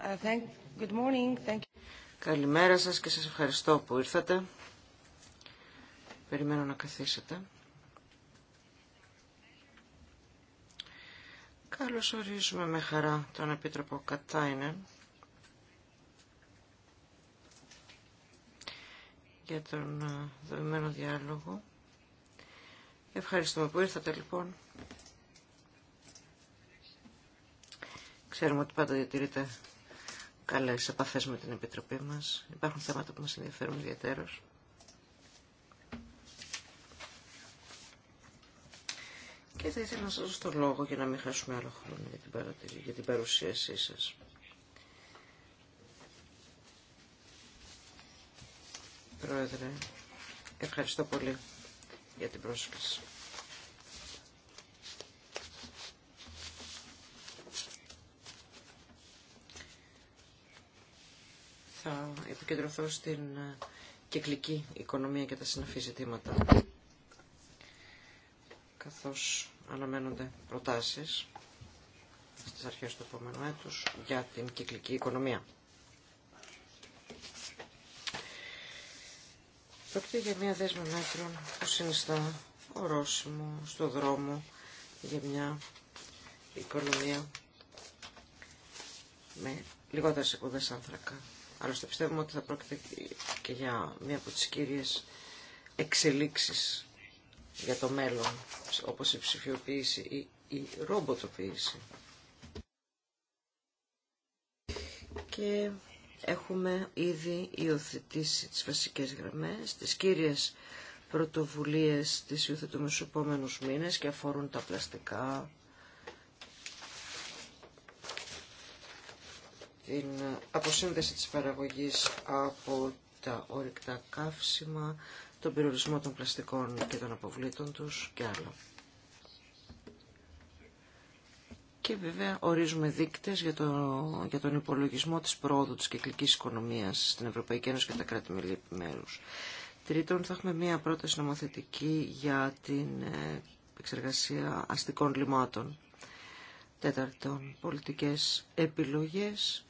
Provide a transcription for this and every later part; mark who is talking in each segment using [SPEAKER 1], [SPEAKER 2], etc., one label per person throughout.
[SPEAKER 1] Uh, Καλημέρα σας και σας ευχαριστώ που ήρθατε. Περιμένω να καθίσετε. Καλώς ορίζουμε με χαρά τον Επίτροπο Κατάινεν για τον ε, δομημένο διάλογο. Ευχαριστούμε που ήρθατε λοιπόν. Ξέρουμε ότι πάντα διατηρείται καλές επαφές με την Επιτροπή μας. Υπάρχουν θέματα που μας ενδιαφέρουν ιδιαίτερως. Και θα ήθελα να σας δώσω τον λόγο για να μην χάσουμε άλλο χρόνο για την, για την παρουσίασή σας. Πρόεδρε, ευχαριστώ πολύ για την πρόσκληση. θα επικεντρωθώ στην ε, κυκλική οικονομία και τα συναφή ζητήματα. Καθώς αναμένονται προτάσεις στις αρχές του επόμενου έτους για την κυκλική οικονομία. Πρόκειται για μια δέσμη μέτρων που συνιστά ορόσημο στο δρόμο για μια οικονομία με λιγότερες εκπομπές άνθρακα Άλλωστε πιστεύουμε ότι θα πρόκειται και για μία από τις κύριες εξελίξεις για το μέλλον, όπως η ψηφιοποίηση ή η ρομποτοποίηση. Και έχουμε ήδη υιοθετήσει τις βασικές γραμμές, τις κύριες πρωτοβουλίες τις υιοθετούμε στους επόμενους μήνες και αφορούν τα πλαστικά, την αποσύνδεση της παραγωγής από τα ορυκτά καύσιμα, τον περιορισμό των πλαστικών και των αποβλήτων τους και άλλα. Και βέβαια ορίζουμε δείκτες για, τον υπολογισμό της πρόοδου της κυκλικής οικονομίας στην Ευρωπαϊκή Ένωση και τα κράτη-μέλη Τρίτον, θα έχουμε μία πρόταση νομοθετική για την ε, εξεργασία αστικών λιμάτων. Τέταρτον, πολιτικές επιλογές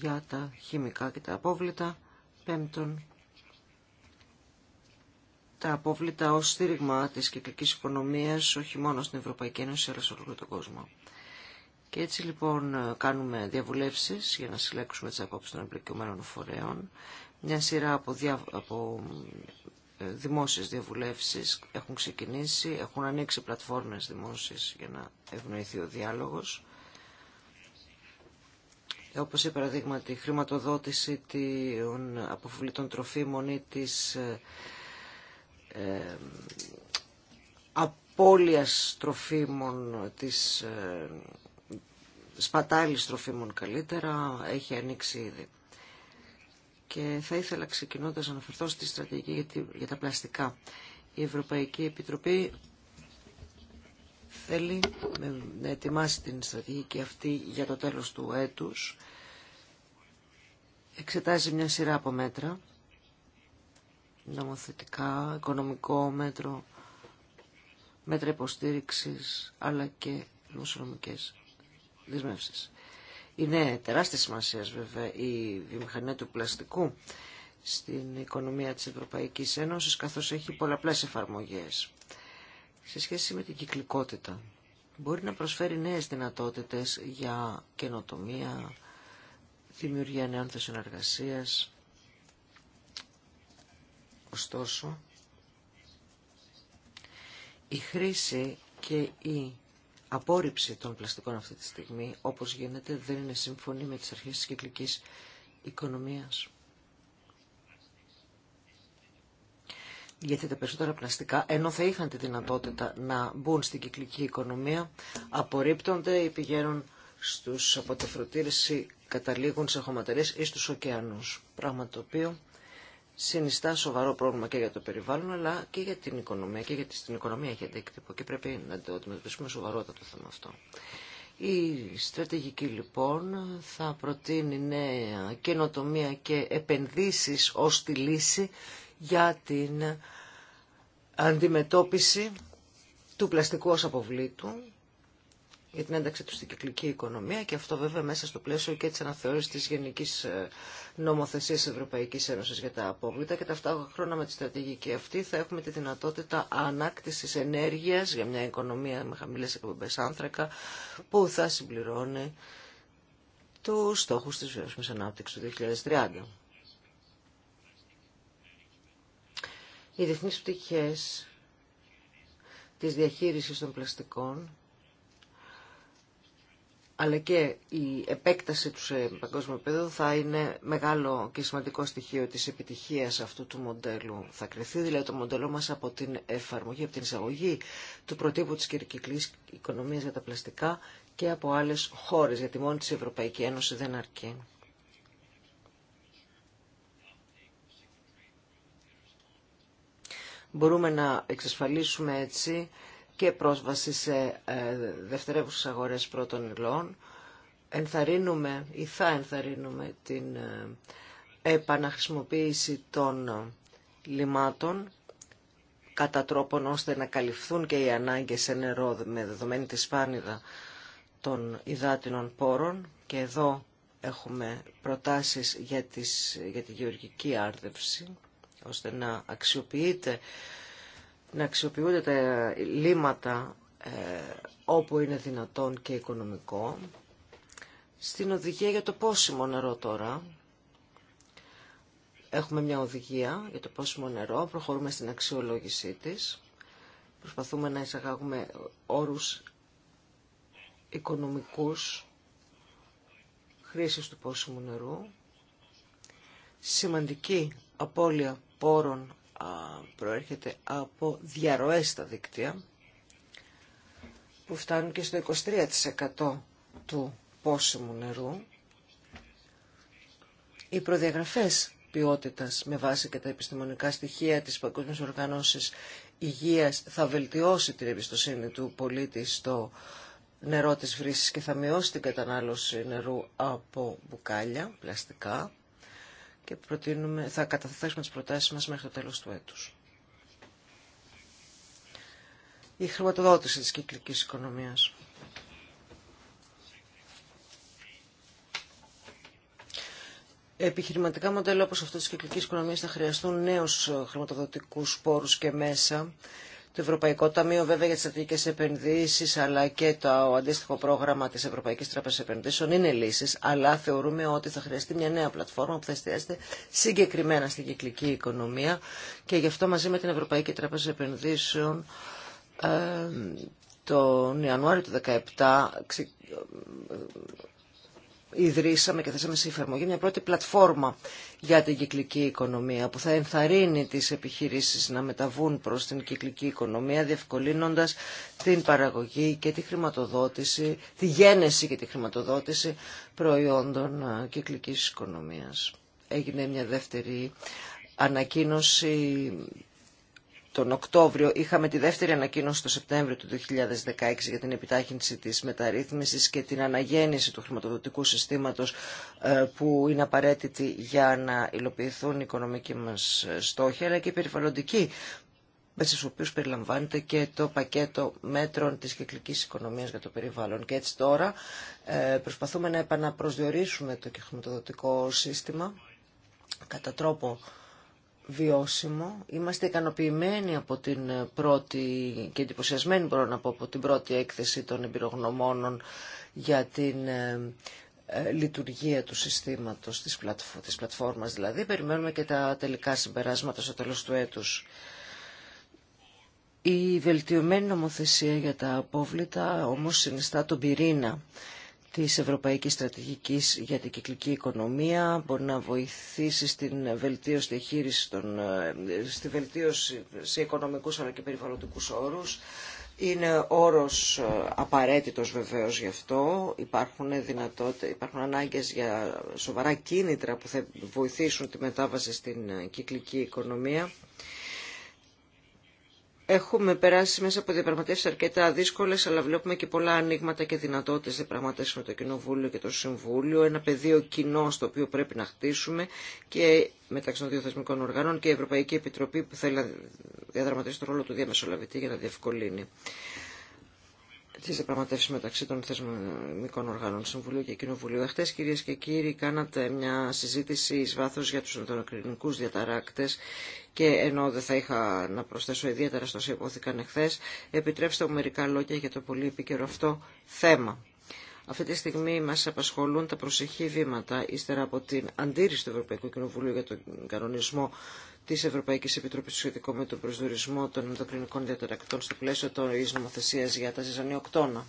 [SPEAKER 1] για τα χημικά και τα απόβλητα. Πέμπτον, τα απόβλητα ως στήριγμα της κυκλικής οικονομίας, όχι μόνο στην Ευρωπαϊκή Ένωση, αλλά σε όλο τον κόσμο. Και έτσι λοιπόν κάνουμε διαβουλεύσεις για να συλλέξουμε τις απόψεις των εμπλεκομένων φορέων. Μια σειρά από, δια... από ε, δημόσιες διαβουλεύσεις έχουν ξεκινήσει, έχουν ανοίξει πλατφόρμες δημόσιες για να ευνοηθεί ο διάλογος όπως η παραδείγματι χρηματοδότηση των αποφυλητών τροφίμων ή της ε, ε απώλειας τροφίμων, της ε, σπατάλης τροφίμων καλύτερα, έχει ανοίξει ήδη. Και θα ήθελα ξεκινώντας να αναφερθώ στη στρατηγική για τα πλαστικά. Η Ευρωπαϊκή Επιτροπή θέλει να ετοιμάσει την στρατηγική αυτή για το τέλος του έτους. Εξετάζει μια σειρά από μέτρα, νομοθετικά, οικονομικό μέτρο, μέτρα υποστήριξης, αλλά και δημοσιονομικέ δεσμεύσεις. Είναι τεράστια σημασία βέβαια η βιομηχανία του πλαστικού στην οικονομία της Ευρωπαϊκής Ένωσης καθώς έχει πολλαπλές εφαρμογές σε σχέση με την κυκλικότητα. Μπορεί να προσφέρει νέες δυνατότητες για καινοτομία, δημιουργία νέων θέσεων εργασίας. Ωστόσο, η χρήση και η απόρριψη των πλαστικών αυτή τη στιγμή, όπως γίνεται, δεν είναι σύμφωνη με τις αρχές της κυκλικής οικονομίας. γιατί τα περισσότερα πλαστικά, ενώ θα είχαν τη δυνατότητα να μπουν στην κυκλική οικονομία, απορρίπτονται ή πηγαίνουν στους αποτεφρωτήρες ή καταλήγουν σε χωματερές ή στους ωκεανούς. Πράγμα το οποίο συνιστά σοβαρό πρόβλημα και για το περιβάλλον, αλλά και για την οικονομία. Και γιατί στην οικονομία έχει αντίκτυπο και πρέπει να το αντιμετωπίσουμε σοβαρότατα το θέμα αυτό. Η στρατηγική λοιπόν θα προτείνει νέα καινοτομία και επενδύσεις ως τη λύση για την αντιμετώπιση του πλαστικού ως αποβλήτου για την ένταξη του στην κυκλική οικονομία και αυτό βέβαια μέσα στο πλαίσιο και της αναθεώρησης της Γενικής ε, Νομοθεσίας Ευρωπαϊκής Ένωσης για τα απόβλητα και ταυτόχρονα με τη στρατηγική αυτή θα έχουμε τη δυνατότητα ανάκτησης ενέργειας για μια οικονομία με χαμηλές εκπομπές άνθρακα που θα συμπληρώνει τους στόχους της βιώσιμης ανάπτυξης του 2030. Οι διεθνείς πτυχές της διαχείρισης των πλαστικών αλλά και η επέκταση του σε παγκόσμιο επίπεδο θα είναι μεγάλο και σημαντικό στοιχείο της επιτυχίας αυτού του μοντέλου. Θα κρυθεί δηλαδή το μοντέλο μας από την εφαρμογή, από την εισαγωγή του πρωτύπου της κυρικυκλής οικονομίας για τα πλαστικά και από άλλες χώρες, γιατί μόνη της Ευρωπαϊκή Ένωση δεν αρκεί. Μπορούμε να εξασφαλίσουμε έτσι και πρόσβαση σε ε, δευτερεύουσες αγορές πρώτων υλών. Ενθαρρύνουμε ή θα ενθαρρύνουμε την ε, επαναχρησιμοποίηση των ε, λιμάτων κατά τρόπον ώστε να καλυφθούν και οι ανάγκες σε νερό με δεδομένη τη σπάνιδα των υδάτινων πόρων και εδώ έχουμε προτάσεις για, τις, για τη γεωργική άρδευση ώστε να αξιοποιείται να αξιοποιούνται τα λύματα ε, όπου είναι δυνατόν και οικονομικό. Στην οδηγία για το πόσιμο νερό τώρα, έχουμε μια οδηγία για το πόσιμο νερό, προχωρούμε στην αξιολόγησή της, προσπαθούμε να εισαγάγουμε όρους οικονομικούς χρήσης του πόσιμου νερού, σημαντική απώλεια πόρων προέρχεται από διαρροές στα δίκτυα που φτάνουν και στο 23% του πόσιμου νερού. Οι προδιαγραφές ποιότητας με βάση και τα επιστημονικά στοιχεία της Παγκόσμιας Οργανώσης Υγείας θα βελτιώσει την εμπιστοσύνη του πολίτη στο νερό της βρύσης και θα μειώσει την κατανάλωση νερού από μπουκάλια, πλαστικά και θα καταθέσουμε τις προτάσεις μας μέχρι το τέλος του έτους. Η χρηματοδότηση της κυκλικής οικονομίας. Επιχειρηματικά μοντέλα όπως αυτό της κυκλικής οικονομίας θα χρειαστούν νέους χρηματοδοτικούς πόρους και μέσα το Ευρωπαϊκό Ταμείο βέβαια για τις στρατηγικές επενδύσεις αλλά και το αντίστοιχο πρόγραμμα της Ευρωπαϊκής Τράπεζας Επενδύσεων είναι λύσεις αλλά θεωρούμε ότι θα χρειαστεί μια νέα πλατφόρμα που θα εστιάζεται συγκεκριμένα στην κυκλική οικονομία και γι' αυτό μαζί με την Ευρωπαϊκή Τράπεζα Επενδύσεων ε, τον Ιανουάριο του 2017 ιδρύσαμε και θέσαμε σε εφαρμογή μια πρώτη πλατφόρμα για την κυκλική οικονομία που θα ενθαρρύνει τις επιχειρήσεις να μεταβούν προς την κυκλική οικονομία διευκολύνοντας την παραγωγή και τη χρηματοδότηση, τη γένεση και τη χρηματοδότηση προϊόντων κυκλικής οικονομίας. Έγινε μια δεύτερη ανακοίνωση τον Οκτώβριο είχαμε τη δεύτερη ανακοίνωση το Σεπτέμβριο του 2016 για την επιτάχυνση της μεταρρύθμισης και την αναγέννηση του χρηματοδοτικού συστήματος ε, που είναι απαραίτητη για να υλοποιηθούν οι οικονομικοί μας στόχοι αλλά και οι περιβαλλοντικοί μέσα στους οποίους περιλαμβάνεται και το πακέτο μέτρων της κυκλικής οικονομίας για το περιβάλλον. Και έτσι τώρα ε, προσπαθούμε να επαναπροσδιορίσουμε το χρηματοδοτικό σύστημα κατά τρόπο βιώσιμο. Είμαστε ικανοποιημένοι από την πρώτη και εντυπωσιασμένοι μπορώ να από την πρώτη έκθεση των εμπειρογνωμόνων για την ε, ε, λειτουργία του συστήματος της, της πλατφόρμας δηλαδή. Περιμένουμε και τα τελικά συμπεράσματα στο τέλος του έτους. Η βελτιωμένη νομοθεσία για τα απόβλητα όμως συνιστά τον πυρήνα της Ευρωπαϊκής Στρατηγικής για την Κυκλική Οικονομία, μπορεί να βοηθήσει στην βελτίωση, διαχείριση των, ε, στη βελτίωση σε οικονομικούς αλλά και περιβαλλοντικούς όρους. Είναι όρος ε, απαραίτητος βεβαίως γι' αυτό. Υπάρχουν, δυνατότητες, υπάρχουν ανάγκες για σοβαρά κίνητρα που θα βοηθήσουν τη μετάβαση στην ε, κυκλική οικονομία. Έχουμε περάσει μέσα από διαπραγματεύσει αρκετά δύσκολε, αλλά βλέπουμε και πολλά ανοίγματα και δυνατότητε διαπραγματεύσει με το Κοινοβούλιο και το Συμβούλιο. Ένα πεδίο κοινό στο οποίο πρέπει να χτίσουμε και μεταξύ των δύο θεσμικών οργάνων και η Ευρωπαϊκή Επιτροπή που θέλει να διαδραματίσει το ρόλο του διαμεσολαβητή για να διευκολύνει τις διαπραγματεύσεις μεταξύ των θεσμικών οργάνων Συμβουλίου και Κοινοβουλίου. Εχθές, κυρίες και κύριοι, κάνατε μια συζήτηση εις βάθος για τους ενδοκρινικούς διαταράκτες και ενώ δεν θα είχα να προσθέσω ιδιαίτερα στο όσο υπόθηκαν εχθές, επιτρέψτε μου μερικά λόγια για το πολύ επίκαιρο αυτό θέμα. Αυτή τη στιγμή μα απασχολούν τα προσεχή βήματα ύστερα από την αντίρρηση του Ευρωπαϊκού Κοινοβουλίου για τον κανονισμό τη Ευρωπαϊκή Επιτροπή σχετικό με τον προσδιορισμό των ενδοκρινικών διαταρακτών στο πλαίσιο τη νομοθεσία για τα ζυζανιοκτώνα.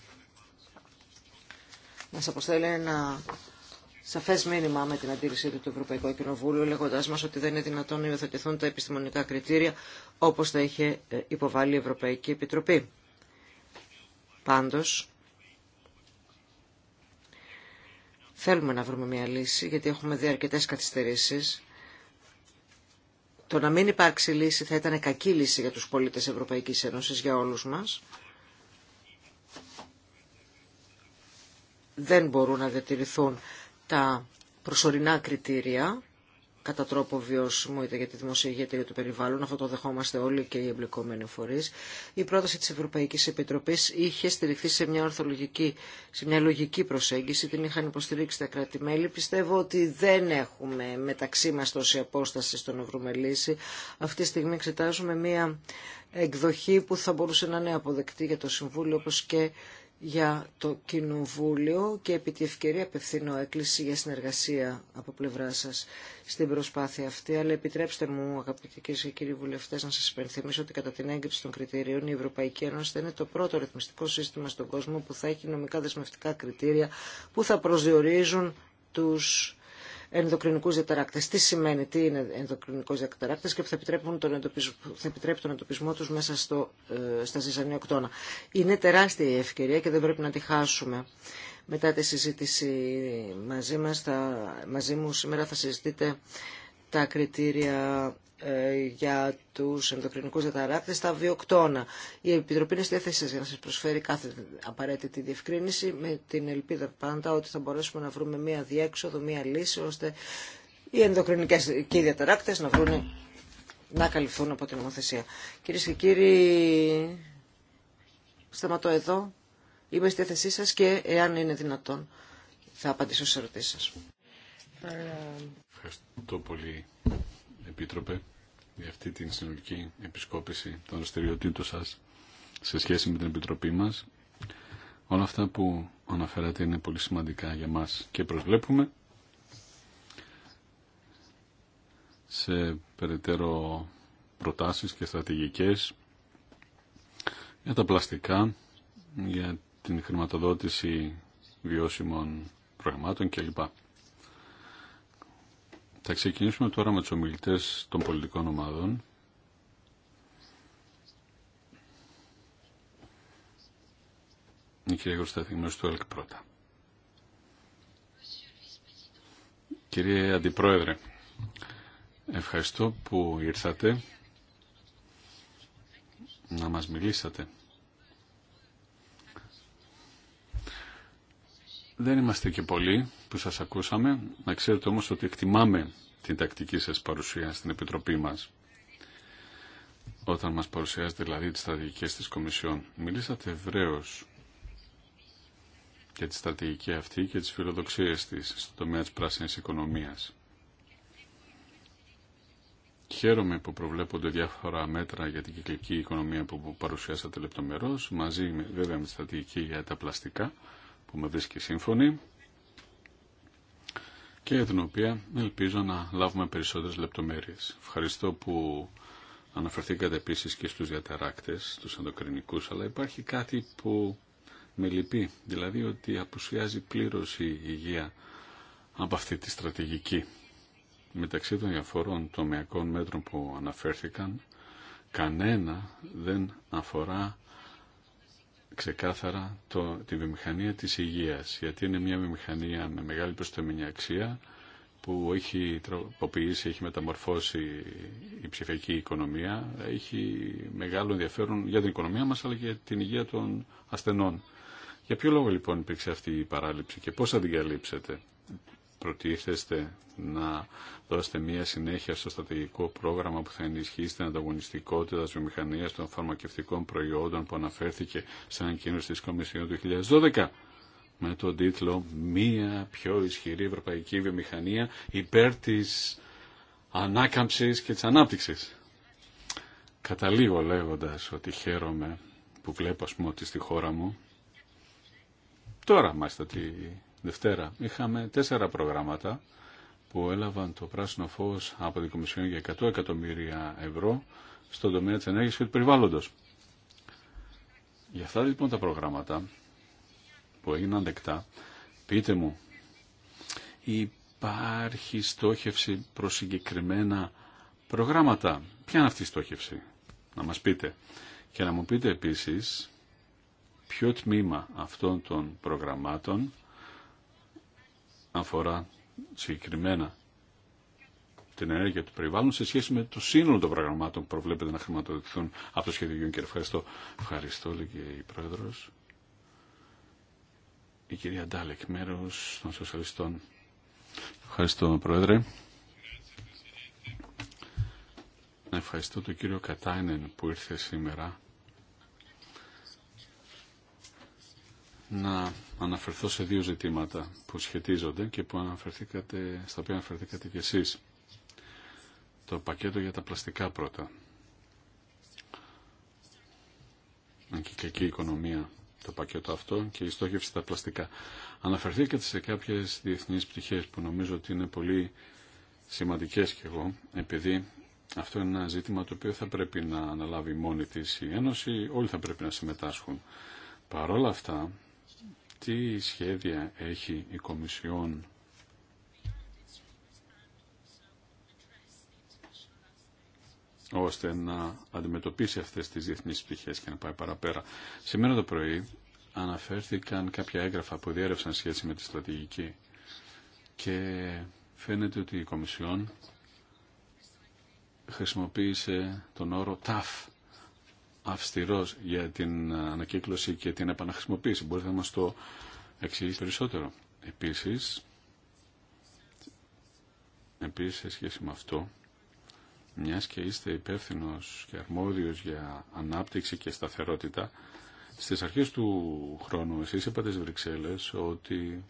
[SPEAKER 1] Μα αποστέλλει ένα σαφέ μήνυμα με την αντίρρησή του του Ευρωπαϊκού Κοινοβούλου, λέγοντά μα ότι δεν είναι δυνατόν να υιοθετηθούν τα επιστημονικά κριτήρια όπω τα είχε ε, υποβάλει η Ευρωπαϊκή Επιτροπή. Πάντω, θέλουμε να βρούμε μια λύση, γιατί έχουμε δει αρκετέ καθυστερήσει το να μην υπάρξει λύση θα ήταν κακή λύση για τους πολίτες Ευρωπαϊκής Ένωσης, για όλους μας. Δεν μπορούν να διατηρηθούν τα προσωρινά κριτήρια κατά τρόπο βιώσιμο είτε για τη δημοσία είτε για το περιβάλλον. Αυτό το δεχόμαστε όλοι και οι εμπλεκόμενοι φορεί. Η πρόταση τη Ευρωπαϊκή Επιτροπή είχε στηριχθεί σε μια ορθολογική, σε μια λογική προσέγγιση. Την είχαν υποστηρίξει τα κράτη-μέλη. Πιστεύω ότι δεν έχουμε μεταξύ μα τόση απόσταση στο να βρούμε λύση. Αυτή τη στιγμή εξετάζουμε μια εκδοχή που θα μπορούσε να είναι αποδεκτή για το Συμβούλιο όπω και για το Κοινοβούλιο και επί τη ευκαιρία απευθύνω έκκληση για συνεργασία από πλευρά σας στην προσπάθεια αυτή. Αλλά επιτρέψτε μου αγαπητοί και κύριοι βουλευτές να σας υπενθυμίσω ότι κατά την έγκριση των κριτηρίων η Ευρωπαϊκή Ένωση θα είναι το πρώτο ρυθμιστικό σύστημα στον κόσμο που θα έχει νομικά δεσμευτικά κριτήρια που θα προσδιορίζουν τους ενδοκρινικούς διαταράκτες. Τι σημαίνει, τι είναι ενδοκρινικός διαταράκτες και που θα, τον εντοπισμό, θα επιτρέπει τον εντοπισμό τους μέσα στο, ε, στα ζυζανιοκτώνα. Είναι τεράστια η ευκαιρία και δεν πρέπει να τη χάσουμε. Μετά τη συζήτηση μαζί, μας, θα, μαζί μου σήμερα θα συζητείτε τα κριτήρια ε, για τους ενδοκρινικούς διαταράκτες τα βιοκτώνα. Η Επιτροπή είναι στη διάθεση για να σας προσφέρει κάθε απαραίτητη διευκρίνηση με την ελπίδα πάντα ότι θα μπορέσουμε να βρούμε μία διέξοδο, μία λύση ώστε οι ενδοκρινικές και οι διαταράκτες να βρουνε να καλυφθούν από την νομοθεσία. Κυρίε και κύριοι, σταματώ εδώ. Είμαι στη θέση σας και εάν είναι δυνατόν θα απαντήσω στις ερωτήσεις σας.
[SPEAKER 2] Ευχαριστώ πολύ, Επίτροπε, για αυτή την συνολική επισκόπηση των δραστηριοτήτων σας σε σχέση με την Επιτροπή μας. Όλα αυτά που αναφέρατε είναι πολύ σημαντικά για μας και προσβλέπουμε σε περαιτέρω προτάσεις και στρατηγικές για τα πλαστικά, για την χρηματοδότηση βιώσιμων προγραμμάτων κλπ. Θα ξεκινήσουμε τώρα με τους ομιλητές των πολιτικών ομάδων. Η κυρία Κωνσταντινός του ΕΛΚ πρώτα. Κύριε Αντιπρόεδρε, ευχαριστώ που ήρθατε να μας μιλήσατε. Δεν είμαστε και πολλοί που σας ακούσαμε, να ξέρετε όμως ότι εκτιμάμε την τακτική σας παρουσία στην Επιτροπή μας. Όταν μας παρουσιάζετε δηλαδή τις στρατηγικές της Κομισιόν, μιλήσατε ευρέω για τη στρατηγική αυτή και τις φιλοδοξίες της στον τομέα της πράσινης οικονομίας. Χαίρομαι που προβλέπονται διάφορα μέτρα για την κυκλική οικονομία που παρουσιάσατε λεπτομερώς, μαζί με, βέβαια με τη στρατηγική για τα πλαστικά που με βρίσκει σύμφωνη και την οποία ελπίζω να λάβουμε περισσότερες λεπτομέρειες. Ευχαριστώ που αναφερθήκατε επίσης και στους διαταράκτες, στους ενδοκρινικούς, αλλά υπάρχει κάτι που με λυπεί, δηλαδή ότι απουσιάζει πλήρως η υγεία από αυτή τη στρατηγική. Μεταξύ των διαφορών τομεακών μέτρων που αναφέρθηκαν, κανένα δεν αφορά ξεκάθαρα το, τη βιομηχανία της υγείας, γιατί είναι μια βιομηχανία με μεγάλη προστομινή αξία που έχει τροποποιήσει, έχει μεταμορφώσει η ψηφιακή οικονομία, έχει μεγάλο ενδιαφέρον για την οικονομία μας αλλά και για την υγεία των ασθενών. Για ποιο λόγο λοιπόν υπήρξε αυτή η παράληψη και πώς θα την προτίθεστε να δώσετε μια συνέχεια στο στρατηγικό πρόγραμμα που θα ενισχύσει την ανταγωνιστικότητα της βιομηχανίας των φαρμακευτικών προϊόντων που αναφέρθηκε σε ανακοίνωση της Κομισιόν του 2012 με τον τίτλο «Μία πιο ισχυρή ευρωπαϊκή βιομηχανία υπέρ της ανάκαμψης και της ανάπτυξης». Καταλήγω λέγοντας ότι χαίρομαι που βλέπω πούμε ότι στη χώρα μου τώρα μάλιστα τη Δευτέρα είχαμε τέσσερα προγράμματα που έλαβαν το πράσινο φως από την Κομισιόν για 100 εκατομμύρια ευρώ στον τομέα της ενέργειας και του περιβάλλοντος. Για αυτά λοιπόν τα προγράμματα που έγιναν δεκτά, πείτε μου, υπάρχει στόχευση προς συγκεκριμένα προγράμματα. Ποια είναι αυτή η στόχευση, να μας πείτε. Και να μου πείτε επίσης ποιο τμήμα αυτών των προγραμμάτων αφορά συγκεκριμένα την ενέργεια του περιβάλλον σε σχέση με το σύνολο των προγραμμάτων που προβλέπεται να χρηματοδοτηθούν από το σχέδιο Γιούνκερ. Ευχαριστώ. Ευχαριστώ, λέγε η πρόεδρο. Η κυρία Ντάλεκ, μέρο των Σοσιαλιστών. Ευχαριστώ, πρόεδρε. Να ευχαριστώ τον κύριο Κατάινεν που ήρθε σήμερα να αναφερθώ σε δύο ζητήματα που σχετίζονται και που αναφερθήκατε, στα οποία αναφερθήκατε κι εσείς. Το πακέτο για τα πλαστικά πρώτα. Αν και κακή οικονομία το πακέτο αυτό και η στόχευση στα πλαστικά. Αναφερθήκατε σε κάποιες διεθνείς πτυχές που νομίζω ότι είναι πολύ σημαντικές κι εγώ, επειδή αυτό είναι ένα ζήτημα το οποίο θα πρέπει να αναλάβει μόνη της η Ένωση, όλοι θα πρέπει να συμμετάσχουν. Παρ' όλα αυτά, τι σχέδια έχει η Κομισιόν ώστε να αντιμετωπίσει αυτές τις διεθνείς πτυχές και να πάει παραπέρα. Σήμερα το πρωί αναφέρθηκαν κάποια έγγραφα που διέρευσαν σχέση με τη στρατηγική και φαίνεται ότι η Κομισιόν χρησιμοποίησε τον όρο TAF αυστηρός για την ανακύκλωση και την επαναχρησιμοποίηση. Μπορείτε να μας το εξηγήσετε περισσότερο. Επίσης, επίσης σε σχέση με αυτό, μιας και είστε υπεύθυνο και αρμόδιος για ανάπτυξη και σταθερότητα, στις αρχές του χρόνου εσείς είπατε στις Βρυξέλλες ότι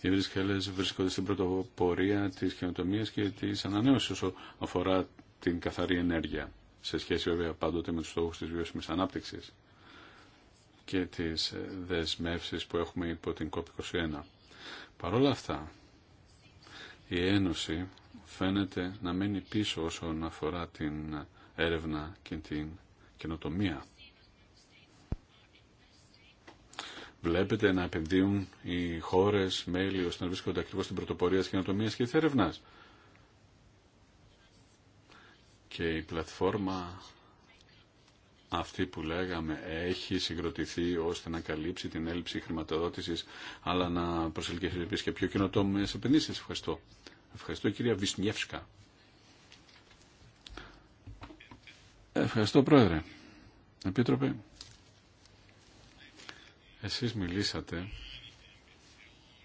[SPEAKER 2] οι Βρυξέλλες βρίσκονται στην πρωτοπορία της καινοτομίας και της ανανέωσης όσο αφορά την καθαρή ενέργεια σε σχέση βέβαια πάντοτε με τους στόχους της βιώσιμης ανάπτυξης και τις ε, δεσμεύσεις που έχουμε υπό την COP21. Παρ' όλα αυτά, η Ένωση φαίνεται να μένει πίσω όσον αφορά την έρευνα και την καινοτομία. Βλέπετε να επενδύουν οι χώρες, μέλη, ώστε να βρίσκονται ακριβώς στην πρωτοπορία της καινοτομίας και της έρευνας και η πλατφόρμα αυτή που λέγαμε έχει συγκροτηθεί ώστε να καλύψει την έλλειψη χρηματοδότησης αλλά να προσελκύσει επίσης και πιο κοινοτόμες επενδύσεις. Ευχαριστώ. Ευχαριστώ κυρία Βυσνιεύσκα. Ευχαριστώ πρόεδρε. Επίτροπε, εσείς μιλήσατε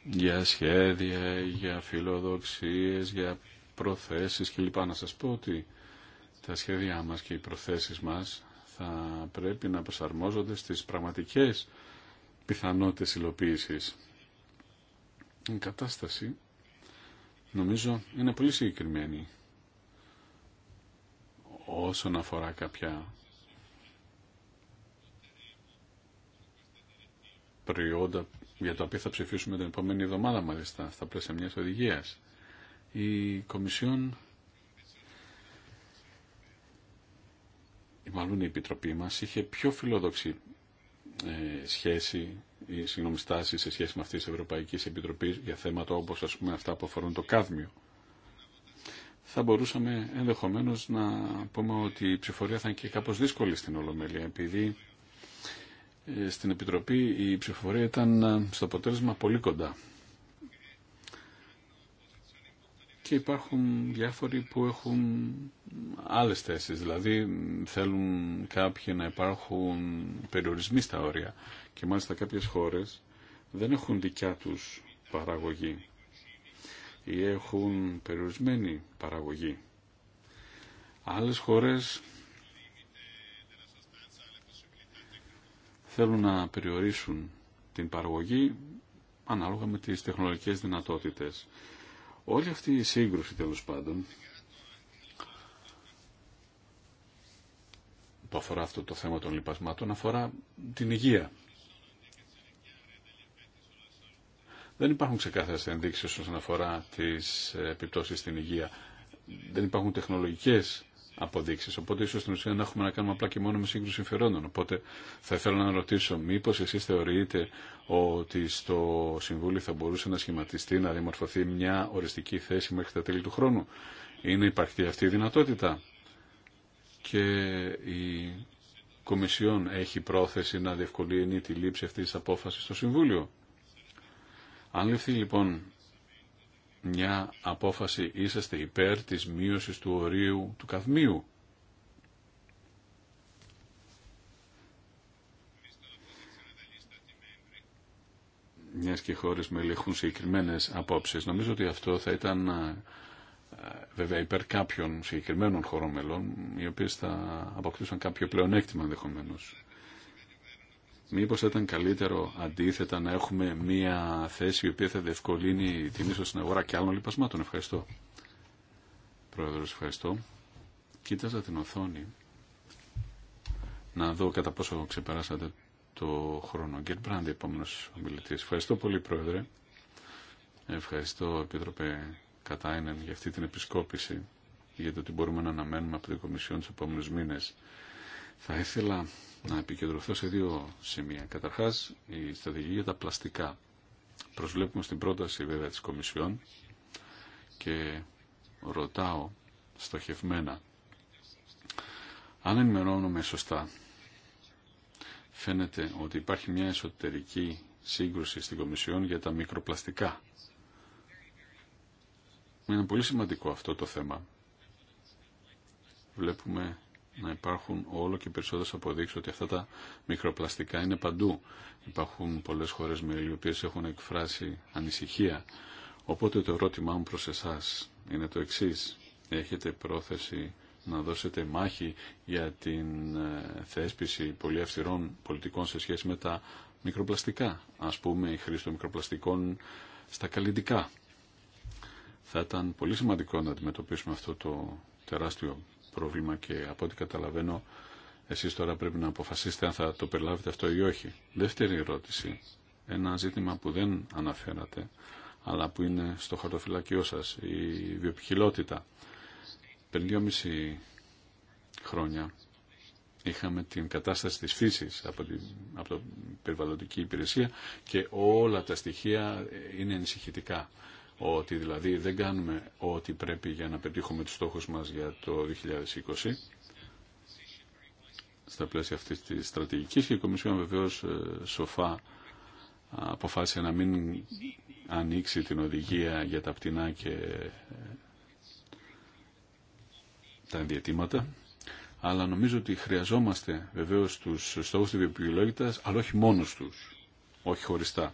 [SPEAKER 2] για σχέδια, για φιλοδοξίες, για προθέσεις κλπ. Να σας πω ότι τα σχέδιά μας και οι προθέσεις μας θα πρέπει να προσαρμόζονται στις πραγματικές πιθανότητες υλοποίησης. Η κατάσταση νομίζω είναι πολύ συγκεκριμένη όσον αφορά κάποια προϊόντα για τα οποία θα ψηφίσουμε την επόμενη εβδομάδα μάλιστα στα πλαίσια μιας οδηγίας. Η Κομισιόν μάλλον η Επιτροπή μας είχε πιο φιλόδοξη ε, σχέση ή συγγνώμη στάση σε σχέση με αυτή τη Ευρωπαϊκή Επιτροπή για θέματα όπως ας πούμε αυτά που αφορούν το κάδμιο. Θα μπορούσαμε ενδεχομένως να πούμε ότι η ψηφορία θα είναι και κάπως δύσκολη στην Ολομέλεια επειδή ε, στην Επιτροπή η ψηφοφορία ήταν ε, στο αποτέλεσμα πολύ κοντά. και υπάρχουν διάφοροι που έχουν άλλες θέσεις, δηλαδή θέλουν κάποιοι να υπάρχουν περιορισμοί στα όρια και μάλιστα κάποιες χώρες δεν έχουν δικιά τους παραγωγή ή έχουν περιορισμένη παραγωγή. Άλλες χώρες θέλουν να περιορίσουν την παραγωγή ανάλογα με τις τεχνολογικές δυνατότητες. Όλη αυτή η σύγκρουση τέλο πάντων που αφορά αυτό το θέμα των λοιπασμάτων αφορά την υγεία. Δεν υπάρχουν ξεκάθαρες ενδείξεις όσον αφορά τις επιπτώσεις στην υγεία. Δεν υπάρχουν τεχνολογικές Οπότε ίσως στην ουσία να έχουμε να κάνουμε απλά και μόνο με σύγκρουση συμφερόντων. Οπότε θα ήθελα να ρωτήσω μήπως εσείς θεωρείτε ότι στο Συμβούλιο θα μπορούσε να σχηματιστεί, να δημορφωθεί μια οριστική θέση μέχρι τα τέλη του χρόνου. Είναι υπαρκτή αυτή η δυνατότητα. Και η Κομισιόν έχει πρόθεση να διευκολύνει τη λήψη αυτής της απόφασης στο Συμβούλιο. Αν λοιπόν μια απόφαση είσαστε υπέρ της μείωσης του ορίου του καθμίου. Μια και χώρες με ελεγχούν συγκεκριμένε απόψεις. Νομίζω ότι αυτό θα ήταν ε, βέβαια υπέρ κάποιων συγκεκριμένων χωρών μελών, οι οποίες θα αποκτήσουν κάποιο πλεονέκτημα ενδεχομένω. Μήπως ήταν καλύτερο αντίθετα να έχουμε μία θέση η οποία θα διευκολύνει την ίσως στην αγορά και άλλων λοιπασμάτων. Ευχαριστώ. Πρόεδρος, ευχαριστώ. Κοίταζα την οθόνη να δω κατά πόσο ξεπεράσατε το χρόνο. Γκέρ Μπράντι, επόμενο ομιλητή. Ευχαριστώ πολύ, Πρόεδρε. Ευχαριστώ, Επίτροπε Κατάινεν, για αυτή την επισκόπηση για το τι μπορούμε να αναμένουμε από την Κομισιόν του επόμενου μήνε. Θα ήθελα να επικεντρωθώ σε δύο σημεία. Καταρχάς, η στρατηγική για τα πλαστικά. Προσβλέπουμε στην πρόταση βέβαια της Κομισιόν και ρωτάω στοχευμένα αν ενημερώνομαι σωστά φαίνεται ότι υπάρχει μια εσωτερική σύγκρουση στην Κομισιόν για τα μικροπλαστικά. Είναι πολύ σημαντικό αυτό το θέμα. Βλέπουμε να υπάρχουν όλο και περισσότερε αποδείξει ότι αυτά τα μικροπλαστικά είναι παντού. Υπάρχουν πολλέ χώρε με οι οποίε έχουν εκφράσει ανησυχία. Οπότε το ερώτημά μου προ εσά είναι το εξή. Έχετε πρόθεση να δώσετε μάχη για την ε, θέσπιση πολύ αυστηρών πολιτικών σε σχέση με τα μικροπλαστικά. Ας πούμε η χρήση των μικροπλαστικών στα καλλιντικά. Θα ήταν πολύ σημαντικό να αντιμετωπίσουμε αυτό το τεράστιο πρόβλημα και από ό,τι καταλαβαίνω εσείς τώρα πρέπει να αποφασίσετε αν θα το περιλάβετε αυτό ή όχι. Δεύτερη ερώτηση, ένα ζήτημα που δεν αναφέρατε αλλά που είναι στο χαρτοφυλακείο σας, η βιοποικιλότητα. Πριν χρόνια είχαμε την κατάσταση της φύσης από την από το περιβαλλοντική υπηρεσία και όλα τα στοιχεία είναι ενισχυτικά ότι δηλαδή δεν κάνουμε ό,τι πρέπει για να πετύχουμε τους στόχους μας για το 2020 στα πλαίσια αυτής της στρατηγικής και η Κομισιόν βεβαίως ε, σοφά αποφάσισε να μην ανοίξει την οδηγία για τα πτηνά και ε, τα ενδιατήματα αλλά νομίζω ότι χρειαζόμαστε βεβαίως τους στόχους της βιοποικιλότητας αλλά όχι μόνος τους, όχι χωριστά.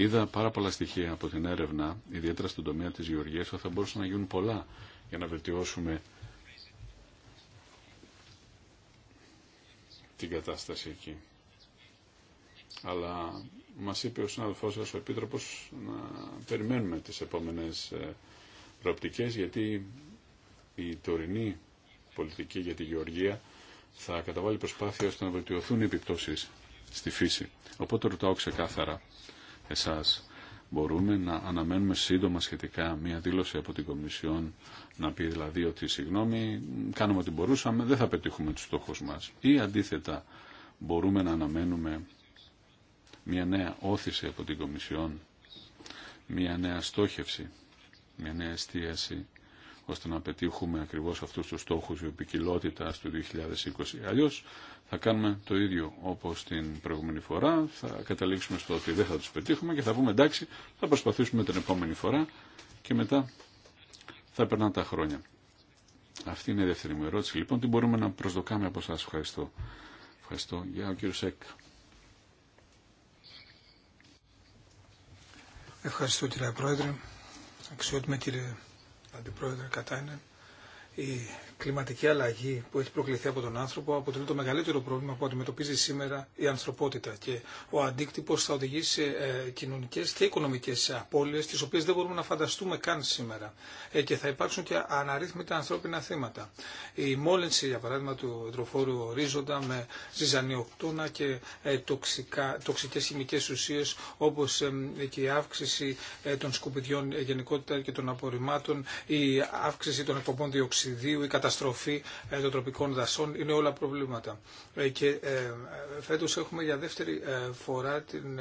[SPEAKER 2] Είδα πάρα πολλά στοιχεία από την έρευνα, ιδιαίτερα στον τομέα της γεωργίας, ότι θα μπορούσαν να γίνουν πολλά για να βελτιώσουμε την κατάσταση εκεί. Αλλά μας είπε ο συνάδελφός σας, ο Επίτροπος, να περιμένουμε τις επόμενες ε, προοπτικές, γιατί η τωρινή πολιτική για τη γεωργία θα καταβάλει προσπάθεια ώστε να βελτιωθούν οι επιπτώσεις στη φύση. Οπότε ρωτάω ξεκάθαρα, εσάς. Μπορούμε να αναμένουμε σύντομα σχετικά μία δήλωση από την Κομισιόν να πει δηλαδή ότι συγγνώμη, κάνουμε ό,τι μπορούσαμε, δεν θα πετύχουμε τους στόχους μας. Ή αντίθετα, μπορούμε να αναμένουμε μία νέα όθηση από την Κομισιόν, μία νέα στόχευση, μία νέα εστίαση ώστε να πετύχουμε ακριβώς αυτούς τους στόχους βιοπικιλότητας του 2020. Αλλιώς θα κάνουμε το ίδιο όπως την προηγούμενη φορά, θα καταλήξουμε στο ότι δεν θα τους πετύχουμε και θα πούμε εντάξει, θα προσπαθήσουμε την επόμενη φορά και μετά θα περνάνε τα χρόνια. Αυτή είναι η δεύτερη μου ερώτηση. Λοιπόν, τι μπορούμε να προσδοκάμε από σας. Ευχαριστώ. Ευχαριστώ. Γεια, ο Σέκ.
[SPEAKER 3] Ευχαριστώ κύριε Πρόεδρε. κύριε Αντιπρόεδρε Κατάινεν, η κλιματική αλλαγή που έχει προκληθεί από τον άνθρωπο αποτελεί το μεγαλύτερο πρόβλημα που αντιμετωπίζει σήμερα η ανθρωπότητα και ο αντίκτυπο θα οδηγήσει σε ε, κοινωνικές και οικονομικέ απώλειες τι οποίε δεν μπορούμε να φανταστούμε καν σήμερα ε, και θα υπάρξουν και αναρρύθμιτα ανθρώπινα θύματα. Η μόλυνση για παράδειγμα του υδροφόρου ορίζοντα με ζυζανιοκτώνα και ε, τοξικέ τοξικές χημικές ουσίες όπως και η αύξηση των σκουπιδιών γενικότητα και των απορριμμάτων, η αύξηση των εκπομπών διοξιδίου, καταστροφή ε, των τροπικών δασών. Είναι όλα προβλήματα. Ε, και ε, φέτος έχουμε για δεύτερη φορά την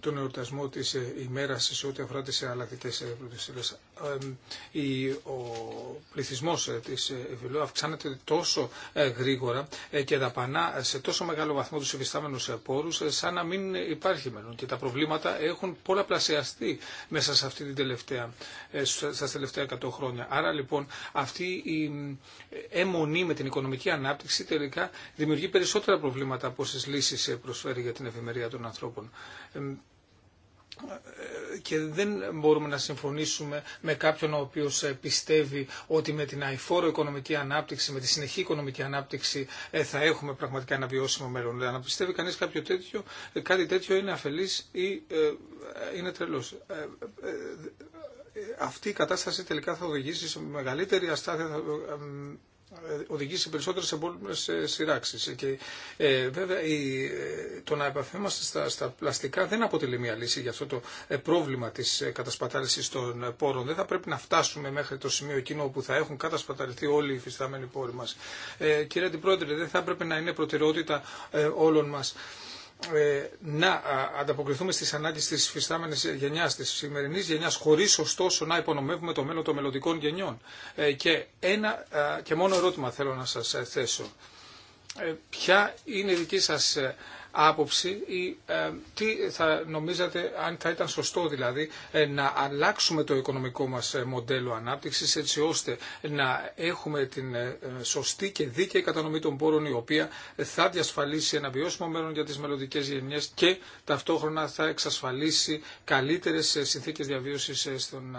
[SPEAKER 3] τον εορτασμό τη ε, ημέρα σε ό,τι αφορά τι αλλακτικές Ε, Ο πληθυσμό ε, τη Βιλού ε, αυξάνεται τόσο γρήγορα και δαπανά σε τόσο μεγάλο βαθμό του υφιστάμενους πόρου, σαν να μην υπάρχει μέλλον. Και τα προβλήματα έχουν πολλαπλασιαστεί μέσα σε αυτή την τελευταία, στα τελευταία 100 χρόνια. Άρα λοιπόν αυτή η αιμονή με την οικονομική ανάπτυξη τελικά δημιουργεί περισσότερα προβλήματα από όσε λύσει προσφέρει για την ευημερία των ανθρώπων και δεν μπορούμε να συμφωνήσουμε με κάποιον ο οποίος ε, πιστεύει ότι με την αηφόρο οικονομική ανάπτυξη, με τη συνεχή οικονομική ανάπτυξη ε, θα έχουμε πραγματικά ένα βιώσιμο μέλλον. Δηλαδή, να πιστεύει κανείς κάποιο τέτοιο, ε, κάτι τέτοιο είναι αφελής ή είναι τρελός. αυτή η κατάσταση τελικά θα οδηγήσει σε μεγαλύτερη αστάθεια, ε, οδηγήσει περισσότερε σε σειράξει. σειράξεις. Και ε, βέβαια η, ε, το να επαφέμαστε στα, στα πλαστικά δεν αποτελεί μια λύση για αυτό το πρόβλημα της κατασπατάληση των πόρων. Δεν θα πρέπει να φτάσουμε μέχρι το σημείο εκείνο όπου θα έχουν κατασπαταληθεί όλοι οι φυστάμενοι πόροι μας. Ε, κύριε Αντιπρόεδρε, δεν θα πρέπει να είναι προτεραιότητα όλων μα. Ε, να ανταποκριθούμε στις ανάγκες της φυστάμενης γενιάς, της σημερινής γενιάς, χωρίς ωστόσο να υπονομεύουμε το μέλλον των μελλοντικών γενιών. Ε, και ένα και μόνο ερώτημα θέλω να σας ε, θέσω. Ποια είναι η δική σας άποψη ή τι θα νομίζατε αν θα ήταν σωστό δηλαδή ε, να αλλάξουμε το οικονομικό μας ε, μοντέλο ανάπτυξης έτσι ώστε να έχουμε την ε, σωστή και δίκαιη κατανομή των πόρων η οποία θα διασφαλίσει ένα βιώσιμο μέλλον για τις μελλοντικές γενιές και ταυτόχρονα θα εξασφαλίσει καλύτερες συνθήκες διαβίωσης στον,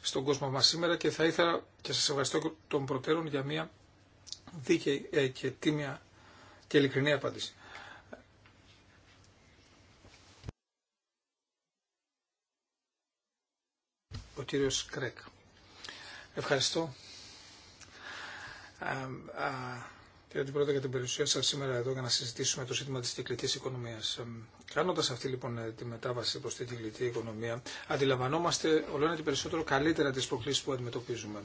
[SPEAKER 3] στον κόσμο μας σήμερα και θα ήθελα και σας ευχαριστώ των προτέρων για μια δίκαιη και τίμια και ειλικρινή απάντηση. ο κύριος Κρέκ. Ευχαριστώ. Ε, ε, κύριε Αντιπρόεδρε, για την περιουσία σας σήμερα εδώ για να συζητήσουμε το σύστημα τη κυκλητής οικονομία. Ε, Κάνοντα αυτή λοιπόν τη μετάβαση προς την κυκλητή οικονομία, αντιλαμβανόμαστε όλο ένα και περισσότερο καλύτερα τις προκλήσεις που αντιμετωπίζουμε.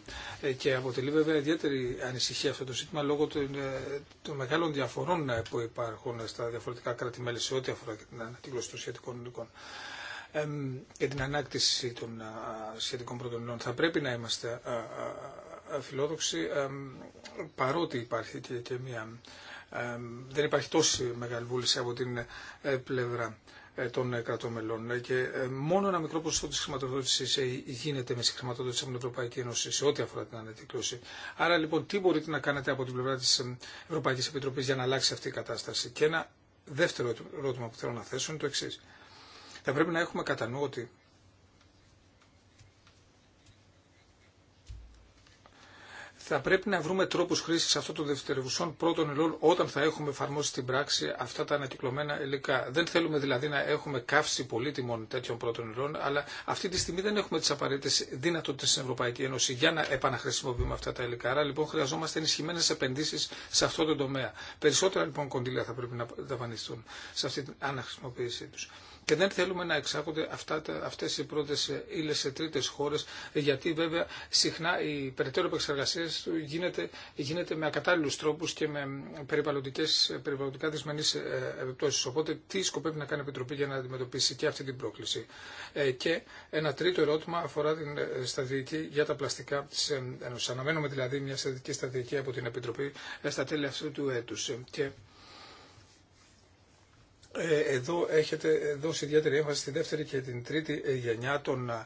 [SPEAKER 3] Και αποτελεί βέβαια ιδιαίτερη ανησυχία αυτό το ζήτημα λόγω των, των μεγάλων διαφορών που υπάρχουν στα διαφορετικά κράτη-μέλη σε ό,τι αφορά την ανακύκλωση των σχετικών για την ανάκτηση των σχετικών πρωτονινών. Θα πρέπει να είμαστε φιλόδοξοι, παρότι υπάρχει και μια... Δεν υπάρχει τόση μεγάλη βούληση από την ε, πλευρά ε, των κρατών μελών. Ε, και μόνο ένα μικρό ποσοστό τη χρηματοδότηση γίνεται με συγχρηματοδότηση από την Ευρωπαϊκή Ένωση σε ό,τι αφορά την ανακύκλωση. Άρα λοιπόν, τι μπορείτε να κάνετε από την πλευρά της Ευρωπαϊκής Επιτροπής για να αλλάξει αυτή η κατάσταση. Και ένα δεύτερο ερώτημα που θέλω να θέσω είναι το εξή θα πρέπει να έχουμε κατά νου ότι θα πρέπει να βρούμε τρόπου χρήση αυτών των δευτερευουσών πρώτων υλών όταν θα έχουμε εφαρμόσει στην πράξη αυτά τα ανακυκλωμένα υλικά. Δεν θέλουμε δηλαδή να έχουμε καύση πολύτιμων τέτοιων πρώτων υλών, αλλά αυτή τη στιγμή δεν έχουμε τι απαραίτητε δυνατότητε στην Ευρωπαϊκή Ένωση για να επαναχρησιμοποιούμε αυτά τα υλικά. Άρα λοιπόν χρειαζόμαστε ενισχυμένε επενδύσει σε αυτό το τομέα. Περισσότερα λοιπόν κονδύλια θα πρέπει να δαπανιστούν σε αυτή την αναχρησιμοποίησή του. Και δεν θέλουμε να εξάγονται αυτά, αυτές οι πρώτες ύλες σε τρίτες χώρες, γιατί βέβαια συχνά η περαιτέρω επεξεργασία του γίνεται, γίνεται με ακατάλληλους τρόπους και με περιβαλλοντικές, περιβαλλοντικά δυσμενείς ε, επιπτώσεις. Οπότε τι σκοπεύει να κάνει η Επιτροπή για να αντιμετωπίσει και αυτή την πρόκληση. Ε, και ένα τρίτο ερώτημα αφορά την ε, σταδιακή για τα πλαστικά της Ένωσης. Αναμένουμε δηλαδή μια σταδιακή σταδιακή από την Επιτροπή στα τέλη αυτού του έτους. Ε, εδώ έχετε δώσει ιδιαίτερη έμφαση στη δεύτερη και την τρίτη ε, γενιά των ε,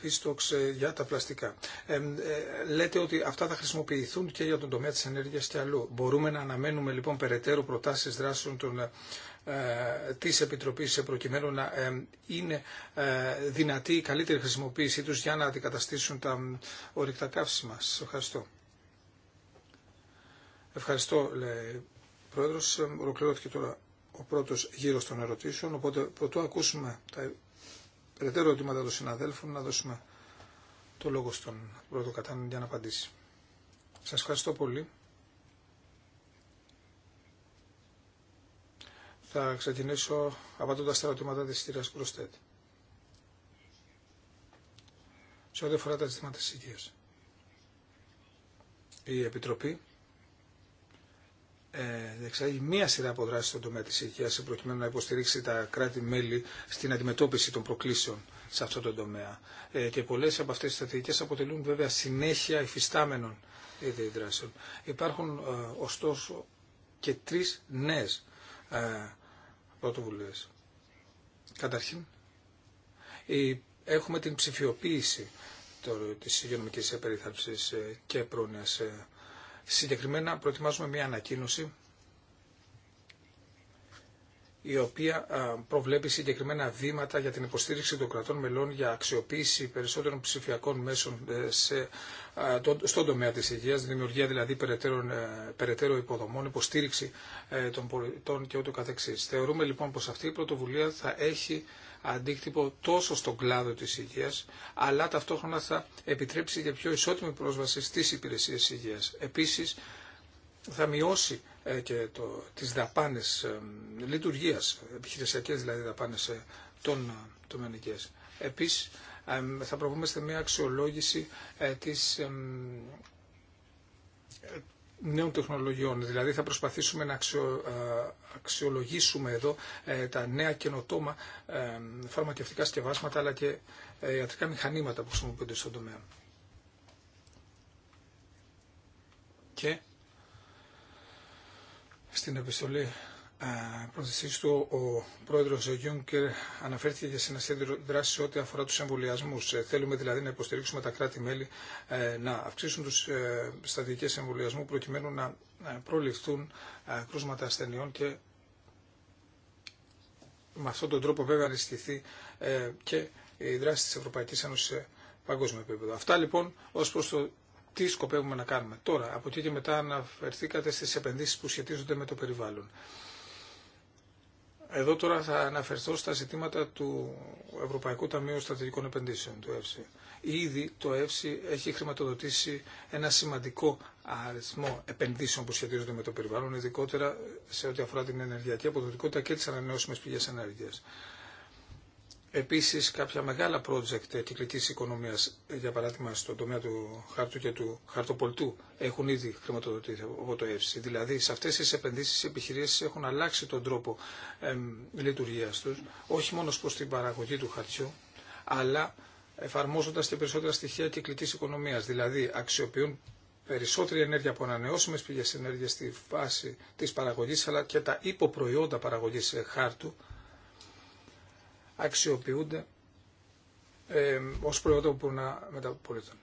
[SPEAKER 3] πίστοξ για τα πλαστικά. Λέτε ότι αυτά θα χρησιμοποιηθούν και για τον τομέα της ενέργειας και αλλού. Μπορούμε να αναμένουμε λοιπόν περαιτέρω προτάσεις δράσεων των της Επιτροπής προκειμένου να είναι δυνατή η καλύτερη χρησιμοποίησή τους για να αντικαταστήσουν τα ορυκτά καύσιμα. ευχαριστώ. Ευχαριστώ, λέει Πρόεδρος, ολοκληρώθηκε τώρα ο πρώτος γύρος των ερωτήσεων, οπότε πρωτού ακούσουμε τα περαιτέρω ερωτήματα των συναδέλφων, να δώσουμε το λόγο στον πρώτο κατάλληλο για να απαντήσει. Σας ευχαριστώ πολύ. Θα ξεκινήσω απαντώντας τα ερωτήματα της κυρία Κροστέτ. Σε ό,τι αφορά τα ζητήματα τη υγεία, Η Επιτροπή εξάγει μία σειρά από δράσει στον τομέα τη υγεία προκειμένου να υποστηρίξει τα κράτη-μέλη στην αντιμετώπιση των προκλήσεων σε αυτό το τομέα. Ε, και πολλέ από αυτέ τι στρατηγικέ αποτελούν βέβαια συνέχεια υφιστάμενων ε, διεδράσεων. δράσεων. Υπάρχουν ε, ωστόσο και τρει νέε πρωτοβουλίε. Καταρχήν, έχουμε την ψηφιοποίηση της υγειονομικής ε, και πρόνοιας Συγκεκριμένα προετοιμάζουμε μια ανακοίνωση η οποία προβλέπει συγκεκριμένα βήματα για την υποστήριξη των κρατών μελών για αξιοποίηση περισσότερων ψηφιακών μέσων ε, σε, στον τομέα της υγείας, δημιουργία δηλαδή περαιτέρω, ε, υποδομών, υποστήριξη ε, των πολιτών και ούτω καθεξής. Θεωρούμε λοιπόν πως αυτή η πρωτοβουλία θα έχει αντίκτυπο τόσο στον κλάδο της υγείας, αλλά ταυτόχρονα θα επιτρέψει για πιο ισότιμη πρόσβαση στις υπηρεσίες υγείας. Επίσης, θα μειώσει ε, και το, τις δαπάνες ε, λειτουργίας, επιχειρησιακές δηλαδή δαπάνες ε, των τομέων Επίσης, θα προβούμε σε μια αξιολόγηση της νέων τεχνολογιών. Δηλαδή θα προσπαθήσουμε να αξιολογήσουμε εδώ ε, τα νέα καινοτόμα ε, φαρμακευτικά σκευάσματα αλλά και ε, ιατρικά μηχανήματα που χρησιμοποιούνται στον τομέα. Και στην επιστολή Προθεσίστου, ο πρόεδρο Γιούνκερ αναφέρθηκε σε ένα σχέδιο δράση ό,τι αφορά του εμβολιασμού. Ε, θέλουμε δηλαδή να υποστηρίξουμε τα κράτη-μέλη ε, να αυξήσουν του ε, στατικέ εμβολιασμού προκειμένου να προληφθούν κρούσματα ασθενειών και με αυτόν τον τρόπο βέβαια ισχυθεί και η δράση τη Ευρωπαϊκή Ένωση σε παγκόσμιο επίπεδο. Αυτά λοιπόν ω προ το τι σκοπεύουμε να κάνουμε. Τώρα, από εκεί και μετά αναφερθήκατε στι επενδύσει που σχετίζονται με το περιβάλλον. Εδώ τώρα θα αναφερθώ στα ζητήματα του Ευρωπαϊκού Ταμείου Στρατηγικών Επενδύσεων, του ΕΦΣΥ. Ήδη το ΕΦΣΥ έχει χρηματοδοτήσει ένα σημαντικό αριθμό επενδύσεων που σχετίζονται με το περιβάλλον, ειδικότερα σε ό,τι αφορά την ενεργειακή αποδοτικότητα και τι ανανεώσιμε πηγέ ενέργεια. Επίσης κάποια μεγάλα project κυκλικής οικονομίας, για παράδειγμα στον τομέα του χάρτου και του χαρτοπολτού, έχουν ήδη χρηματοδοτηθεί από το ΕΦΣΥ. Δηλαδή σε αυτές τις επενδύσεις οι επιχειρήσεις έχουν αλλάξει τον τρόπο εμ, λειτουργίας τους, όχι μόνο προς την παραγωγή του χαρτιού, αλλά εφαρμόζοντας και περισσότερα στοιχεία κυκλικής οικονομίας. Δηλαδή αξιοποιούν περισσότερη ενέργεια από ανανεώσιμες πηγές ενέργειας στη φάση της παραγωγής, αλλά και τα υποπροϊόντα παραγωγής ε, χάρτου, αξιοποιούνται ε, ως προϊόντα που μπορούν να μεταπολίθουν.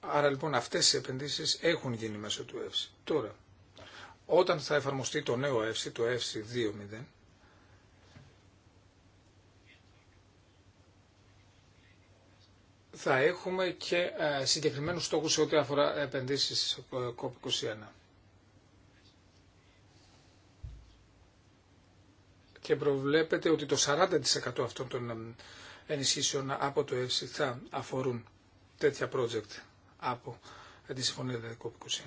[SPEAKER 3] Άρα λοιπόν αυτές οι επενδύσεις έχουν γίνει μέσω του ΕΦΣΙ. Τώρα, όταν θα εφαρμοστεί το νέο ΕΦΣΙ, το ΕΦΣΙ 2.0, θα έχουμε και ε, συγκεκριμένους στόχους σε ό,τι αφορά επενδύσεις COP21. Ε, και προβλέπεται ότι το 40% αυτών των ενισχύσεων από το ΕΣΥ θα αφορούν τέτοια project από τη Συμφωνία ΔΕΚΟΠ21.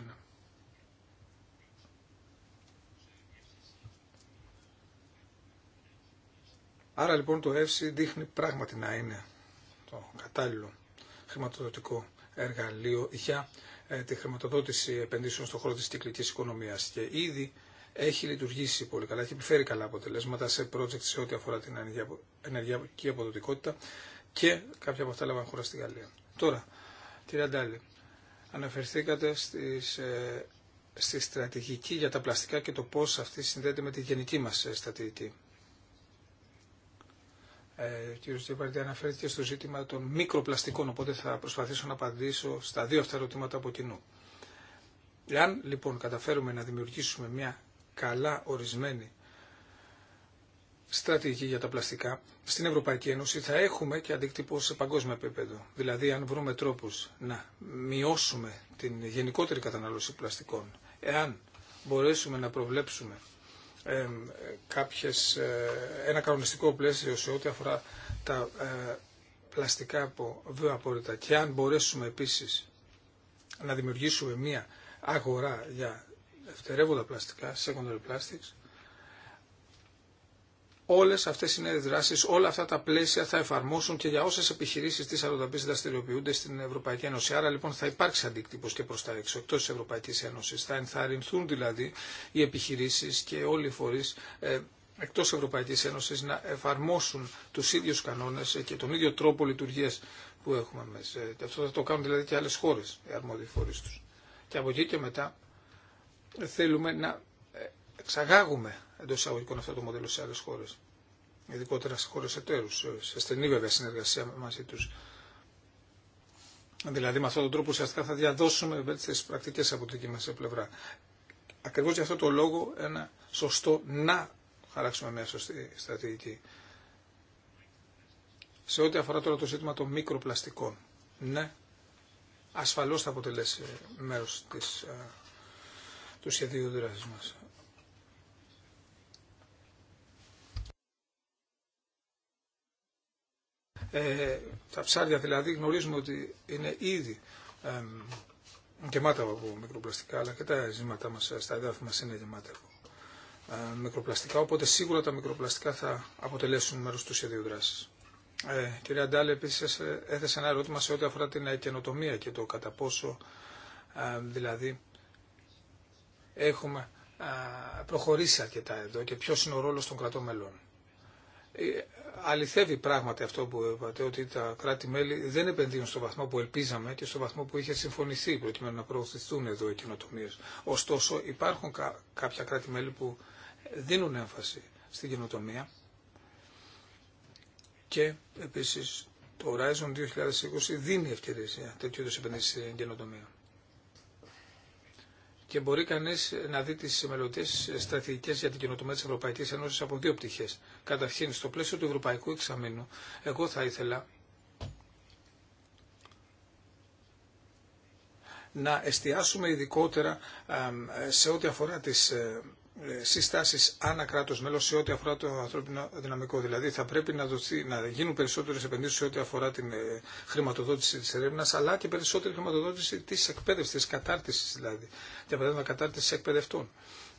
[SPEAKER 3] Άρα λοιπόν το ΕΦΣΙ δείχνει πράγματι να είναι το κατάλληλο χρηματοδοτικό εργαλείο για ε, τη χρηματοδότηση επενδύσεων στον χώρο της κυκλικής οικονομίας και ήδη έχει λειτουργήσει πολύ καλά, έχει επιφέρει καλά αποτελέσματα σε project σε ό,τι αφορά την ενεργειακή αποδοτικότητα και κάποια από αυτά έλαβαν χώρα στη Γαλλία. Τώρα, κύριε Αντάλη, αναφερθήκατε στις, ε, στη στρατηγική για τα πλαστικά και το πώς αυτή συνδέεται με τη γενική μας ε, στρατηγική. Ε, ο κύριος Τζέπαρντι αναφέρθηκε στο ζήτημα των μικροπλαστικών, οπότε θα προσπαθήσω να απαντήσω στα δύο αυτά ερωτήματα από κοινού. Εάν λοιπόν καταφέρουμε να δημιουργήσουμε μια καλά ορισμένη στρατηγική για τα πλαστικά στην Ευρωπαϊκή Ένωση θα έχουμε και αντίκτυπο σε παγκόσμιο επίπεδο. Δηλαδή αν βρούμε τρόπους να μειώσουμε την γενικότερη κατανάλωση πλαστικών, εάν μπορέσουμε να προβλέψουμε κάποιες, ε, ένα κανονιστικό πλαίσιο σε ό,τι αφορά τα ε, πλαστικά από βιοαπόρριτα και αν μπορέσουμε επίσης να δημιουργήσουμε μία αγορά για δευτερεύοντα πλαστικά, secondary plastics, όλες αυτές οι νέες δράσεις, όλα αυτά τα πλαίσια θα εφαρμόσουν και για όσες επιχειρήσεις της αεροδαπής δραστηριοποιούνται στην Ευρωπαϊκή Ένωση. Άρα λοιπόν θα υπάρξει αντίκτυπος και προς τα έξω, εκτός της Ευρωπαϊκής Ένωσης. Θα ενθαρρυνθούν δηλαδή οι επιχειρήσεις και όλοι οι φορείς ε, εκτός Ευρωπαϊκής Ένωσης να εφαρμόσουν τους ίδιους κανόνες και τον ίδιο τρόπο λειτουργίας που έχουμε μέσα. Ε, και αυτό θα το κάνουν δηλαδή και άλλες χώρες, οι αρμόδιοι φορείς τους. Και από εκεί και μετά θέλουμε να ε, εξαγάγουμε εντό εισαγωγικών αυτό το μοντέλο σε άλλε χώρε. Ειδικότερα σε χώρε εταίρου, σε στενή βέβαια συνεργασία μαζί του. Δηλαδή με αυτόν τον τρόπο ουσιαστικά θα διαδώσουμε τι πρακτικέ από την δική μα πλευρά. Ακριβώ για αυτό το λόγο ένα σωστό να χαράξουμε μια σωστή στρατηγική. Σε ό,τι αφορά τώρα το ζήτημα των μικροπλαστικών, ναι, ασφαλώς θα αποτελέσει μέρος της ε, του σχεδίου δράσης μας. Ε, τα ψάρια δηλαδή γνωρίζουμε ότι είναι ήδη ε, γεμάτα από μικροπλαστικά, αλλά και τα ζήματα μας στα εδάφη μας είναι γεμάτα από ε, μικροπλαστικά, οπότε σίγουρα τα μικροπλαστικά θα αποτελέσουν μέρος του σχεδίου δράσης. Ε, κυρία Ντάλη, επίσης ε, έθεσε ένα ερώτημα σε ό,τι αφορά την καινοτομία και το κατά πόσο δηλαδή έχουμε προχωρήσει αρκετά εδώ και ποιος είναι ο ρόλος των κρατών μελών. Ε, αληθεύει πράγματι αυτό που είπατε, ότι τα κράτη-μέλη δεν επενδύουν στο βαθμό που ελπίζαμε και στο βαθμό που είχε συμφωνηθεί προκειμένου να προωθηθούν εδώ οι κοινοτομίε. ωστοσο Ωστόσο, υπάρχουν κάποια κράτη-μέλη που δίνουν έμφαση στην κοινοτομία και επίση το Horizon 2020 δίνει ευκαιρίε για τέτοιου είδου επενδύσει στην καινοτομία και μπορεί κανεί να δει τι μελλοντικέ στρατηγικέ για την κοινοτομία τη Ευρωπαϊκή Ένωση από δύο πτυχέ. Καταρχήν, στο πλαίσιο του Ευρωπαϊκού Εξαμήνου, εγώ θα ήθελα να εστιάσουμε ειδικότερα σε ό,τι αφορά τις ε, ε, συστάσεις ανά κράτος μέλος σε ό,τι αφορά το ανθρώπινο δυναμικό. Δηλαδή θα πρέπει να, δοθεί, να γίνουν περισσότερες επενδύσεις σε ό,τι αφορά την ε, χρηματοδότηση της ερεύνας, αλλά και περισσότερη χρηματοδότηση της εκπαίδευσης, της κατάρτισης δηλαδή, για παράδειγμα κατάρτιση εκπαιδευτών.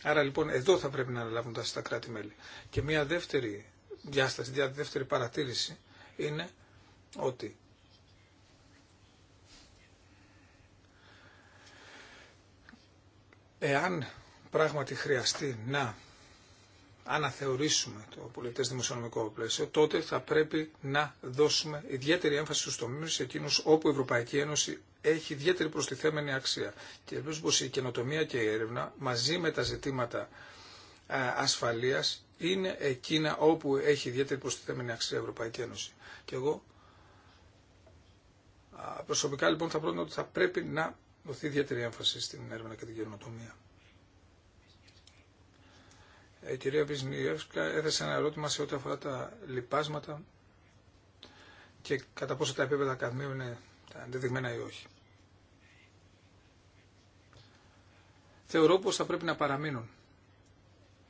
[SPEAKER 3] Άρα λοιπόν εδώ θα πρέπει να αναλάβουν τα στα κράτη-μέλη. Και μια δεύτερη διάσταση, μια δεύτερη παρατήρηση είναι ότι εάν πράγματι χρειαστεί να αναθεωρήσουμε το πολιτές δημοσιονομικό πλαίσιο, τότε θα πρέπει να δώσουμε ιδιαίτερη έμφαση στους τομείς εκείνους όπου η Ευρωπαϊκή Ένωση έχει ιδιαίτερη προστιθέμενη αξία. Και ελπίζω πως η καινοτομία και η έρευνα μαζί με τα ζητήματα ε, ασφαλείας είναι εκείνα όπου έχει ιδιαίτερη προστιθέμενη αξία η Ευρωπαϊκή Ένωση. Και εγώ προσωπικά λοιπόν θα πρότεινα ότι θα πρέπει να δοθεί ιδιαίτερη έμφαση στην έρευνα και την καινοτομία. Ε, η κυρία Βυσνιεύσκα έθεσε ένα ερώτημα σε ό,τι αφορά τα λοιπάσματα και κατά πόσο τα επίπεδα καδμίου είναι αντιδειγμένα ή όχι. Θεωρώ πως θα πρέπει να παραμείνουν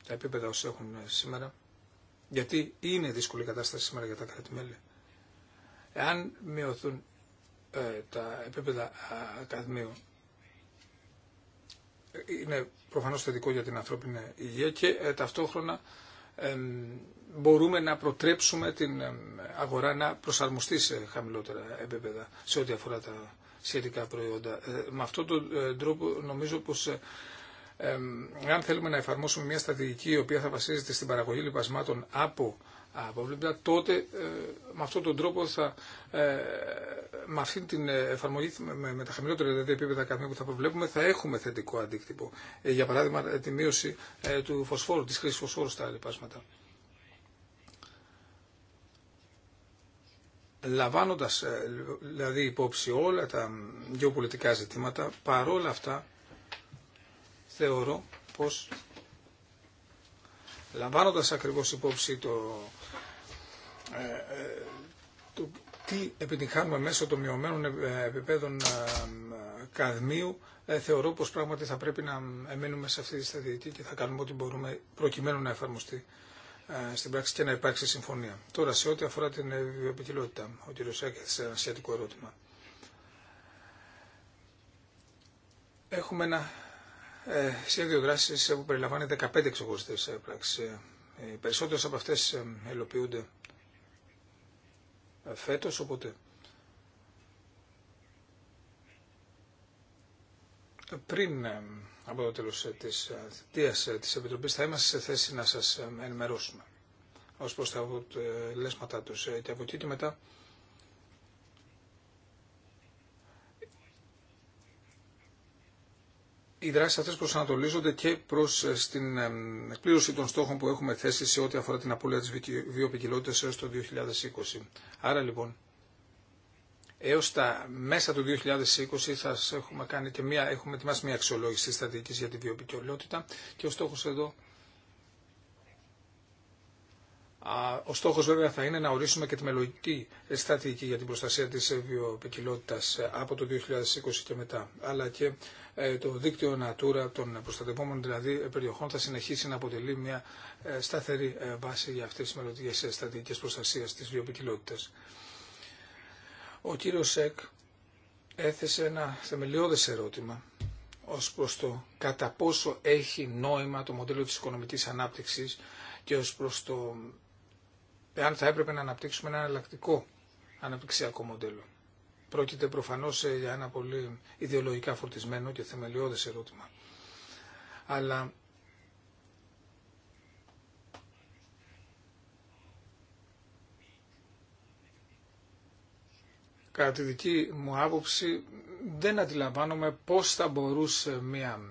[SPEAKER 3] τα επίπεδα όσοι έχουν σήμερα, γιατί είναι δύσκολη η κατάσταση σήμερα για τα κρατημέλη. Εάν μειωθούν ε, τα επίπεδα ακαδημίου, είναι προφανώς θετικό για την ανθρώπινη υγεία και ε, ταυτόχρονα μπορούμε να προτρέψουμε την αγορά να προσαρμοστεί σε χαμηλότερα επίπεδα σε ό,τι αφορά τα σχετικά προϊόντα. Ε, με αυτόν τον ε, τρόπο νομίζω πως αν θέλουμε να εφαρμόσουμε μια στρατηγική η οποία θα βασίζεται στην παραγωγή λοιπασμάτων από τότε ε, με αυτόν τον τρόπο θα, ε, με αυτή την εφαρμογή, με, τα χαμηλότερα δηλαδή επίπεδα καμία που θα προβλέπουμε, θα έχουμε θετικό αντίκτυπο. Ε, για παράδειγμα, τη μείωση του φωσφόρου, της χρήσης φωσφόρου στα λοιπάσματα. Λαμβάνοντας δηλαδή υπόψη όλα τα γεωπολιτικά ζητήματα, παρόλα αυτά θεωρώ πως λαμβάνοντας ακριβώς υπόψη το ε, ε, το τι επιτυγχάνουμε μέσω των μειωμένων ε, επιπέδων καδμίου, θεωρώ πως πράγματι θα πρέπει να μείνουμε σε αυτή τη στρατηγική και θα κάνουμε ό,τι μπορούμε προκειμένου να εφαρμοστεί στην πράξη και να υπάρξει συμφωνία. Τώρα, σε ό,τι αφορά την βιοπικιλότητα, ο κ. Σάκη σε ένα σχετικό ερώτημα. Έχουμε ένα ε, σχέδιο δράση που περιλαμβάνει 15 ξεχωριστέ πράξει. Οι περισσότερε από αυτέ ελοποιούνται φέτος, οπότε πριν ε, από το τέλος ε, της ε, θητείας της Επιτροπής θα είμαστε σε θέση να σας ενημερώσουμε ως προς τα αποτελέσματά τους και από εκεί και μετά οι δράσει αυτέ προσανατολίζονται και προ ε, την ε, εκπλήρωση των στόχων που έχουμε θέσει σε ό,τι αφορά την απώλεια τη βιοπικιλότητα έω το 2020. Άρα λοιπόν, έως τα μέσα του 2020 θα έχουμε, κάνει και μια, έχουμε ετοιμάσει μια αξιολόγηση στρατηγικής για τη βιοπικιλότητα και ο στόχος εδώ ο στόχος βέβαια θα είναι να ορίσουμε και τη μελλοντική στρατηγική για την προστασία της βιοπικιλότητας ε, από το 2020 και μετά. Αλλά και ε, το δίκτυο Natura των προστατευόμενων δηλαδή ε, περιοχών θα συνεχίσει να αποτελεί μια σταθερή βάση για αυτές τις μελλοντικές στρατηγικές προστασίας της βιοπικιλότητας. Ο κύριος Σεκ έθεσε ένα θεμελιώδες ερώτημα ως προς το κατά πόσο έχει νόημα το μοντέλο της οικονομικής ανάπτυξης και ως προς το εάν θα έπρεπε να αναπτύξουμε ένα εναλλακτικό αναπτυξιακό μοντέλο. Πρόκειται προφανώ ε, για ένα πολύ ιδεολογικά φορτισμένο και θεμελιώδες ερώτημα. Αλλά κατά τη δική μου άποψη δεν αντιλαμβάνομαι πώς θα μπορούσε μια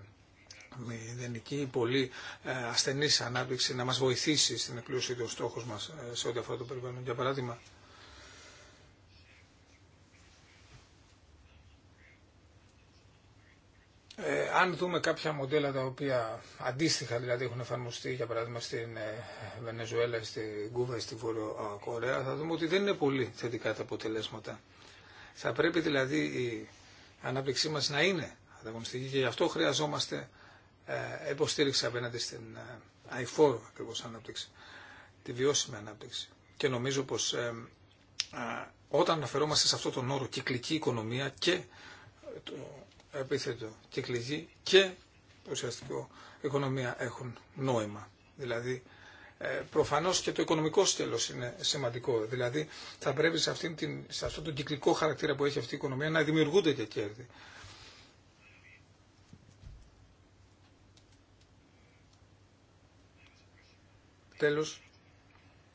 [SPEAKER 3] μηδενική ή πολύ ε, ασθενή ανάπτυξη να μα βοηθήσει στην εκπλήρωση των στόχων μα ε, σε ό,τι αφορά το περιβάλλον. Για παράδειγμα, Ε, αν δούμε κάποια μοντέλα τα οποία αντίστοιχα δηλαδή έχουν εφαρμοστεί για παράδειγμα στην ε, Βενεζουέλα, στην Κούβα ή στη Βόρεια Κορέα θα δούμε ότι δεν είναι πολύ θετικά τα αποτελέσματα. Θα πρέπει δηλαδή η ανάπτυξή μα να είναι ανταγωνιστική και γι' αυτό χρειαζόμαστε ε, υποστήριξη απέναντι στην ε, αηφόρο ακριβώ ανάπτυξη, τη βιώσιμη ανάπτυξη. Και νομίζω πως ε, όταν αναφερόμαστε σε αυτόν τον όρο κυκλική οικονομία και το επίθετο κυκλική και ουσιαστικό οικονομία έχουν νόημα. Δηλαδή προφανώς και το οικονομικό στέλος είναι σημαντικό. Δηλαδή θα πρέπει σε, αυτήν την, σε αυτόν τον κυκλικό χαρακτήρα που έχει αυτή η οικονομία να δημιουργούνται και κέρδη. Τέλος,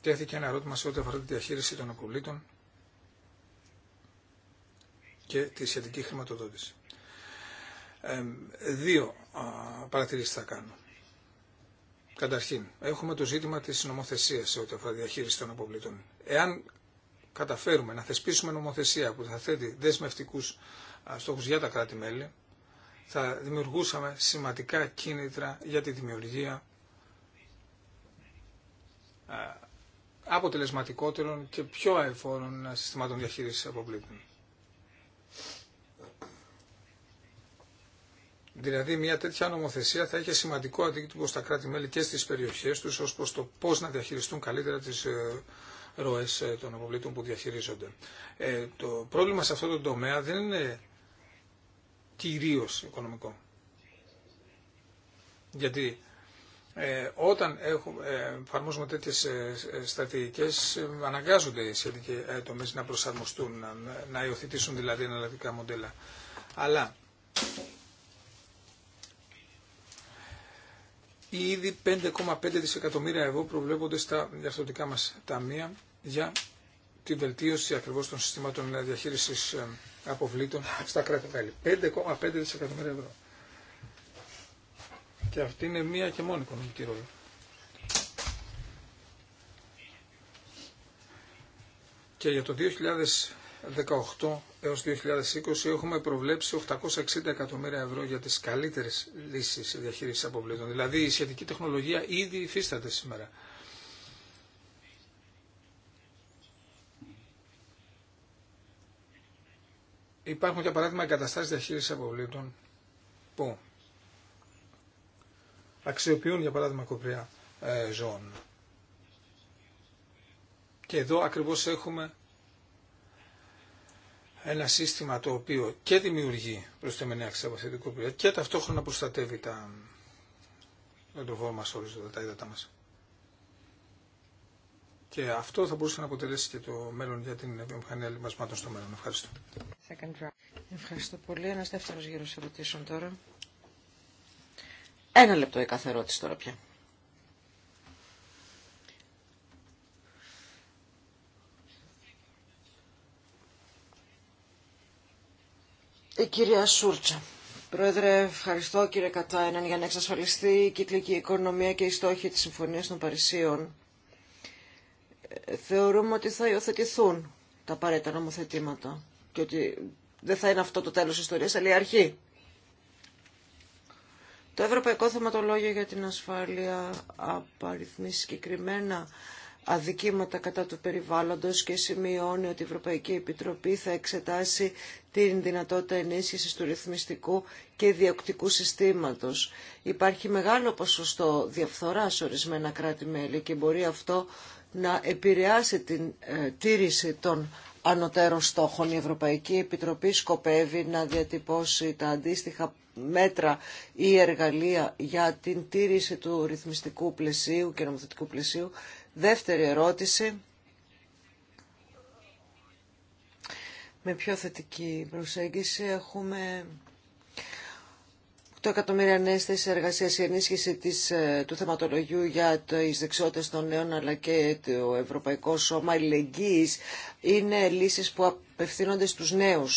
[SPEAKER 3] τέθηκε ένα ερώτημα σε ό,τι αφορά τη διαχείριση των αποβλήτων και τη σχετική χρηματοδότηση. δύο παρατηρήσεις θα κάνω. Καταρχήν, έχουμε το ζήτημα της νομοθεσίας σε ό,τι αφορά τη διαχείριση των αποβλήτων. Εάν καταφέρουμε να θεσπίσουμε νομοθεσία που θα θέτει δεσμευτικούς στόχους για τα κράτη-μέλη, θα δημιουργούσαμε σημαντικά κίνητρα για τη δημιουργία αποτελεσματικότερων και πιο αεφόρων συστημάτων διαχείρισης αποβλήτων. Δηλαδή μια τέτοια νομοθεσία θα είχε σημαντικό αντίκτυπο στα κράτη-μέλη και στις περιοχές τους ως προς το πώς να διαχειριστούν καλύτερα τις ε, ροές ε, των αποβλήτων που διαχειρίζονται. Ε, το πρόβλημα σε αυτό το τομέα δεν είναι κυρίως οικονομικό. Γιατί ε, όταν έχουμε, εφαρμόζουμε τέτοιε ε, στρατηγικέ, ε, αναγκάζονται οι σχετικοί τομέ να προσαρμοστούν, να, να υιοθετήσουν δηλαδή εναλλακτικά μοντέλα. Αλλά ήδη 5,5 δισεκατομμύρια ευρώ προβλέπονται στα διαρθρωτικά μας ταμεία για τη βελτίωση ακριβώ των συστήματων διαχείριση αποβλήτων στα κράτη-μέλη. 5,5 δισεκατομμύρια ευρώ και αυτή είναι μία και μόνη οικονομική ρόλη. Και για το 2018 έως 2020 έχουμε προβλέψει 860 εκατομμύρια ευρώ για τις καλύτερες λύσεις διαχείρισης αποβλήτων. Δηλαδή η σχετική τεχνολογία ήδη υφίσταται σήμερα. Υπάρχουν για παράδειγμα εγκαταστάσεις διαχείρισης αποβλήτων που αξιοποιούν για παράδειγμα κοπριά ε, ζώων. Και εδώ ακριβώς έχουμε ένα σύστημα το οποίο και δημιουργεί προσθεμένη αξία από αυτή την κοπριά και ταυτόχρονα προστατεύει τα εντροβό μας όλες τα ύδατά μας. Και αυτό θα μπορούσε να αποτελέσει και το μέλλον για την βιομηχανία λιμασμάτων στο μέλλον. Ευχαριστώ.
[SPEAKER 1] Ευχαριστώ πολύ. Ένας δεύτερος γύρος ερωτήσεων τώρα. Ένα λεπτό η κάθε ερώτηση τώρα πια. Η κυρία Σούρτσα. Πρόεδρε, ευχαριστώ κύριε Κατάιναν για να εξασφαλιστεί η κυκλική οικονομία και οι στόχοι της Συμφωνίας των Παρισίων. Ε, θεωρούμε ότι θα υιοθετηθούν τα απαραίτητα νομοθετήματα και ότι δεν θα είναι αυτό το τέλος της ιστορίας, αλλά η αρχή το Ευρωπαϊκό Θεματολόγιο για την Ασφάλεια απαριθμεί συγκεκριμένα αδικήματα κατά του περιβάλλοντος και σημειώνει ότι η Ευρωπαϊκή Επιτροπή θα εξετάσει την δυνατότητα ενίσχυσης του ρυθμιστικού και διοκτικού συστήματος. Υπάρχει μεγάλο ποσοστό διαφθοράς ορισμένα κράτη-μέλη και μπορεί αυτό να επηρεάσει την ε, τήρηση των ανωτέρων στόχων. Η Ευρωπαϊκή Επιτροπή σκοπεύει να διατυπώσει τα αντίστοιχα μέτρα ή εργαλεία για την τήρηση του ρυθμιστικού πλαισίου και νομοθετικού πλαισίου. Δεύτερη ερώτηση. Με πιο θετική προσέγγιση έχουμε το εκατομμύρια νέε θέσει εργασία, η ενίσχυση της, ε, του θεματολογίου για τι δεξιότητε των νέων αλλά και το Ευρωπαϊκό Σώμα Αλληλεγγύη είναι λύσει που απευθύνονται στου νέου.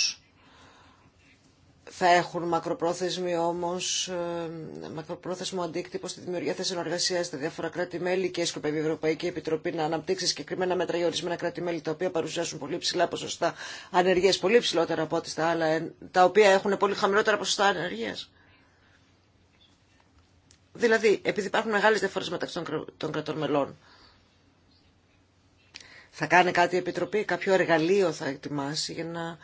[SPEAKER 1] Θα έχουν μακροπρόθεσμη όμως, ε, μακροπρόθεσμο αντίκτυπο στη δημιουργία θέσεων εργασία στα διάφορα κράτη-μέλη και έσκοπε η Ευρωπαϊκή Επιτροπή να αναπτύξει συγκεκριμένα μέτρα για ορισμένα κράτη-μέλη τα οποία παρουσιάσουν πολύ ψηλά ποσοστά ανεργία, πολύ ψηλότερα από ό,τι στα άλλα, τα οποία έχουν πολύ χαμηλότερα ποσοστά ανεργία. Δηλαδή, επειδή υπάρχουν μεγάλες διαφορές μεταξύ των κρατών μελών, θα κάνει κάτι η Επιτροπή, κάποιο εργαλείο θα ετοιμάσει για να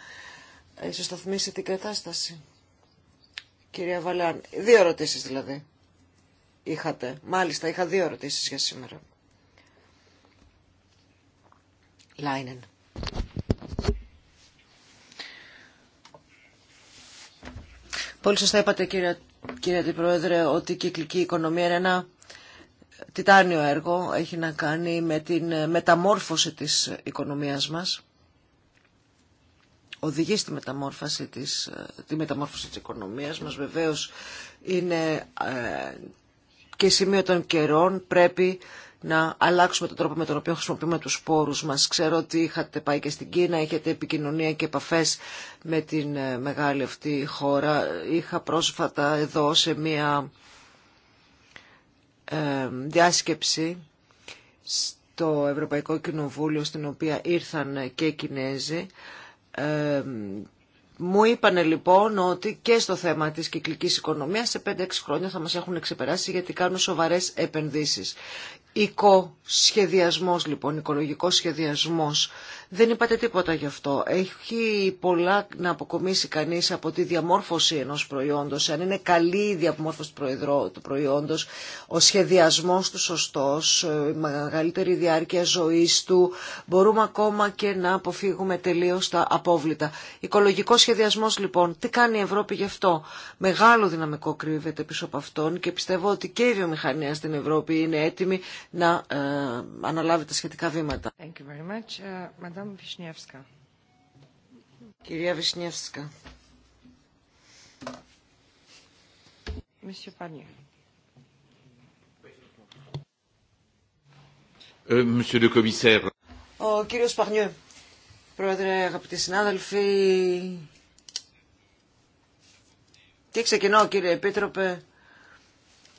[SPEAKER 1] ισοσταθμίσει την κατάσταση. Κυρία Βαλάν, δύο ρωτήσεις δηλαδή είχατε. Μάλιστα, είχα δύο ρωτήσεις για σήμερα. Λάινεν. Πολύ σωστά είπατε κύριε κύριε Αντιπρόεδρε, ότι η κυκλική οικονομία είναι ένα τιτάνιο έργο. Έχει να κάνει με την μεταμόρφωση της οικονομίας μας. Οδηγεί στη μεταμόρφωση της, ε, τη μεταμόρφωση της οικονομίας μας. Βεβαίως είναι ε, και σημείο των καιρών πρέπει να αλλάξουμε τον τρόπο με τον οποίο χρησιμοποιούμε τους σπόρους μας. Ξέρω ότι είχατε πάει και στην Κίνα, είχατε επικοινωνία και επαφές με την ε, μεγάλη αυτή χώρα. Είχα πρόσφατα εδώ σε μία ε, διάσκεψη στο Ευρωπαϊκό Κοινοβούλιο στην οποία ήρθαν και οι Κινέζοι ε, μου είπανε λοιπόν ότι και στο θέμα της κυκλικής οικονομίας σε 5-6 χρόνια θα μας έχουν ξεπεράσει γιατί κάνουν σοβαρές επενδύσεις. Οικοσχεδιασμός λοιπόν, οικολογικός σχεδιασμός. Δεν είπατε τίποτα γι' αυτό. Έχει πολλά να αποκομίσει κανείς από τη διαμόρφωση ενός προϊόντος. Αν είναι καλή η διαμόρφωση του προϊόντος, ο σχεδιασμός του σωστός, ε, η μεγαλύτερη διάρκεια ζωής του, μπορούμε ακόμα και να αποφύγουμε τελείως τα απόβλητα. Οικολογικός σχεδιασμός λοιπόν, τι κάνει η Ευρώπη γι' αυτό. Μεγάλο δυναμικό κρύβεται πίσω από αυτόν και πιστεύω ότι και η βιομηχανία στην Ευρώπη είναι έτοιμη να ε, αναλάβει τα σχετικά βήματα. Thank you very much. Uh, Κυρία Βυσνιεύσκα. Monsieur Pagnier.
[SPEAKER 2] Euh, monsieur le Commissaire.
[SPEAKER 1] Ο κύριος Παγνιού, πρόεδρε, αγαπητοί συνάδελφοι, τι ξεκινώ κύριε Επίτροπε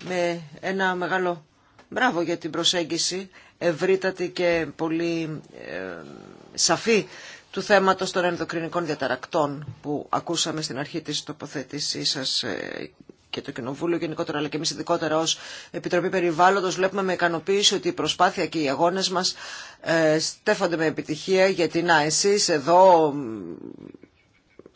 [SPEAKER 1] με ένα μεγάλο Μπράβο για την προσέγγιση ευρύτατη και πολύ ε, σαφή του θέματος των ενδοκρινικών διαταρακτών που ακούσαμε στην αρχή της τοποθέτησής σας ε, και το Κοινοβούλιο γενικότερα αλλά και εμείς ειδικότερα ως Επιτροπή Περιβάλλοντος βλέπουμε με ικανοποίηση ότι η προσπάθεια και οι αγώνες μας ε, στέφονται με επιτυχία γιατί να εσείς εδώ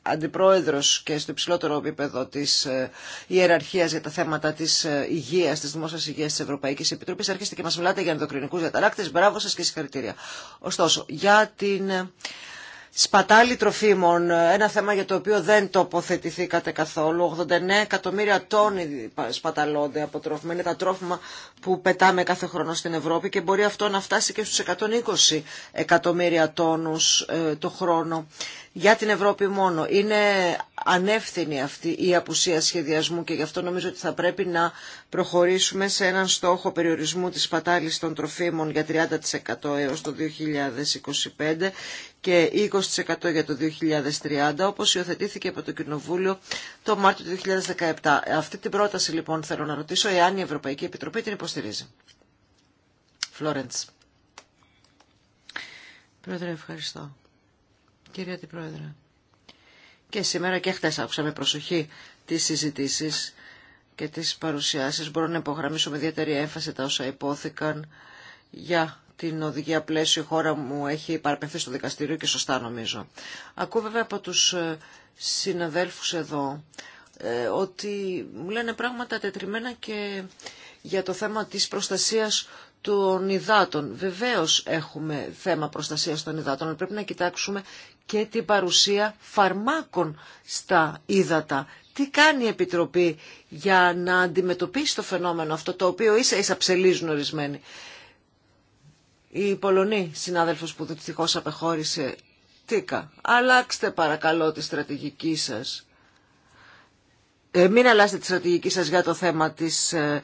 [SPEAKER 1] αντιπρόεδρος και στο υψηλότερο επίπεδο της ε, ιεραρχίας για τα θέματα της ε, υγείας, της δημόσιας υγείας της Ευρωπαϊκής Επιτροπής. Αρχίστε και μας μιλάτε για ενδοκρινικούς διαταράκτες. Μπράβο σας και συγχαρητήρια. Ωστόσο, για την... Ε, σπατάλη τροφίμων, ένα θέμα για το οποίο δεν τοποθετηθήκατε καθόλου. 89 εκατομμύρια τόνοι σπαταλώνται από τρόφιμα. Είναι τα τρόφιμα που πετάμε κάθε χρόνο στην Ευρώπη και μπορεί αυτό να φτάσει και στους 120 εκατομμύρια τόνους το χρόνο για την Ευρώπη μόνο. Είναι ανεύθυνη αυτή η απουσία σχεδιασμού και γι' αυτό νομίζω ότι θα πρέπει να προχωρήσουμε σε έναν στόχο περιορισμού της πατάλης των τροφίμων για 30% έως το 2025 και 20% για το 2030, όπως υιοθετήθηκε από το Κοινοβούλιο το Μάρτιο του 2017. Αυτή την πρόταση λοιπόν θέλω να ρωτήσω εάν η Ευρωπαϊκή Επιτροπή την υποστηρίζει. Φλόρεντς. Πρόεδρε, ευχαριστώ. Κύριε την Και σήμερα και χθες άκουσα με προσοχή τις συζητήσεις και τις παρουσιάσεις. Μπορώ να υπογραμμίσω με ιδιαίτερη έμφαση τα όσα υπόθηκαν για την οδηγία πλαίσιο. Η χώρα μου έχει παραπευθεί στο δικαστήριο και σωστά νομίζω. Ακούω βέβαια από τους ε, συναδέλφους εδώ ε, ότι μου λένε πράγματα τετριμένα και για το θέμα της προστασίας των υδάτων. Βεβαίως έχουμε θέμα προστασίας των υδάτων, αλλά πρέπει να κοιτάξουμε και την παρουσία φαρμάκων στα ύδατα. Τι κάνει η Επιτροπή για να αντιμετωπίσει το φαινόμενο αυτό το οποίο ίσα ίσα ψελίζουν ορισμένοι. Η Πολωνή συνάδελφος που δυστυχώς απεχώρησε τίκα. Αλλάξτε παρακαλώ τη στρατηγική σας. Ε, μην αλλάξετε τη στρατηγική σας για το θέμα της ε,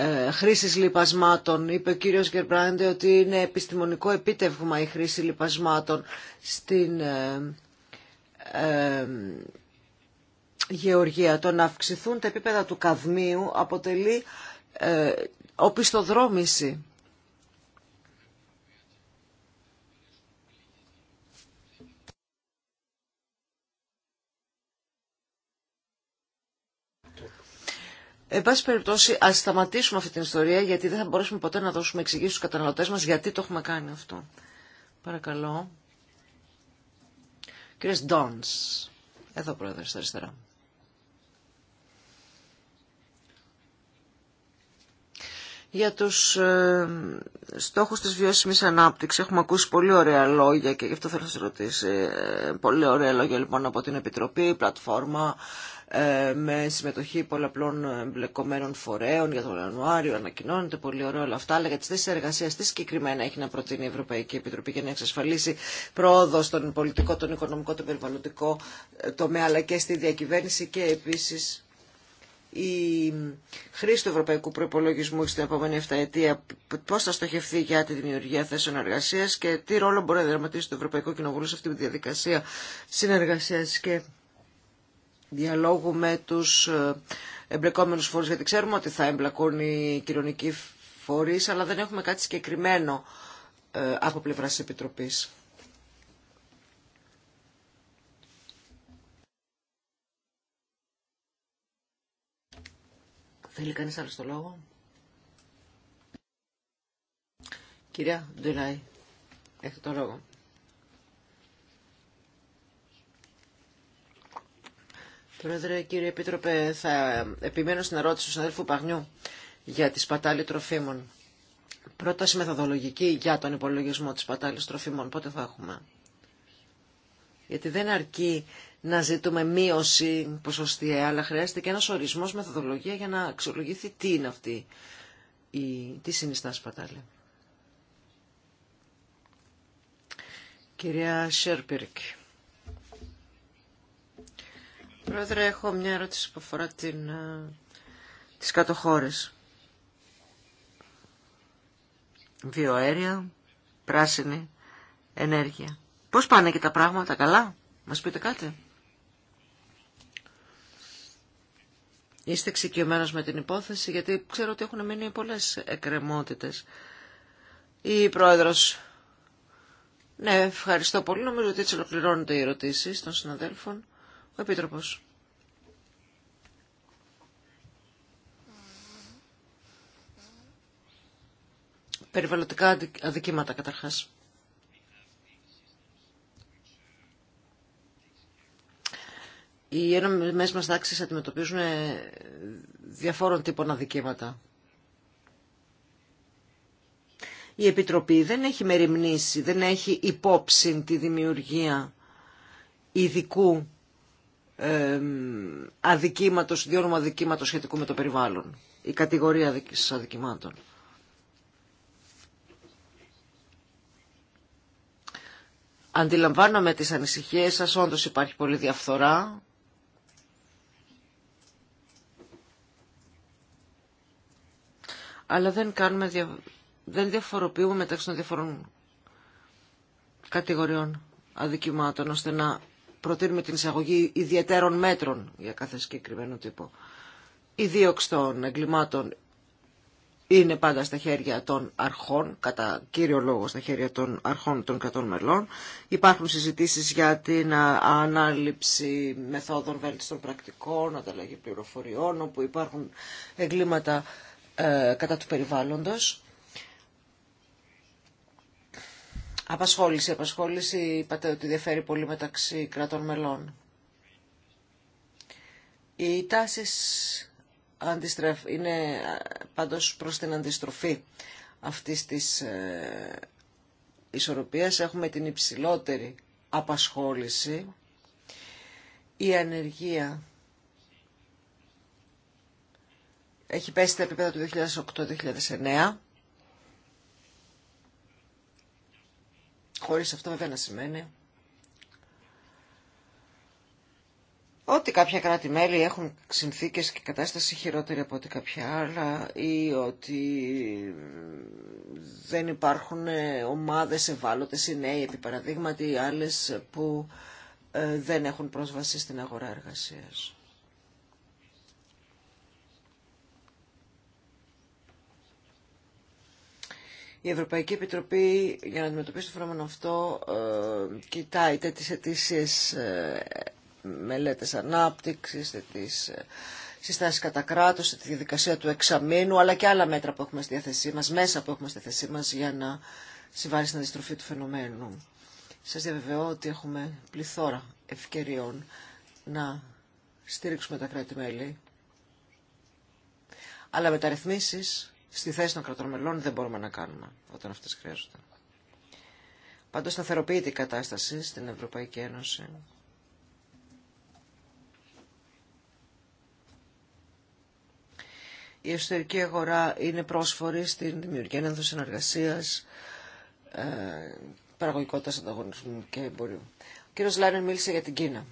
[SPEAKER 1] ε, χρήσης λιπασμάτων. Είπε ο κύριος Γερμπράντε ότι είναι επιστημονικό επίτευγμα η χρήση λιπασμάτων στην ε, ε γεωργία. Το να αυξηθούν τα επίπεδα του καδμίου αποτελεί ε, οπισθοδρόμηση Εν πάση περιπτώσει, α σταματήσουμε αυτή την ιστορία, γιατί δεν θα μπορέσουμε ποτέ να δώσουμε εξηγήσει στου καταναλωτέ μα γιατί το έχουμε κάνει αυτό. Παρακαλώ. Κύριε Ντόν. Εδώ, πρόεδρε, στα αριστερά. Για του ε, στόχους της βιώσιμης ανάπτυξης έχουμε ακούσει πολύ ωραία λόγια και γι' αυτό θέλω να σα ρωτήσω. Ε, ε, πολύ ωραία λόγια λοιπόν από την Επιτροπή, πλατφόρμα ε, με συμμετοχή πολλαπλών εμπλεκομένων φορέων για τον Ιανουάριο, ανακοινώνεται πολύ ωραία όλα αυτά, αλλά για τι θέσει εργασία, τι συγκεκριμένα έχει να προτείνει η Ευρωπαϊκή Επιτροπή για να εξασφαλίσει πρόοδο στον πολιτικό, τον οικονομικό, τον περιβαλλοντικό ε, τομέα, αλλά και στη διακυβέρνηση και επίση η χρήση του ευρωπαϊκού προπολογισμού στην επόμενη 7 ετία, πώ θα στοχευθεί για τη δημιουργία θέσεων εργασία και τι ρόλο μπορεί να δραματίσει το Ευρωπαϊκό Κοινοβούλιο σε αυτή τη διαδικασία συνεργασία και διαλόγου με τους ε, εμπλεκόμενους φορείς, γιατί ξέρουμε ότι θα εμπλακούν οι κοινωνικοί φορείς, αλλά δεν έχουμε κάτι συγκεκριμένο ε, από πλευράς της Επιτροπής. Θέλει κανείς άλλο το λόγο. Κυρία Ντουλάη, έχετε το λόγο. Πρόεδρε, κύριε Επίτροπε, θα επιμένω στην ερώτηση του συναδέλφου Παγνιού για τη σπατάλη τροφίμων. Πρόταση μεθοδολογική για τον υπολογισμό της σπατάλης τροφίμων. Πότε θα έχουμε. Γιατί δεν αρκεί να ζητούμε μείωση ποσοστιαία, αλλά χρειάζεται και ένας ορισμός μεθοδολογία για να αξιολογηθεί τι είναι αυτή, η, τι συνιστά σπατάλη. Κυρία
[SPEAKER 4] Σέρπιρκ.
[SPEAKER 1] Πρόεδρε, έχω μια ερώτηση που αφορά την, ε, τις κατοχώρες. Βιοαέρια, πράσινη, ενέργεια. Πώς πάνε και τα πράγματα, καλά, μας πείτε κάτι. Είστε εξοικειωμένο με την υπόθεση, γιατί ξέρω ότι έχουν μείνει πολλές εκκρεμότητες. Η Πρόεδρος, ναι, ευχαριστώ πολύ. Νομίζω ότι έτσι ολοκληρώνονται οι ερωτήσεις των συναδέλφων. Ο Επίτροπος. Περιβαλλοντικά αδικήματα καταρχάς. Οι ένωμες μας τάξεις αντιμετωπίζουν ε, διαφόρων τύπων αδικήματα. Η Επιτροπή δεν έχει μεριμνήσει, δεν έχει υπόψη τη δημιουργία ειδικού αδικήματος, διόνομα αδικήματος σχετικού με το περιβάλλον. Η κατηγορία αδικημάτων. Αντιλαμβάνομαι τις ανησυχίες σας, όντως υπάρχει πολλή διαφθορά. Αλλά δεν, κάνουμε δια... δεν διαφοροποιούμε μεταξύ των διαφορών κατηγοριών αδικημάτων, ώστε να προτείνουμε την εισαγωγή ιδιαίτερων μέτρων για κάθε συγκεκριμένο τύπο. Η δίωξη των εγκλημάτων είναι πάντα στα χέρια των αρχών, κατά κύριο λόγο στα χέρια των αρχών των κρατών μελών. Υπάρχουν συζητήσεις για την ανάληψη μεθόδων βέλτιστων πρακτικών, ανταλλαγή πληροφοριών, όπου υπάρχουν εγκλήματα ε, κατά του περιβάλλοντος. Απασχόληση. Απασχόληση είπατε ότι διαφέρει πολύ μεταξύ κρατών μελών. Οι τάσεις είναι πάντως προς την αντιστροφή αυτής της ε, ισορροπίας. Έχουμε την υψηλότερη απασχόληση. Η ανεργία έχει πέσει στα επίπεδα του 2008-2009 Χωρίς αυτό βέβαια να σημαίνει ότι κάποια κράτη-μέλη έχουν συνθήκες και κατάσταση χειρότερη από ό,τι κάποια άλλα ή ότι δεν υπάρχουν ομάδες ευάλωτες ή νέοι επί παραδείγματι ή άλλες που ε, δεν έχουν πρόσβαση στην αγορά εργασίας. Η Ευρωπαϊκή Επιτροπή για να αντιμετωπίσει το φαινόμενο αυτό ε, κοιτάει τέτοιες αιτήσεις ε, μελέτες ανάπτυξης, τέτοιες ε, συστάσεις κατά κράτος, τη διαδικασία του εξαμήνου, αλλά και άλλα μέτρα που έχουμε στη διάθεσή μας, μέσα που έχουμε στη θέση μας για να συμβάλλει στην αντιστροφή του φαινομένου. Σας διαβεβαιώ ότι έχουμε πληθώρα ευκαιριών να στήριξουμε τα κράτη-μέλη, αλλά μεταρρυθμίσεις στη θέση των κρατών μελών δεν μπορούμε να κάνουμε όταν αυτές χρειάζονται. Πάντως σταθεροποιείται η κατάσταση στην Ευρωπαϊκή Ένωση. Η εσωτερική αγορά είναι πρόσφορη στην δημιουργία ένδοσης συνεργασίας, ε, παραγωγικότητας ανταγωνισμού και εμπορίου. Ο κύριος Λάριν μίλησε για την Κίνα.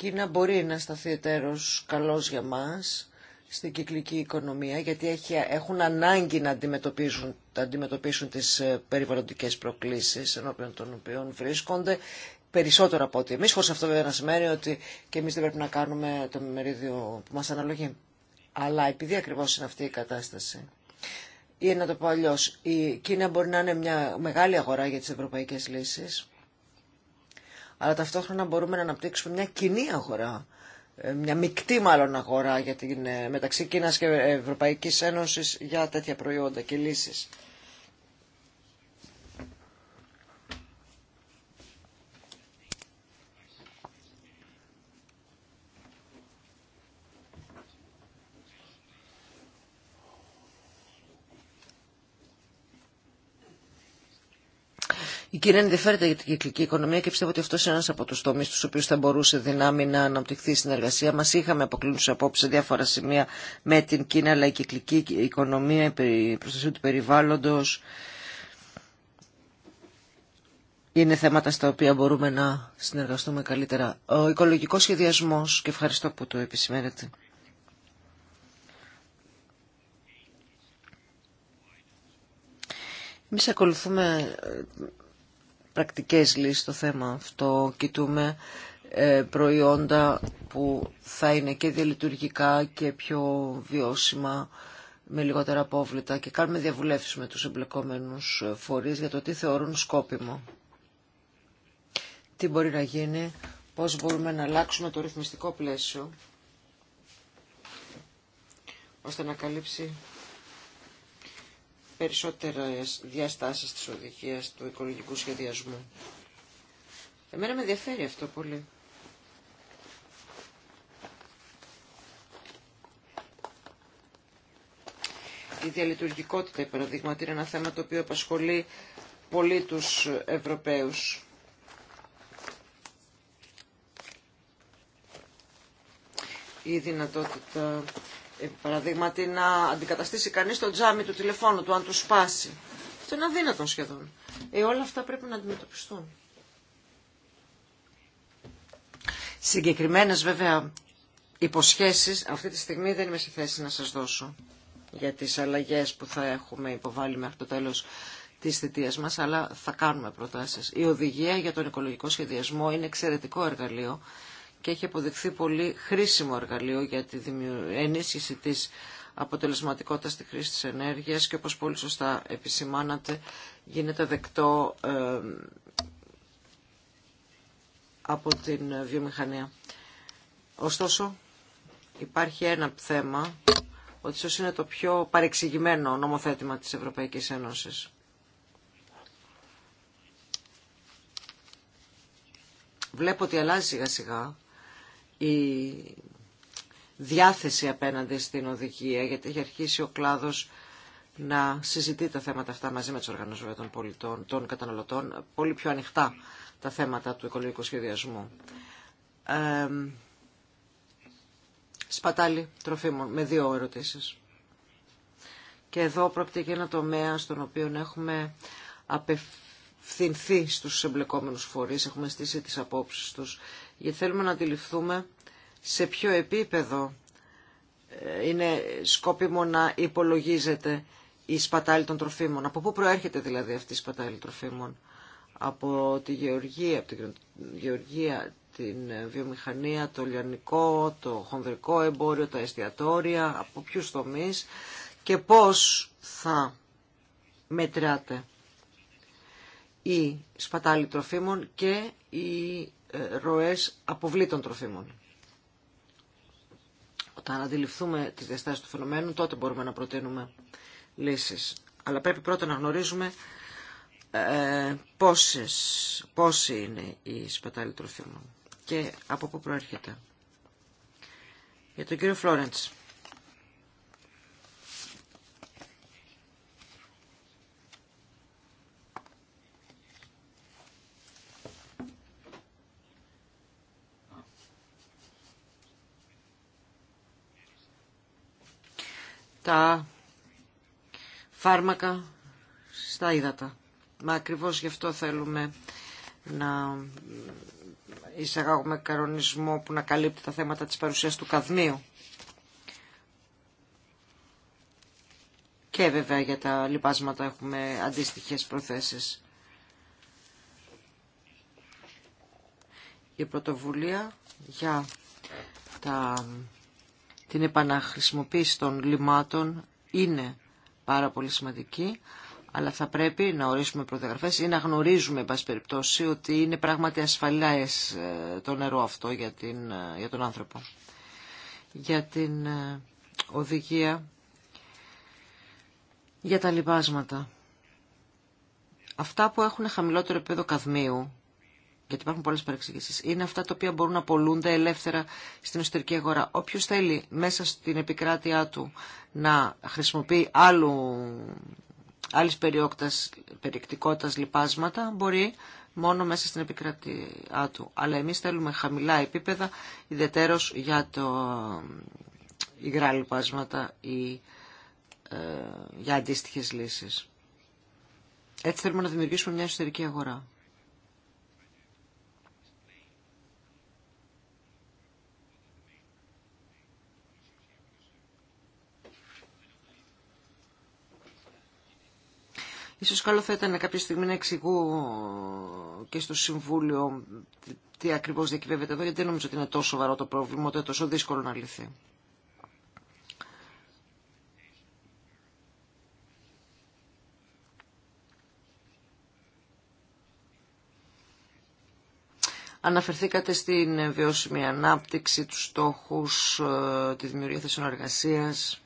[SPEAKER 1] Κίνα μπορεί να σταθεί εταίρος καλός για μας στην κυκλική οικονομία, γιατί έχει, έχουν ανάγκη να αντιμετωπίσουν, να αντιμετωπίσουν τις ε, περιβαλλοντικές προκλήσεις ενώπιον των οποίων βρίσκονται περισσότερο από ότι εμείς, χωρίς αυτό βέβαια να σημαίνει ότι και εμείς δεν πρέπει να κάνουμε το μερίδιο που μας αναλογεί. Αλλά επειδή ακριβώς είναι αυτή η κατάσταση, ή να το πω αλλιώς, η Κίνα μπορεί να είναι μια μεγάλη αγορά για τις ευρωπαϊκές λύσεις, αλλά ταυτόχρονα μπορούμε να αναπτύξουμε μια κοινή αγορά, ε, μια μεικτή μάλλον αγορά για την, ε, μεταξύ Κίνας και Ευρωπαϊκής Ένωσης για τέτοια προϊόντα και λύσεις. Η κυρία ενδιαφέρεται για την κυκλική οικονομία και πιστεύω ότι αυτό είναι ένα από του τομεί του οποίου θα μπορούσε δυνάμει να αναπτυχθεί η συνεργασία μα. Είχαμε αποκλίνουσε απόψει σε διάφορα σημεία με την Κίνα, αλλά η κυκλική οικονομία, η προστασία του περιβάλλοντο είναι θέματα στα οποία μπορούμε να συνεργαστούμε καλύτερα. Ο οικολογικό σχεδιασμό, και ευχαριστώ που το επισημαίνετε. Εμεί ακολουθούμε πρακτικές λύσεις στο θέμα αυτό. Κοιτούμε ε, προϊόντα που θα είναι και διαλειτουργικά και πιο βιώσιμα με λιγότερα απόβλητα και κάνουμε διαβουλεύσεις με τους εμπλεκόμενους φορείς για το τι θεωρούν σκόπιμο. Τι μπορεί να γίνει, πώς μπορούμε να αλλάξουμε το ρυθμιστικό πλαίσιο ώστε να καλύψει περισσότερες διαστάσεις της οδηγίας του οικολογικού σχεδιασμού. Εμένα με ενδιαφέρει αυτό πολύ. Η διαλειτουργικότητα, παράδειγμα είναι ένα θέμα το οποίο απασχολεί πολύ τους Ευρωπαίους. Η δυνατότητα παραδείγματι να αντικαταστήσει κανείς το τζάμι του τηλεφώνου του αν του σπάσει. Αυτό είναι αδύνατο σχεδόν. Ε, όλα αυτά πρέπει να αντιμετωπιστούν. Συγκεκριμένες βέβαια υποσχέσεις αυτή τη στιγμή δεν είμαι σε θέση να σας δώσω για τις αλλαγές που θα έχουμε υποβάλει μέχρι το τέλος της θητείας μας, αλλά θα κάνουμε προτάσεις. Η οδηγία για τον οικολογικό σχεδιασμό είναι εξαιρετικό εργαλείο και έχει αποδειχθεί πολύ χρήσιμο εργαλείο για τη ενίσχυση της αποτελεσματικότητα στη χρήση της ενέργειας και όπως πολύ σωστά επισημάνατε γίνεται δεκτό από την βιομηχανία. Ωστόσο υπάρχει ένα θέμα ότι ίσω είναι το πιο παρεξηγημένο νομοθέτημα της Ευρωπαϊκής Ένωσης. Βλέπω ότι αλλάζει σιγά σιγά η διάθεση απέναντι στην οδηγία, γιατί έχει αρχίσει ο κλάδος να συζητεί τα θέματα αυτά μαζί με τους οργανισμούς των πολιτών, των καταναλωτών, πολύ πιο ανοιχτά τα θέματα του οικολογικού σχεδιασμού. Ε, σπατάλη τροφίμων, με δύο ερωτήσεις. Και εδώ πρόκειται για ένα τομέα στον οποίο έχουμε απευθυνθεί στους εμπλεκόμενους φορείς, έχουμε στήσει τις απόψεις τους γιατί θέλουμε να αντιληφθούμε σε ποιο επίπεδο ε, είναι σκόπιμο να υπολογίζεται η σπατάλη των τροφίμων. Από πού προέρχεται δηλαδή αυτή η σπατάλη τροφίμων. Από τη γεωργία, από την την ε, βιομηχανία, το λιανικό, το χονδρικό εμπόριο, τα εστιατόρια, από ποιους τομείς και πώς θα μετράτε η σπατάλη τροφίμων και η ροές αποβλήτων τροφίμων. Όταν αντιληφθούμε τις διαστάσεις του φαινομένου, τότε μπορούμε να προτείνουμε λύσεις. Αλλά πρέπει πρώτα να γνωρίζουμε ε, πόσες, είναι οι σπατάλοι τροφίμων και από πού προέρχεται. Για τον κύριο Φλόρεντς. τα φάρμακα στα ύδατα. Μα ακριβώς γι' αυτό θέλουμε να εισαγάγουμε κανονισμό που να καλύπτει τα θέματα της παρουσίας του καδμίου. Και βέβαια για τα λοιπάσματα έχουμε αντίστοιχες προθέσεις. Η πρωτοβουλία για τα την επαναχρησιμοποίηση των λιμάτων είναι πάρα πολύ σημαντική, αλλά θα πρέπει να ορίσουμε προδιαγραφές ή να γνωρίζουμε, εν πάση περιπτώσει, ότι είναι πράγματι ασφαλές ε, το νερό αυτό για, την, ε, για τον άνθρωπο. Για την ε, οδηγία, για τα λοιπάσματα. Αυτά που έχουν χαμηλότερο επίπεδο καδμίου, γιατί υπάρχουν πολλές παρεξηγήσεις, είναι αυτά τα οποία μπορούν να πολλούνται ελεύθερα στην εσωτερική αγορά. Όποιος θέλει μέσα στην επικράτειά του να χρησιμοποιεί άλλου, άλλης περιεκτικότητας λοιπάσματα, μπορεί μόνο μέσα στην επικράτειά του. Αλλά εμείς θέλουμε χαμηλά επίπεδα, ιδιαίτερως για το υγρά λοιπάσματα ή ε, για αντίστοιχες λύσεις. Έτσι θέλουμε να δημιουργήσουμε μια εσωτερική αγορά. Ίσως καλό θα ήταν κάποια στιγμή να εξηγώ και στο Συμβούλιο τι ακριβώς διακυβεύεται εδώ, γιατί δεν νομίζω ότι είναι τόσο σοβαρό το πρόβλημα, ότι είναι τόσο δύσκολο να λυθεί. Αναφερθήκατε στην βιώσιμη ανάπτυξη, τους στόχους, ε, τη δημιουργία θέσεων εργασίας.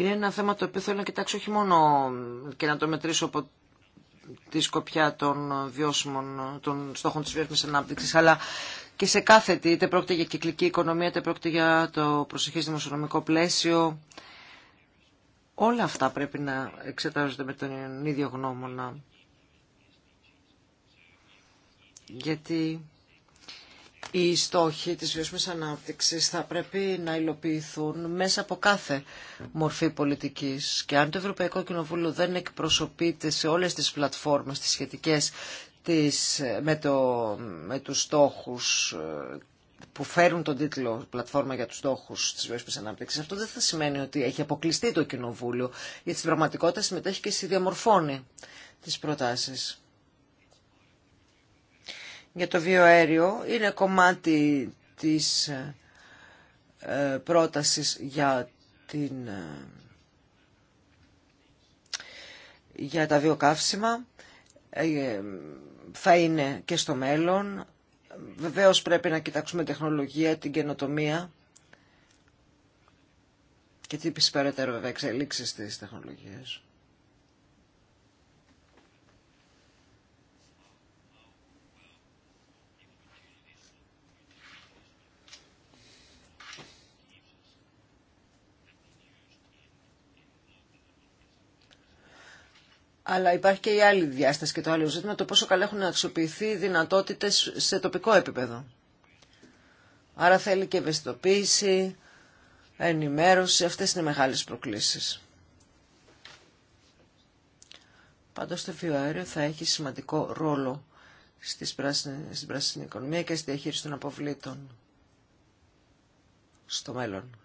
[SPEAKER 1] είναι ένα θέμα το οποίο θέλω να κοιτάξω όχι μόνο και να το μετρήσω από τη σκοπιά των βιώσιμων, των στόχων της βιώσιμης ανάπτυξης, αλλά και σε κάθε τι, είτε πρόκειται για κυκλική οικονομία, είτε πρόκειται για το προσεχές δημοσιονομικό πλαίσιο. Όλα αυτά πρέπει να εξετάζονται με τον ίδιο γνώμονα. Γιατί οι στόχοι της βιώσιμης ανάπτυξης θα πρέπει να υλοποιηθούν μέσα από κάθε μορφή πολιτικής. Και αν το Ευρωπαϊκό Κοινοβούλιο δεν εκπροσωπείται σε όλες τις πλατφόρμες, τις σχετικές με, το, με τους στόχους ε, που φέρουν τον τίτλο «Πλατφόρμα για τους στόχους της βιώσιμης ανάπτυξης», αυτό δεν θα σημαίνει ότι έχει αποκλειστεί το Κοινοβούλιο, γιατί στην πραγματικότητα συμμετέχει και συνδιαμορφώνει τις προτάσεις για το βιοαέριο είναι κομμάτι της ε, πρότασης για, την, ε, για τα βιοκαύσιμα. Ε, θα είναι και στο μέλλον. Βεβαίως πρέπει να κοιτάξουμε τεχνολογία, την καινοτομία και τι περαιτέρω βέβαια εξελίξεις της τεχνολογίας. Αλλά υπάρχει και η άλλη διάσταση και το άλλο ζήτημα, το πόσο καλά έχουν αξιοποιηθεί οι δυνατότητες σε τοπικό επίπεδο. Άρα θέλει και ευαισθητοποίηση, ενημέρωση, αυτές είναι μεγάλες προκλήσεις. Πάντως το βιοαέριο θα έχει σημαντικό ρόλο στις πράσινη, στην πράσινη οικονομία και στη διαχείριση των αποβλήτων στο μέλλον.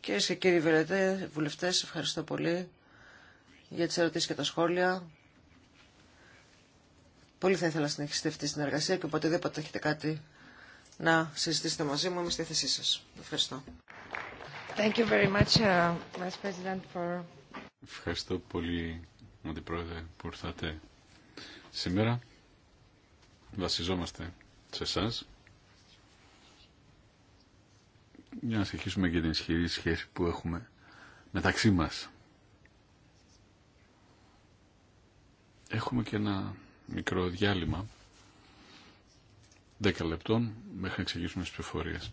[SPEAKER 1] Κυρίε και κύριοι βουλευτές, ευχαριστώ πολύ για τις ερωτήσεις και τα σχόλια. Πολύ θα ήθελα να συνεχίσετε αυτή τη συνεργασία και οποτεδήποτε έχετε κάτι να συζητήσετε μαζί μου, είμαι στη θέσή σας. Ευχαριστώ. Thank you very much, uh, President, for...
[SPEAKER 2] Ευχαριστώ πολύ, Αντιπρόεδρε, που ήρθατε σήμερα. Βασιζόμαστε σε εσά για να συνεχίσουμε και την ισχυρή σχέση που έχουμε μεταξύ μας. Έχουμε και ένα μικρό διάλειμμα 10 λεπτών μέχρι να ξεκινήσουμε τις πληροφορίες.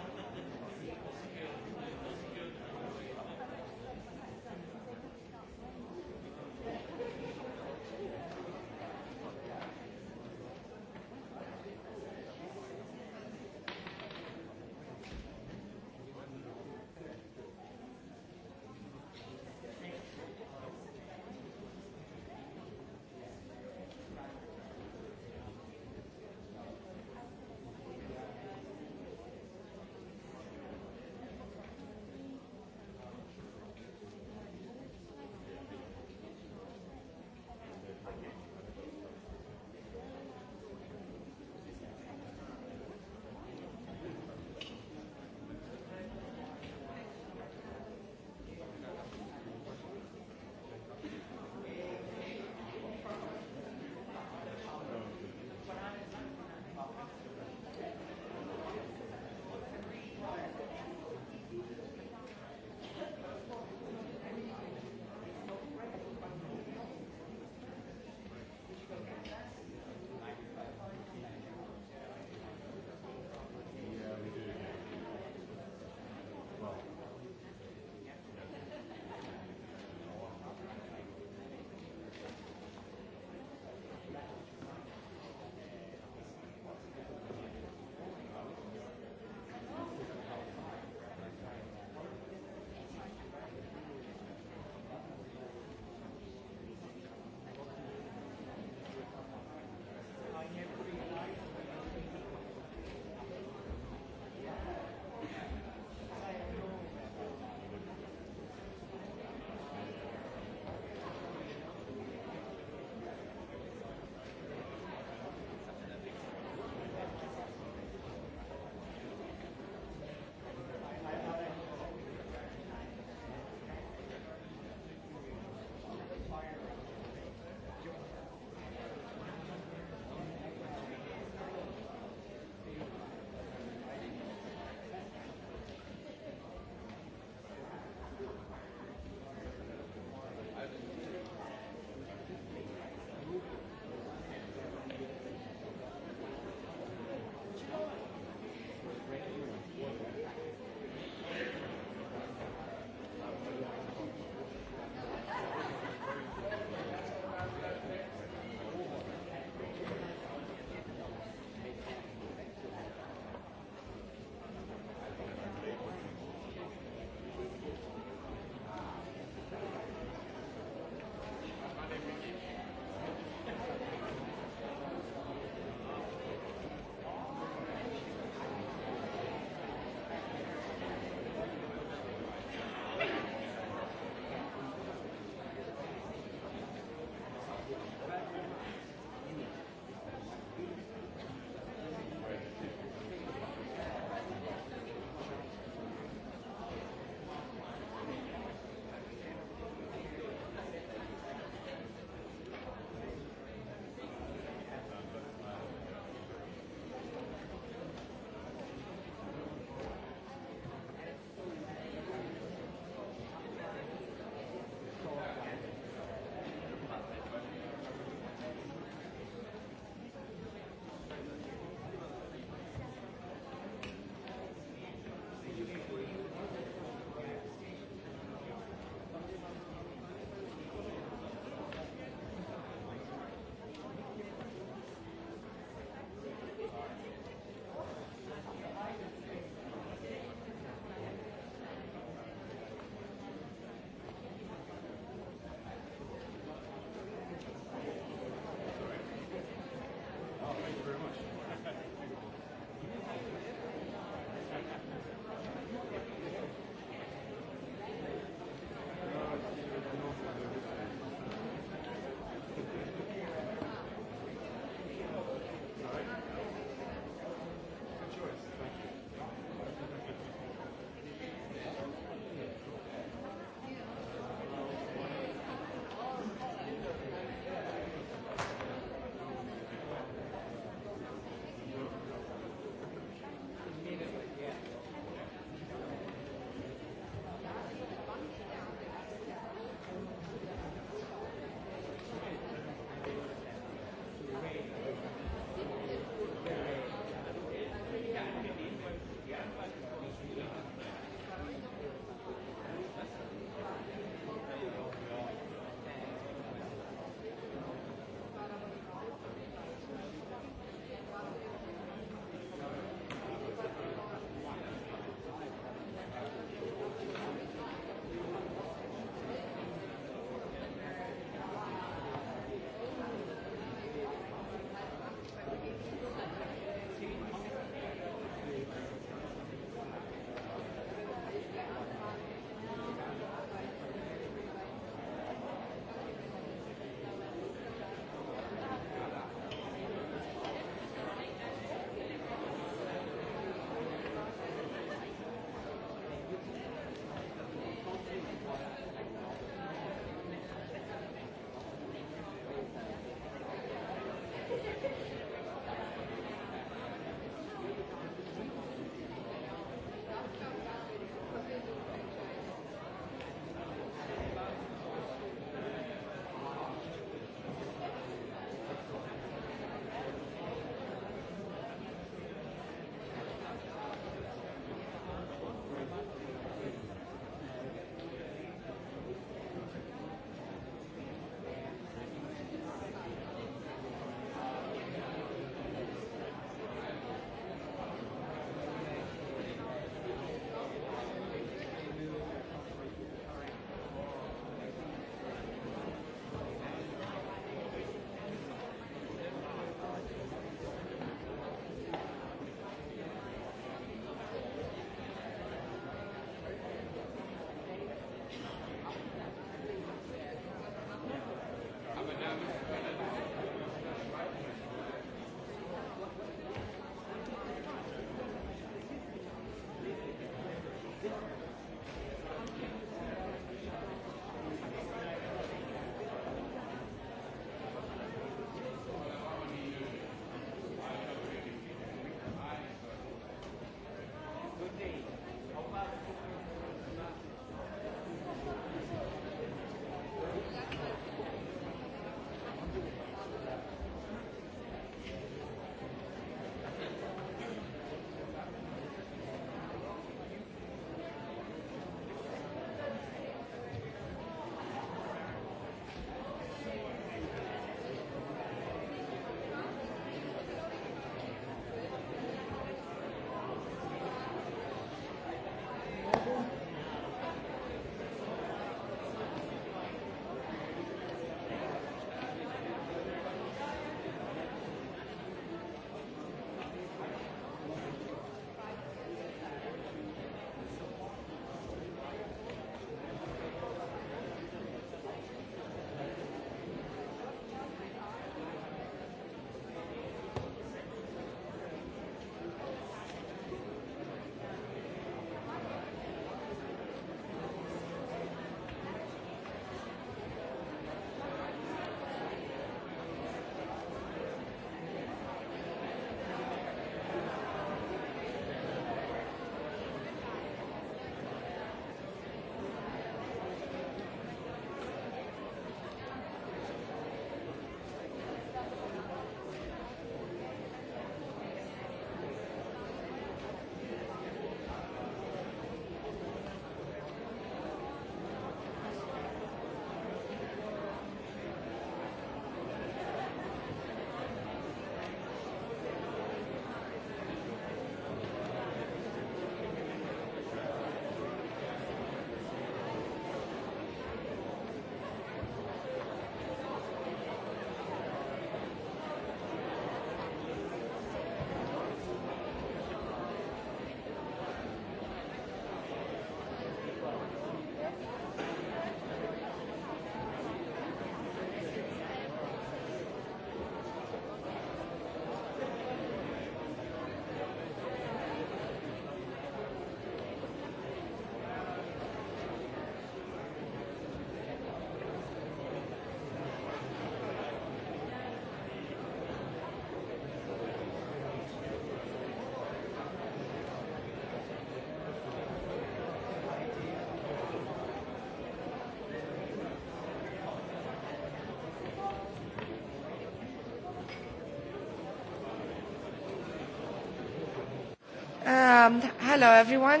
[SPEAKER 1] Hello, everyone.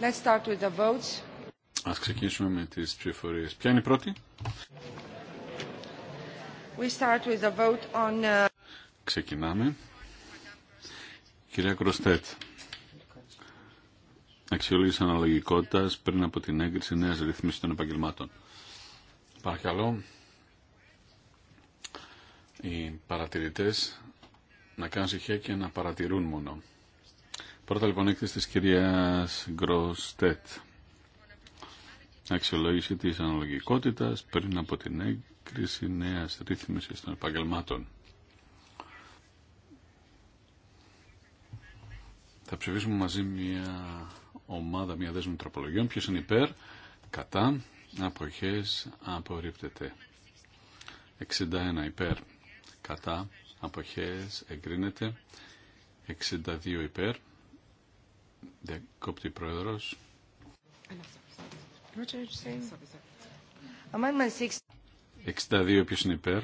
[SPEAKER 1] Let's start with the votes.
[SPEAKER 2] Ας ξεκινήσουμε με τις ψηφορίες. Ποια είναι η πρώτη?
[SPEAKER 1] We start with the vote on... Uh,
[SPEAKER 2] Ξεκινάμε. Κυρία Κροστέτ, αξιολόγηση αναλογικότητας πριν από την έγκριση νέας ρυθμίσης των επαγγελμάτων. Παρακαλώ, οι παρατηρητές να κάνουν στοιχεία και να παρατηρούν μόνο. Πρώτα λοιπόν έκθεση της κυρίας Γκροστέτ. Αξιολόγηση τη αναλογικότητας πριν από την έγκριση νέας ρύθμισης των επαγγελμάτων. Θα ψηφίσουμε μαζί μια ομάδα, μια δέσμη τροπολογιών. Ποιος είναι υπέρ, κατά, αποχές, απορρίπτεται. 61 υπέρ, κατά, αποχές εγκρίνεται 62 υπέρ διακόπτη πρόεδρος 62 ποιος είναι υπέρ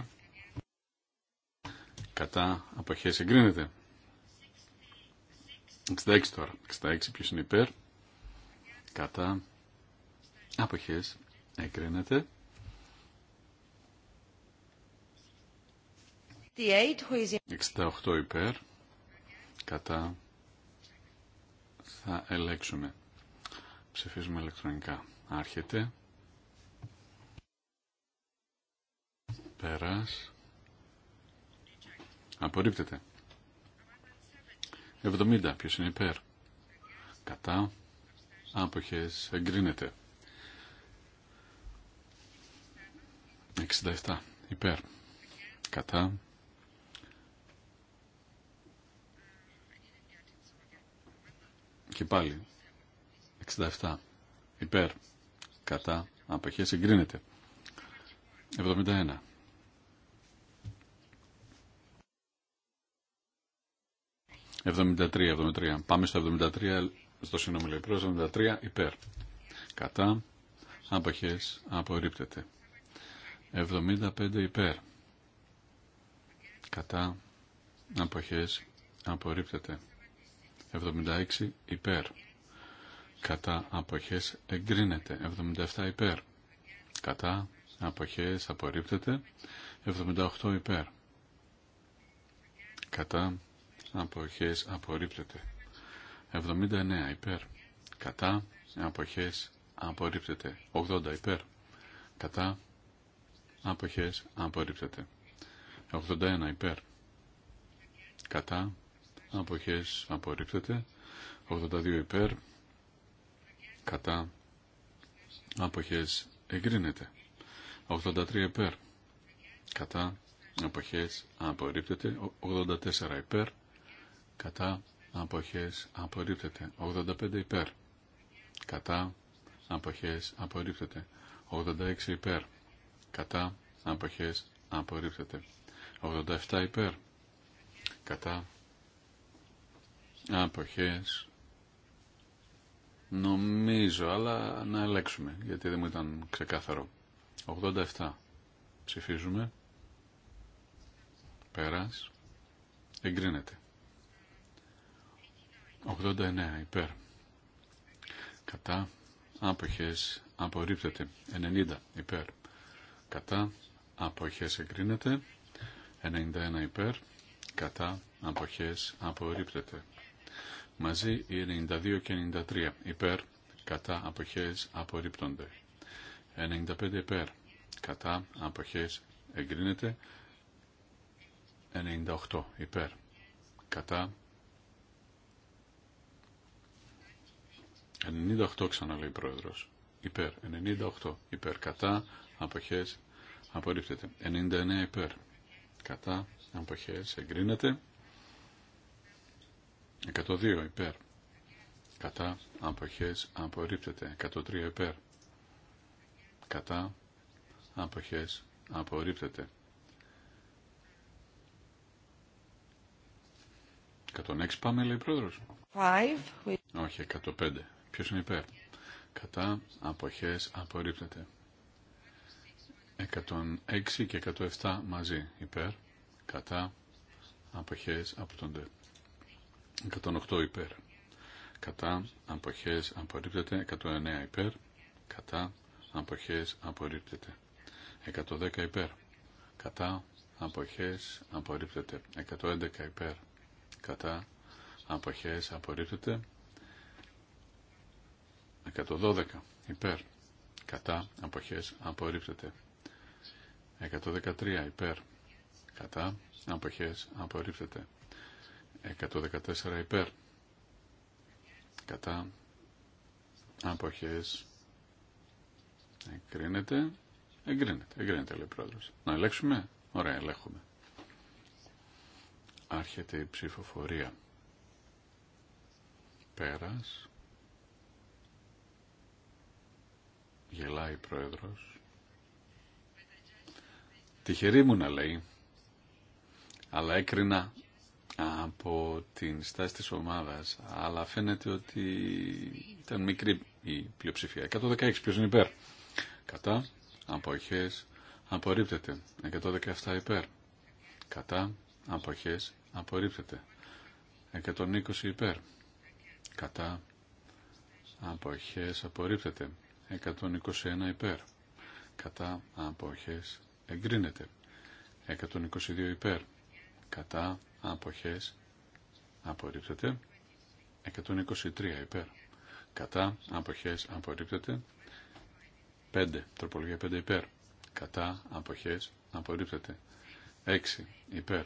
[SPEAKER 2] κατά αποχές εγκρίνεται 66 τώρα 66 ποιος είναι υπέρ κατά αποχές εγκρίνεται
[SPEAKER 1] 68
[SPEAKER 2] υπέρ κατά θα ελέξουμε. Ψηφίζουμε ηλεκτρονικά. Άρχεται. Πέρας. Απορρίπτεται. 70. Ποιος είναι υπέρ. Κατά. Άποχες. Εγκρίνεται. 67. Υπέρ. Κατά. Και πάλι. 67. Υπέρ. Κατά. Αποχές εγκρίνεται. 71. 73 73 Πάμε στο 73, στο σημείο. 73 υπέρ. Κατά, άποχες, απορρίπτεται. 75 υπέρ. Κατά, άποχες, απορρίπτεται. 76 υπέρ. Κατά αποχές εγκρίνεται. 77 υπέρ. Κατά αποχές απορρίπτεται. 78 υπέρ. Κατά αποχές απορρίπτεται. 79 υπέρ. Κατά αποχές απορρίπτεται. 80 υπέρ. Κατά αποχές απορρίπτεται. 81 υπέρ. Κατά αποχές απορρίπτεται 82 υπέρ κατά αποχές εγκρίνεται 83 υπέρ κατά αποχές απορρίπτεται 84 υπέρ κατά αποχές απορρίπτεται 85 υπέρ κατά αποχές απορρίπτεται 86 υπέρ κατά αποχές απορρίπτεται 87 υπέρ κατά Αποχές. Νομίζω, αλλά να ελέξουμε, γιατί δεν μου ήταν ξεκάθαρο. 87. Ψηφίζουμε. Πέρας. Εγκρίνεται. 89. Υπέρ. Κατά. Άποχες. Απορρίπτεται. 90. Υπέρ. Κατά. Αποχές εγκρίνεται. 91 υπέρ. Κατά. Αποχές απορρίπτεται μαζί οι 92 και 93 υπέρ κατά αποχές απορρίπτονται 95 υπέρ κατά αποχές εγκρίνεται 98 υπέρ κατά 98 ξαναλέει ο πρόεδρος υπέρ 98 υπέρ κατά αποχές απορρίπτεται 99 υπέρ κατά αποχές εγκρίνεται 102 υπέρ. Κατά αποχές απορρίπτεται. 103 υπέρ. Κατά αποχές απορρίπτεται. 106 πάμε λέει πρόεδρος.
[SPEAKER 1] 5. Όχι
[SPEAKER 2] 105. Ποιος είναι υπέρ. Κατά αποχές απορρίπτεται. 106 και 107 μαζί υπέρ. Κατά αποχές απορρίπτονται. 108 υπέρ. Κατά αποχές απορρίπτεται 109 υπέρ. Κατά αποχές απορρίπτεται 110 υπέρ. Κατά αποχές απορρίπτεται 111 υπέρ. Κατά αποχές απορρίπτεται 112 υπέρ. Κατά αποχές απορρίπτεται 113 υπέρ. Κατά αποχές απορρίπτεται 114 υπέρ κατά αποχές εγκρίνεται εγκρίνεται, εγκρίνεται λέει πρόεδρος να ελέγξουμε, ωραία ελέγχουμε άρχεται η ψηφοφορία πέρας γελάει η πρόεδρος τυχερή μου να λέει αλλά έκρινα από την στάση της ομάδας, αλλά φαίνεται ότι ήταν μικρή η πλειοψηφία. 116 ποιος είναι υπέρ. Κατά, αποχές, απορρίπτεται. 117 υπέρ. Κατά, αποχές, απορρίπτεται. 120 υπέρ. Κατά, αποχές, απορρίπτεται. 121 υπέρ. Κατά, αποχές, εγκρίνεται. 122 υπέρ. Κατά, αποχές απορρίπτεται 123 υπέρ κατά αποχές απορρίπτεται 5 τροπολογία 5 υπέρ κατά αποχές απορρίπτεται 6 υπέρ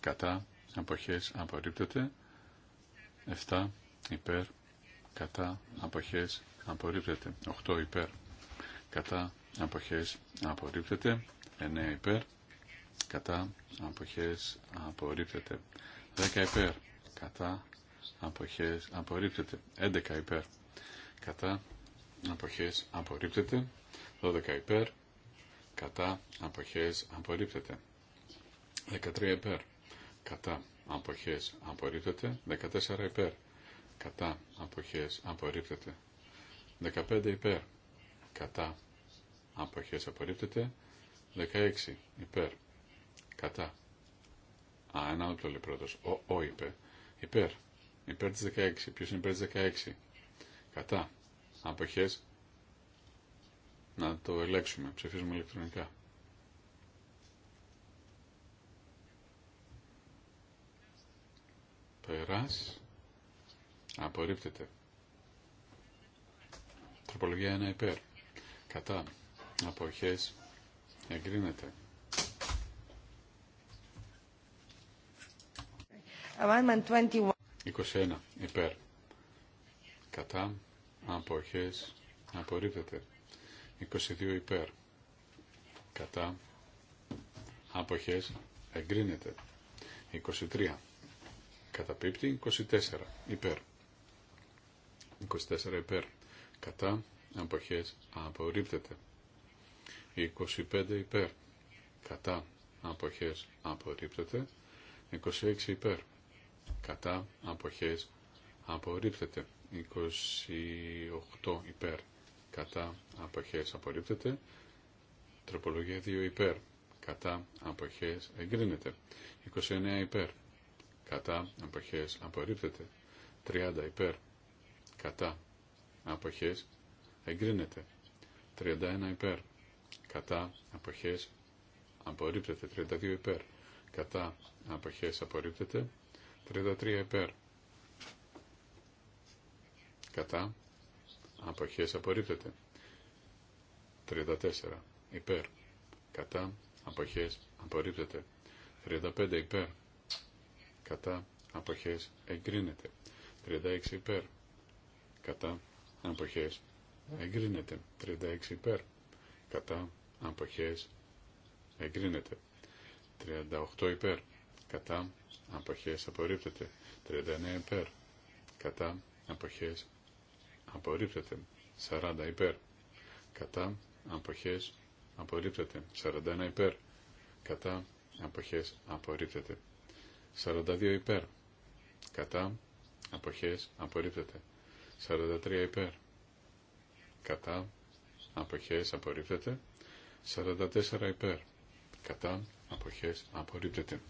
[SPEAKER 2] κατά αποχές απορρίπτεται 7 υπέρ κατά αποχές απορρίπτεται 8 υπέρ κατά αποχές απορρίπτεται 9 υπέρ κατά αποχές απορρίπτεται 10 υπέρ κατά αποχές απορρίπτεται 11 υπέρ κατά αποχές απορρίπτεται 12 υπέρ κατά αποχές απορρίπτεται 13 υπέρ κατά αποχές απορρίπτεται 14 υπέρ κατά αποχές απορρίπτεται 15 υπέρ κατά αποχές απορρίπτεται 16 υπέρ Κατά. Α, ένα όπλο λέει πρώτος. Ο, ο είπε. Υπέρ. Υπέρ τη 16. Ποιος είναι υπέρ τη 16. Κατά. Αποχέ. Να το ελέξουμε. Ψηφίζουμε ηλεκτρονικά. Περάς. Απορρίπτεται. Τροπολογία 1 υπέρ. Κατά. Αποχές. Εγκρίνεται. 21. 21. Υπέρ. Κατά. Αποχές. Απορρίπτεται. 22. Υπέρ. Κατά. Αποχές. Εγκρίνεται. 23. Καταπίπτει. 24. Υπέρ. 24. Υπέρ. Κατά. Αποχές. Απορρίπτεται. 25. Υπέρ. Κατά. Αποχές. Απορρίπτεται. 26. Υπέρ κατά αποχές απορρίπτεται 28 υπέρ κατά αποχές απορρίπτεται τροπολογία 2 υπέρ κατά αποχές εγκρίνεται 29 υπέρ κατά αποχές απορρίπτεται 30 υπέρ κατά αποχές εγκρίνεται 31 υπέρ κατά αποχές απορρίπτεται 32 υπέρ κατά αποχές απορρίπτεται 33 υπέρ. Κατά. Αποχές απορρίπτεται. 34 υπέρ. Κατά. Αποχές απορρίπτεται. 35 υπέρ. Κατά. Αποχές εγκρίνεται. 36 υπέρ. Κατά. Αποχές εγκρίνεται. 36 υπέρ. Κατά. Αποχές εγκρίνεται. 38 υπέρ κατά αποχές απορρίπτεται 39 υπέρ κατά αποχές απορρίπτεται 40 υπέρ κατά αποχές απορρίπτεται 41 υπέρ κατά αποχές απορρίπτεται 42 υπέρ κατά αποχές απορρίπτεται 43 υπέρ κατά αποχές απορρίπτεται 44 υπέρ κατά αποχές απορρίπτεται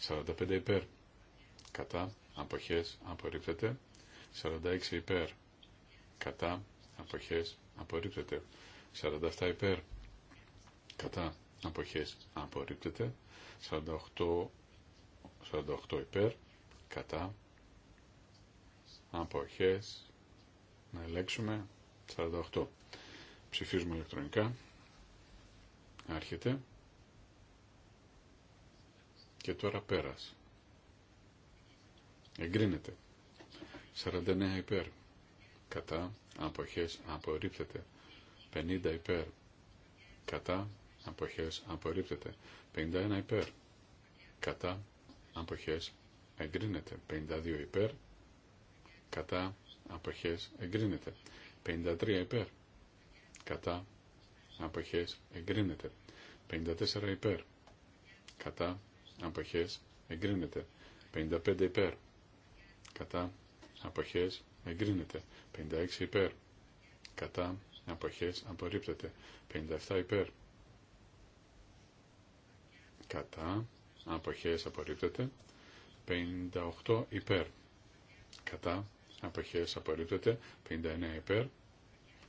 [SPEAKER 2] 45 υπέρ. Κατά. Αποχές. Απορρίπτεται. 46 υπέρ. Κατά. Αποχές. Απορρίπτεται. 47 υπέρ. Κατά. Αποχές. Απορρίπτεται. 48, 48 υπέρ. Κατά. Αποχές. Να ελέξουμε. 48. Ψηφίζουμε ηλεκτρονικά. Άρχεται. Και τώρα πέρας. Εγκρίνεται. 49 υπέρ. Κατά αποχές απορρίπτεται. 50 υπέρ. Κατά αποχές απορρίπτεται. 51 υπέρ. Κατά αποχές εγκρίνεται. 52 υπέρ. Κατά αποχές εγκρίνεται. 53 υπέρ. Κατά αποχές εγκρίνεται. 54 υπέρ. Κατά αποχές εγκρίνεται 55 υπέρ κατά αποχές εγκρίνεται 56 υπέρ κατά αποχές απορρίπτεται 57 υπέρ κατά αποχές απορρίπτεται 58 υπέρ κατά αποχές απορρίπτεται 59 υπέρ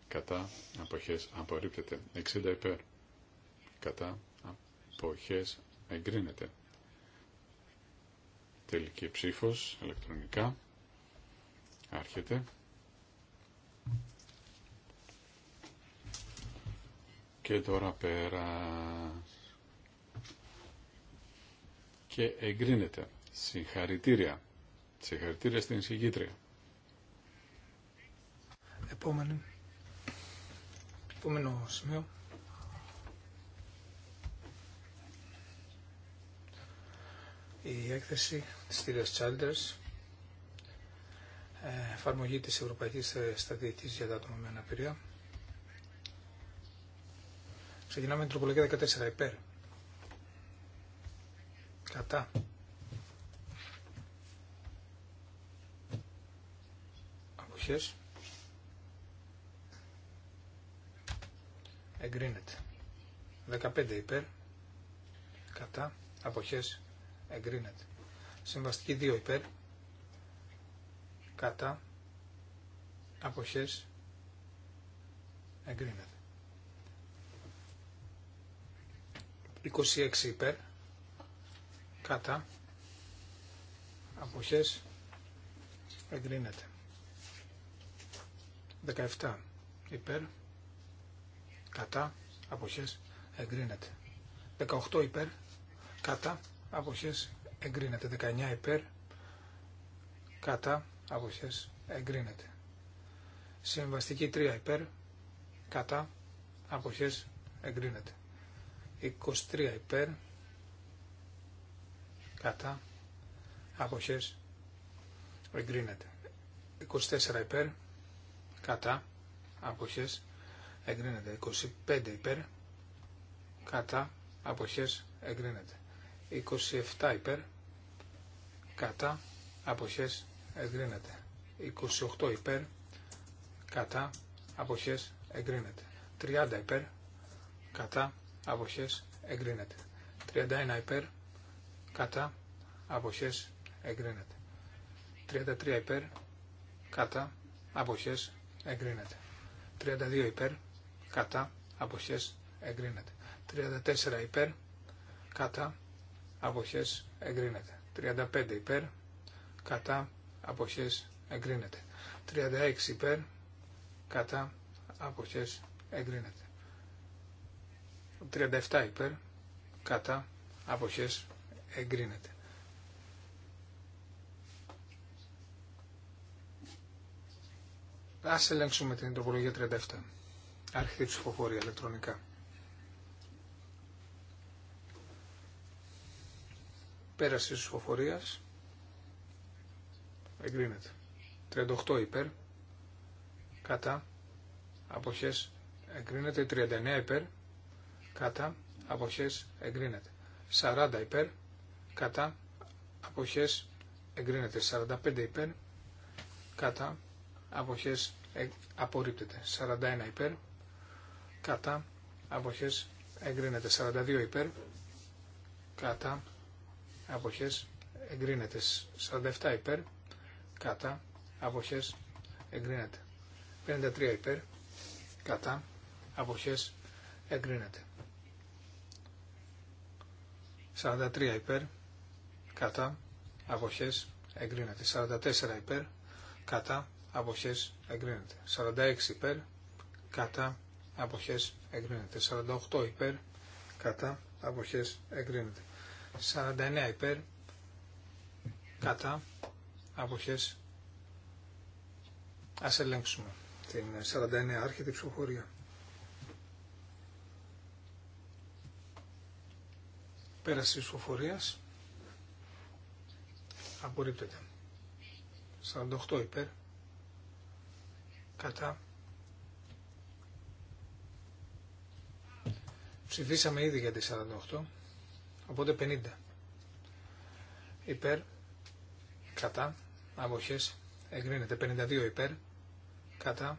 [SPEAKER 2] κατά αποχές απορρίπτεται 60 υπέρ κατά αποχές εγκρίνεται Τελική ψήφος ηλεκτρονικά. Άρχεται. Και τώρα πέρα. Και εγκρίνεται. Συγχαρητήρια. Συγχαρητήρια στην συγκήτρια.
[SPEAKER 3] Επόμενο σημείο. Η έκθεση της κυρίας Τσάλτερς ε, εφαρμογή της Ευρωπαϊκής Στατιστικής για τα άτομα με αναπηρία. Ξεκινάμε με την τροπολογία 14 υπέρ. Κατά. Αποχές. Εγκρίνεται. 15 υπέρ. Κατά. Αποχές εγκρίνεται. Συμβαστική 2 υπέρ, κατά, αποχές, εγκρίνεται. 26 υπέρ, κατά, αποχές, εγκρίνεται. 17 υπέρ, κατά, αποχές, εγκρίνεται. 18 υπέρ, κατά, αποχές εγκρίνεται. 19 υπέρ κατά αποχές εγκρίνεται. Συμβαστική 3 υπέρ κατά αποχές εγκρίνεται. 23 υπέρ κατά αποχές εγκρίνεται. 24 υπέρ κατά αποχές εγκρίνεται. 25 υπέρ κατά αποχές εγκρίνεται. 27 υπέρ, κατά, αποχές εγκρίνεται. 28 υπέρ, κατά, αποχές εγκρίνεται. 30 υπέρ, κατά, αποχές εγκρίνεται. 31 υπέρ, κατά, αποχές εγκρίνεται. 33 υπέρ, κατά, αποχές εγκρίνεται. 32 υπέρ, κατά, αποχές εγκρίνεται. 34 υπέρ, κατά, αποχές εγκρίνεται. 35 υπέρ, κατά, αποχές εγκρίνεται. 36 υπέρ, κατά, αποχές εγκρίνεται. 37 υπέρ, κατά, αποχές εγκρίνεται. Ας ελέγξουμε την τροπολογία 37. Άρχεται η ψηφοφορία ηλεκτρονικά. Πέραση της ψηφοφορίας. Εγκρίνεται. 38 υπέρ. Κατά. Αποχές. Εγκρίνεται. 39 υπέρ. Κατά. Αποχές. Εγκρίνεται. 40 υπέρ. Κατά. Αποχές. Εγκρίνεται. 45 υπέρ. Κατά. Αποχές. Ε, απορρίπτεται. 41 υπέρ. Κατά. Αποχές. Εγκρίνεται. 42 υπέρ. Κατά αποχές εγκρίνεται. 47 υπέρ, κατά, αποχές εγκρίνεται. 53 υπέρ, κατά, αποχές εγκρίνεται. 43 υπέρ, κατά, αποχές εγκρίνεται. 44 υπέρ, κατά, αποχές εγκρίνεται. 46 υπέρ, κατά, αποχές εγκρίνεται. 48 υπέρ, κατά, αποχές εγκρίνεται. 49 υπέρ κατά αποχές ας ελέγξουμε την 49 άρχεται ψηφοφορία πέραση της ψηφοφορίας απορρίπτεται 48 υπέρ κατά ψηφίσαμε ήδη για τη 48 Οπότε 50. Υπέρ. Κατά. Αποχές. Εγκρίνεται. 52 υπέρ. Κατά.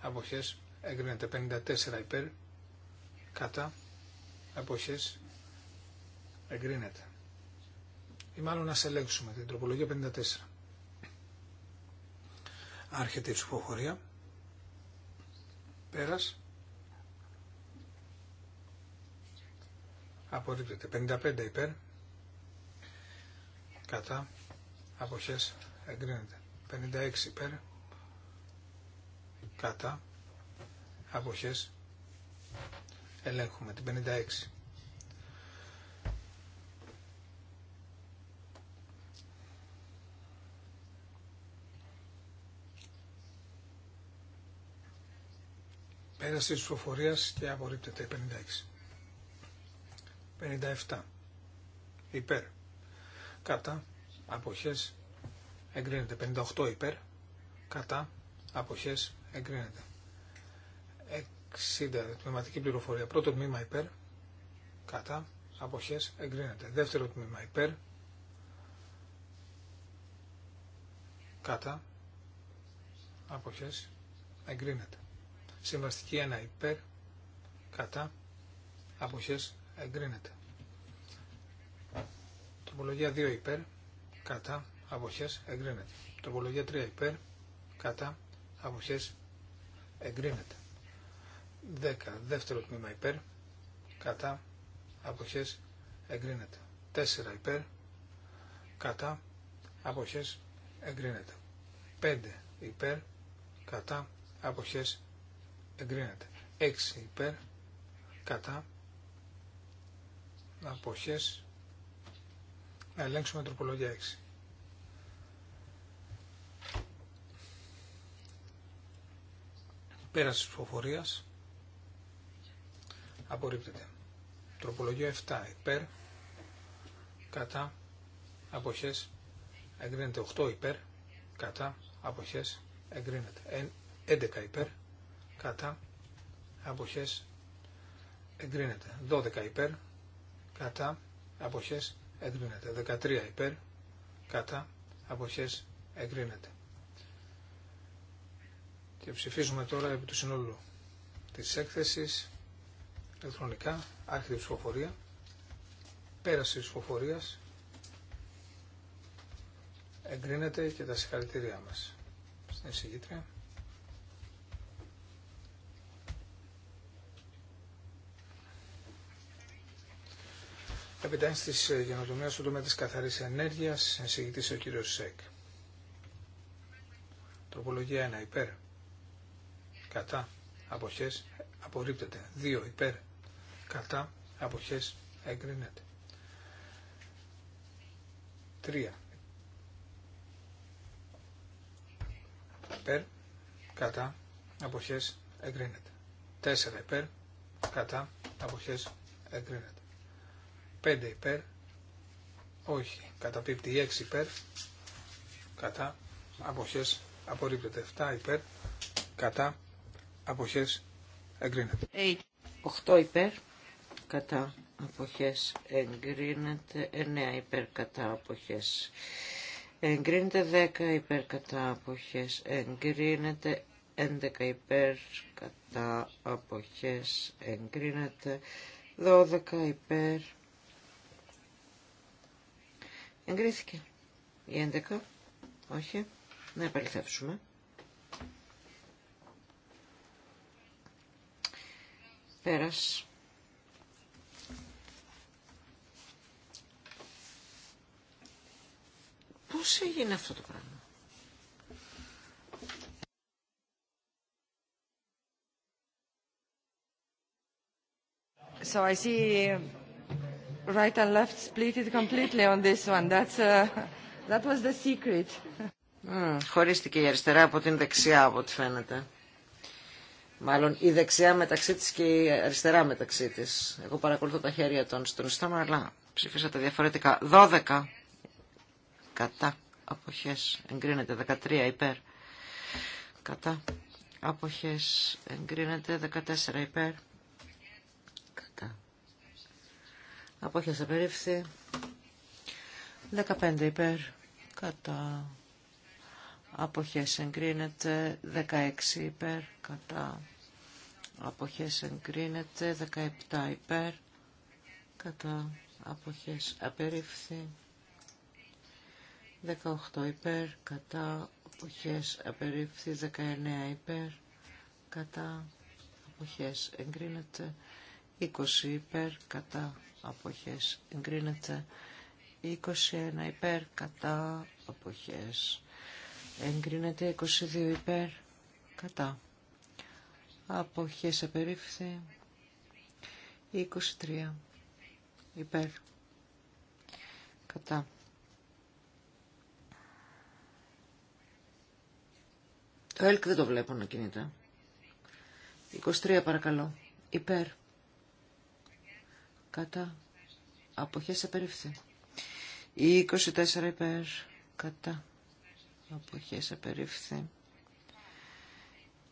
[SPEAKER 3] Αποχές. Εγκρίνεται. 54 υπέρ. Κατά. Αποχές. Εγκρίνεται. Ή μάλλον να ελέγξουμε την τροπολογία 54. Άρχεται η ψηφοφορία. Πέρας. απορρίπτεται. 55 υπέρ, κατά, αποχές, εγκρίνεται. 56 υπέρ, κατά, αποχές, ελέγχουμε την 56. Πέραση της ψηφοφορίας και απορρίπτεται η 56. 57 υπέρ κατά αποχές εγκρίνεται 58 υπέρ κατά αποχές εγκρίνεται 60 τμηματική πληροφορία πρώτο τμήμα υπέρ κατά αποχές εγκρίνεται δεύτερο τμήμα υπέρ κατά αποχές εγκρίνεται συμβαστική 1 υπέρ κατά αποχές εγκρίνεται. Τροπολογία 2 υπέρ, κατά, αποχές, εγκρίνεται. Τροπολογία 3 υπέρ, κατά, αποχές, εγκρίνεται. 10. Δεύτερο τμήμα υπέρ, κατά, αποχές, εγκρίνεται. 4 υπέρ, κατά, αποχές, εγκρίνεται. 5 υπέρ, κατά, αποχές, εγκρίνεται. 6 υπέρ, κατά, αποχές να ελέγξουμε τροπολογία 6. Πέραση της ψηφοφορίας απορρίπτεται. Τροπολογία 7 υπέρ κατά αποχές εγκρίνεται 8 υπέρ κατά αποχές εγκρίνεται 11 υπέρ κατά αποχές εγκρίνεται 12 υπέρ κατά αποχές εγκρίνεται. 13 υπέρ κατά αποχές εγκρίνεται. Και ψηφίζουμε τώρα επί του συνόλου της έκθεσης ηλεκτρονικά, άρχιτη ψηφοφορία, πέραση ψηφοφορίας, εγκρίνεται και τα συγχαρητήριά μας στην εισηγήτρια. Επιτάνει τη ε, γενοτομίε του τομέα τη καθαρή ενέργεια. Εισηγητή ο κύριο Σεκ. Τροπολογία 1 υπέρ. Κατά. Αποχέ. Απορρίπτεται. 2 υπέρ. Κατά. Αποχέ. Εγκρίνεται. 3. Υπέρ. Κατά. Αποχέ. Εγκρίνεται. 4 υπέρ. Κατά. Αποχέ. Εγκρίνεται. 5 υπέρ, όχι, Κατά πίπτη 6 υπέρ, κατά, αποχές, απορρίπτεται 7 υπέρ, κατά, αποχές, εγκρίνεται. 8 υπέρ,
[SPEAKER 1] κατά, αποχές, εγκρίνεται, 9 υπέρ, κατά, αποχές, εγκρίνεται 10 υπέρ, κατά, αποχές, εγκρίνεται 11 υπέρ, κατά, αποχές, εγκρίνεται 12 υπέρ, Εγκρίθηκε. Η 11. Όχι. Να επαληθεύσουμε. Πέρας. Πώς έγινε αυτό το πράγμα. So I see right and left split it completely on this one. That's, uh, that was the secret. Mm, χωρίστηκε η αριστερά από την δεξιά από ό,τι φαίνεται. Μάλλον η δεξιά μεταξύ της και η αριστερά μεταξύ της. Εγώ παρακολουθώ τα χέρια των συντονιστών, αλλά ψηφίσατε διαφορετικά. 12 κατά αποχές εγκρίνεται, 13 υπέρ κατά αποχές εγκρίνεται, 14 υπέρ. Απόχειας απερίφθη. 15 υπέρ. Κατά. Αποχές εγκρίνεται. 16 υπέρ. Κατά. Αποχές εγκρίνεται. 17 υπέρ. Κατά. Αποχές απερίφθη. 18 υπέρ. Κατά. Αποχές απερίφθη. 19 υπέρ. Κατά. Αποχές εγκρίνεται. 20 υπέρ. Κατά αποχές εγκρίνεται 21 υπέρ κατά αποχές εγκρίνεται 22 υπέρ κατά αποχές απερίφθη 23 υπέρ κατά Το ΕΛΚ δεν το βλέπω να κινείται. 23 παρακαλώ. Υπέρ κατά αποχές απερίφθη. Η 24 υπέρ κατά αποχές απερίφθη.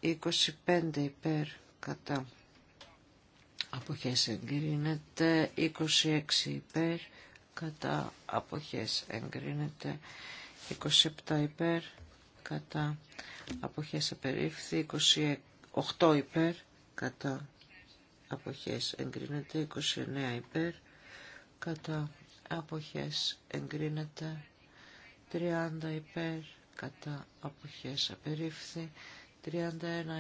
[SPEAKER 1] 25 υπέρ κατά αποχές εγκρίνεται. 26 υπέρ κατά αποχές εγκρίνεται. 27 υπέρ κατά αποχές απερίφθη. 28 υπέρ κατά αποχές εγκρίνεται 29 υπέρ κατά αποχές εγκρίνεται 30 υπέρ κατά αποχές απερίφθη 31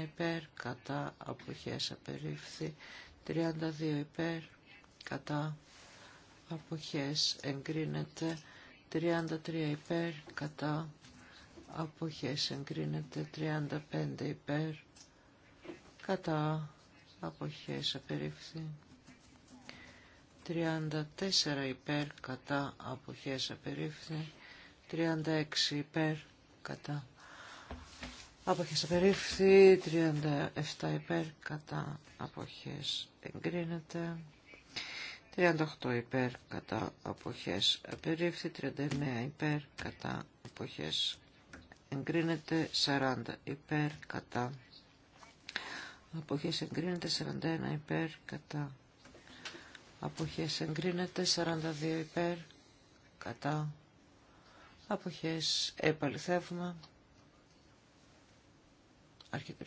[SPEAKER 1] υπέρ κατά αποχές απερίφθη 32 υπέρ κατά αποχές εγκρίνεται 33 υπέρ κατά αποχές εγκρίνεται 35 υπέρ κατά αποχές απερίφθη 34 υπέρ κατά αποχές απερίφθη 36 υπέρ κατά αποχές απερίφθη 37 υπέρ κατά αποχές εγκρίνεται 38 υπέρ κατά αποχές απερίφθη 39 υπέρ κατά αποχές εγκρίνεται 40 υπέρ κατά αποχές εγκρίνεται 41 υπέρ κατά αποχές εγκρίνεται 42 υπέρ κατά αποχές επαληθεύουμε άρχεται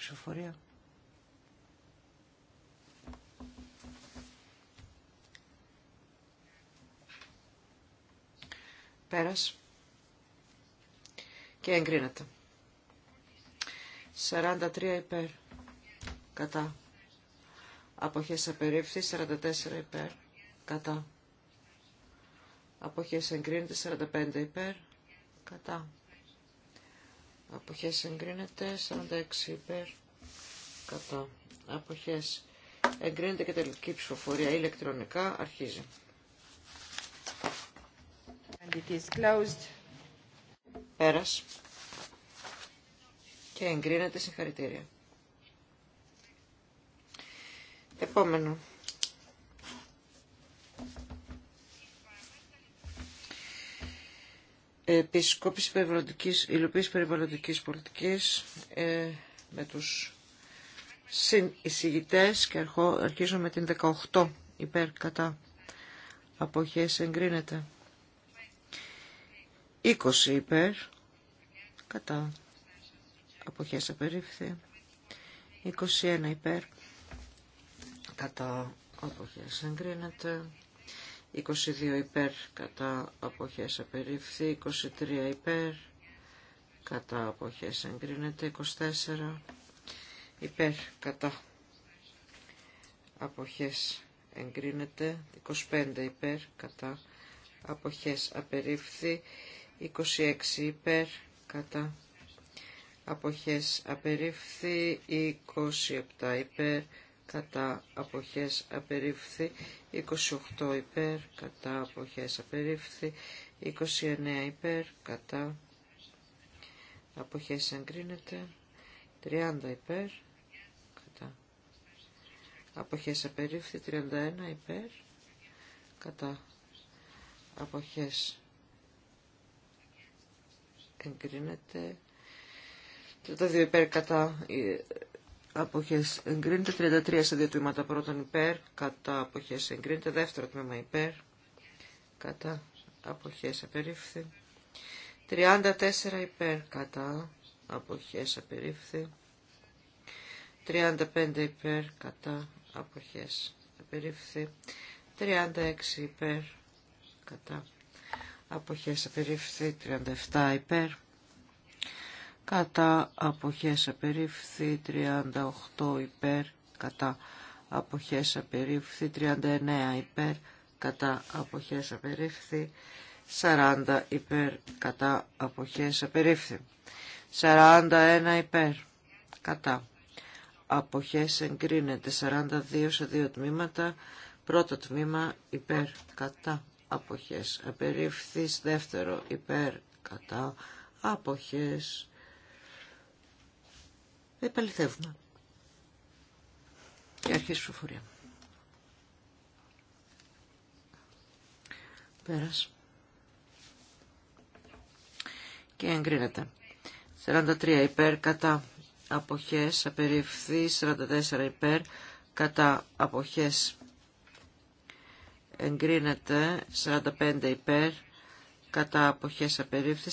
[SPEAKER 1] πέρας και εγκρίνεται 43 υπέρ κατά αποχές απερίφθη 44 υπέρ κατά αποχές εγκρίνεται 45 υπέρ κατά αποχές εγκρίνεται 46 υπέρ κατά αποχές εγκρίνεται και τελική ψηφοφορία ηλεκτρονικά αρχίζει And it is closed. Πέρας. Και εγκρίνεται συγχαρητήρια. Επόμενο. Επισκόπηση περιβαλλοντικής, υλοποίηση περιβαλλοντικής πολιτικής ε, με τους συνεισηγητές και αρχώ, αρχίζω με την 18 υπέρ κατά αποχές εγκρίνεται. 20 υπέρ κατά αποχές απερίφθη. 21 υπέρ κατά αποχές εγκρίνεται 22 υπέρ κατά αποχές απερίφθη 23 υπέρ κατά αποχές εγκρίνεται 24 υπέρ κατά αποχές εγκρίνεται 25 υπέρ κατά αποχές απερίφθη 26 υπέρ κατά αποχές απερίφθη 27 υπέρ κατά αποχές απερίφθη, 28 υπέρ, κατά αποχές απερίφθη, 29 υπέρ, κατά αποχές εγκρίνεται, 30 υπέρ, κατά αποχές απερίφθη, 31 υπέρ, κατά αποχές εγκρίνεται, 32 υπέρ κατά αποχές εγκρίνεται 33 σε δύο τμήματα πρώτον υπέρ κατά αποχές εγκρίνεται δεύτερο τμήμα υπέρ κατά αποχές απερίφθη 34 υπέρ κατά αποχές απερίφθη 35 υπέρ κατά αποχές απερίφθη 36 υπέρ κατά αποχές απερίφθη 37 υπέρ κατά αποχές απερίφθη 38 υπέρ κατά αποχές απερίφθη 39 υπέρ κατά αποχές απερίφθη 40 υπέρ κατά αποχές απερίφθη 41 υπέρ κατά αποχές εγκρίνεται 42 σε δύο τμήματα πρώτο τμήμα υπέρ κατά αποχές Απερίφθης δεύτερο υπέρ κατά αποχές Επαληθεύουμε. Και η ψηφοφορία. Πέρας. Και εγκρίνεται. 43 υπέρ κατά αποχές απερίφθη. 44 υπέρ κατά αποχές εγκρίνεται. 45 υπέρ κατά αποχές απερίφθη.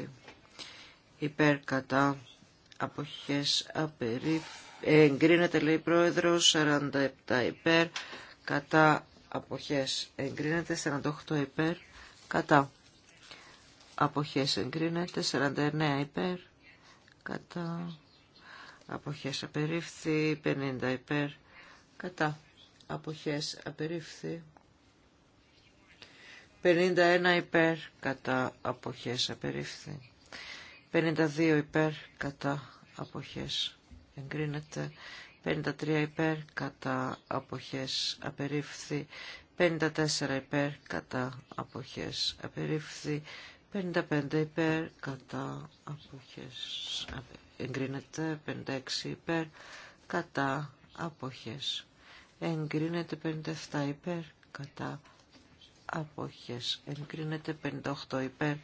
[SPEAKER 1] 46 υπέρ κατά αποχές απερίφ... εγκρίνεται λέει πρόεδρος 47 υπέρ κατά αποχές εγκρίνεται 48 υπέρ κατά αποχές εγκρίνεται 49 υπέρ κατά αποχές απερίφθη 50 υπέρ κατά αποχές απερίφθη 51 υπέρ κατά αποχές απερίφθη 52 υπέρ κατά αποχές εγκρίνεται. 53 υπέρ κατά αποχές απερίφθη. 54 υπέρ κατά αποχές απερίφθη. 55 υπέρ κατά αποχές εγκρίνεται 56 υπέρ κατά αποχές εγκρίνεται 57 υπέρ κατά αποχές εγκρίνεται 58 υπέρ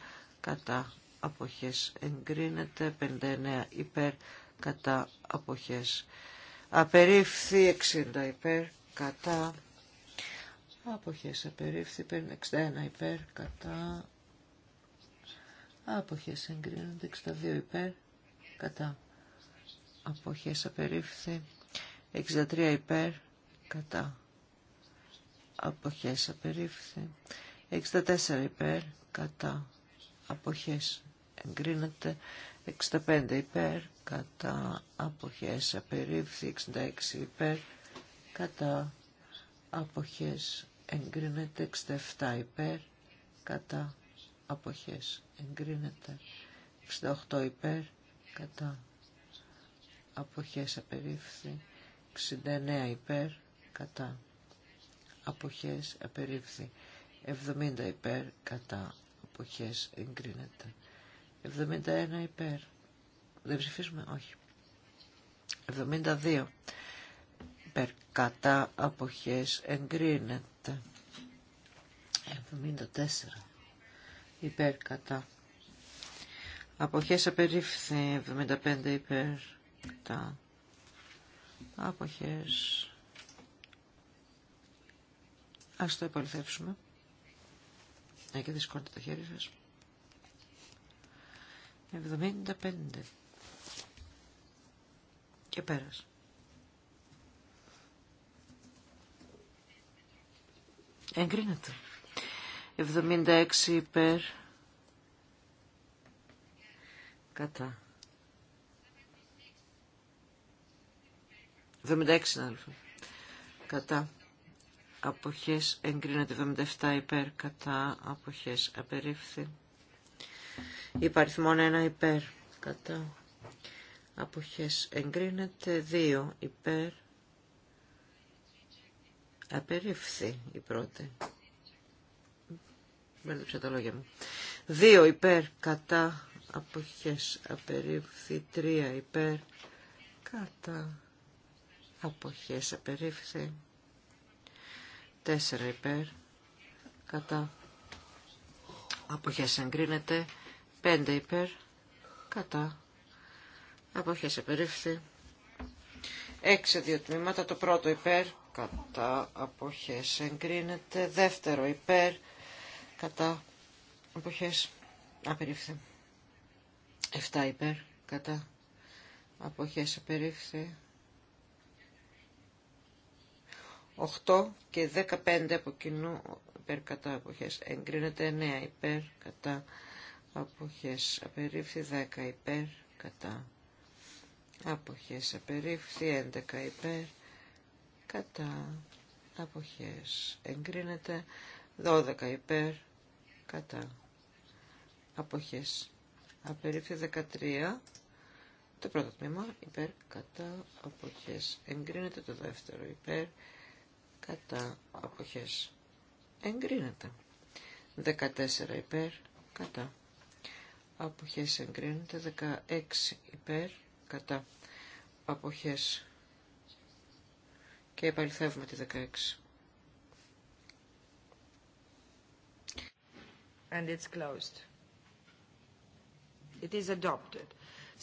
[SPEAKER 1] κατά αποχές εγκρίνεται 59 υπέρ κατά αποχές απερίφθη 60 υπέρ κατά αποχές απερίφθη 61 υπέρ κατά αποχές εγκρίνεται 62 υπέρ κατά αποχές απερίφθη 63 υπέρ κατά αποχές απερίφθη 64 υπέρ κατά αποχές εγκρίνεται 65 υπέρ κατά αποχές απερίφθη 66 υπέρ κατά αποχές εγκρίνεται 67 υπέρ κατά αποχές εγκρίνεται 68 υπέρ κατά αποχές απερίφθη 69 υπέρ κατά αποχές απερίφθη 70 υπέρ κατά αποχές εγκρίνεται 71 υπέρ. Δεν ψηφίζουμε, όχι. 72 υπέρ. Κατά αποχές εγκρίνεται. 74 υπέρ κατά. Αποχές απερίφθη 75 υπέρ κατά. Αποχές. Ας το επαληθεύσουμε. Να και δυσκόνετε το χέρι σας. 75 και πέρας. Εγκρίνεται. 76 υπέρ. Κατά. 76 αλφα. Κατά. Αποχές εγκρίνεται 77 υπέρ. Κατά. Αποχές απερίφθη μόνο ένα υπέρ. Κατά. Αποχές εγκρίνεται δύο υπέρ. Απερίφθη η πρώτη. Μπέλεψα τα λόγια μου. δύο υπέρ. Κατά. Αποχές απερίφθη τρία υπέρ. Κατά. Αποχές απερίφθη τέσσερα υπέρ. Κατά. Αποχές εγκρίνεται 5 υπέρ, κατά, αποχές απερίφθη. 6 δύο τμήματα, το πρώτο υπέρ, κατά, αποχές εγκρίνεται. Δεύτερο υπέρ, κατά, αποχές απερίφθη. 7 υπέρ, κατά, αποχές απερίφθη. 8 και 15 από κοινού υπέρ κατά αποχές εγκρίνεται 9 υπέρ κατά αποχές απερίφθη 10 υπέρ κατά αποχές απερίφθη 11 υπέρ κατά αποχές εγκρίνεται 12 υπέρ κατά αποχές απερίφθη 13 το πρώτο τμήμα υπέρ κατά αποχές εγκρίνεται το δεύτερο υπέρ κατά αποχές εγκρίνεται 14 υπέρ κατά αποχές εγκρίνεται 16 υπέρ κατά αποχές και επαληθεύουμε τη 16 and it's closed it is adopted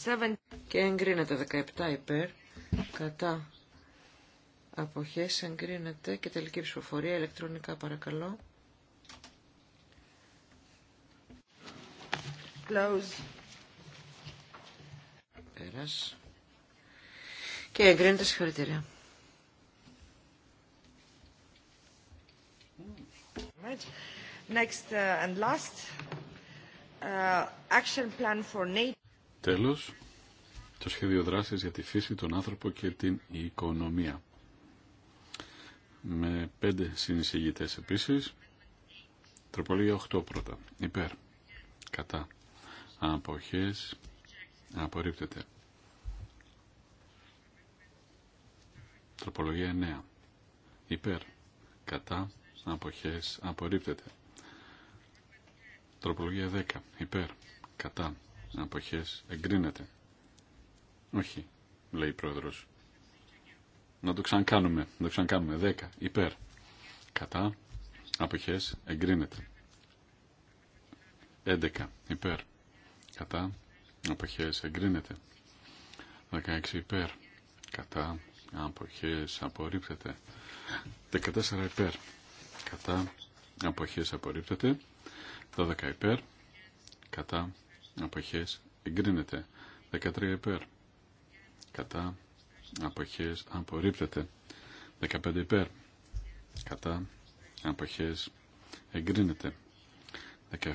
[SPEAKER 1] Seven... και εγκρίνεται 17 υπέρ κατά αποχές εγκρίνεται και τελική ψηφοφορία ηλεκτρονικά παρακαλώ Close. Πέρας. Και εγκρίνεται συγχωρητήρια. Next uh, and last uh, action plan for nature.
[SPEAKER 2] Τέλος, το σχέδιο δράσης για τη φύση, τον άνθρωπο και την οικονομία. Με πέντε συνεισηγητές επίσης. Τροπολογία 8 πρώτα. Υπέρ. Κατά αποχές απορρίπτεται. Τροπολογία 9. Υπέρ. Κατά. Αποχές. Απορρίπτεται. Τροπολογία 10. Υπέρ. Κατά. Αποχές. Εγκρίνεται. Όχι, λέει η πρόεδρος. Να το ξανακάνουμε. Να το ξανακάνουμε. 10. Υπέρ. Κατά. Αποχές. Εγκρίνεται. 11. Υπέρ κατά αποχές εγκρίνεται 16 υπέρ κατά αποχές απορρίπτεται 14 υπέρ κατά αποχές απορρίπτεται 12 υπέρ κατά αποχές εγκρίνεται 13 υπέρ κατά αποχές απορρίπτεται 15 υπέρ κατά αποχές εγκρίνεται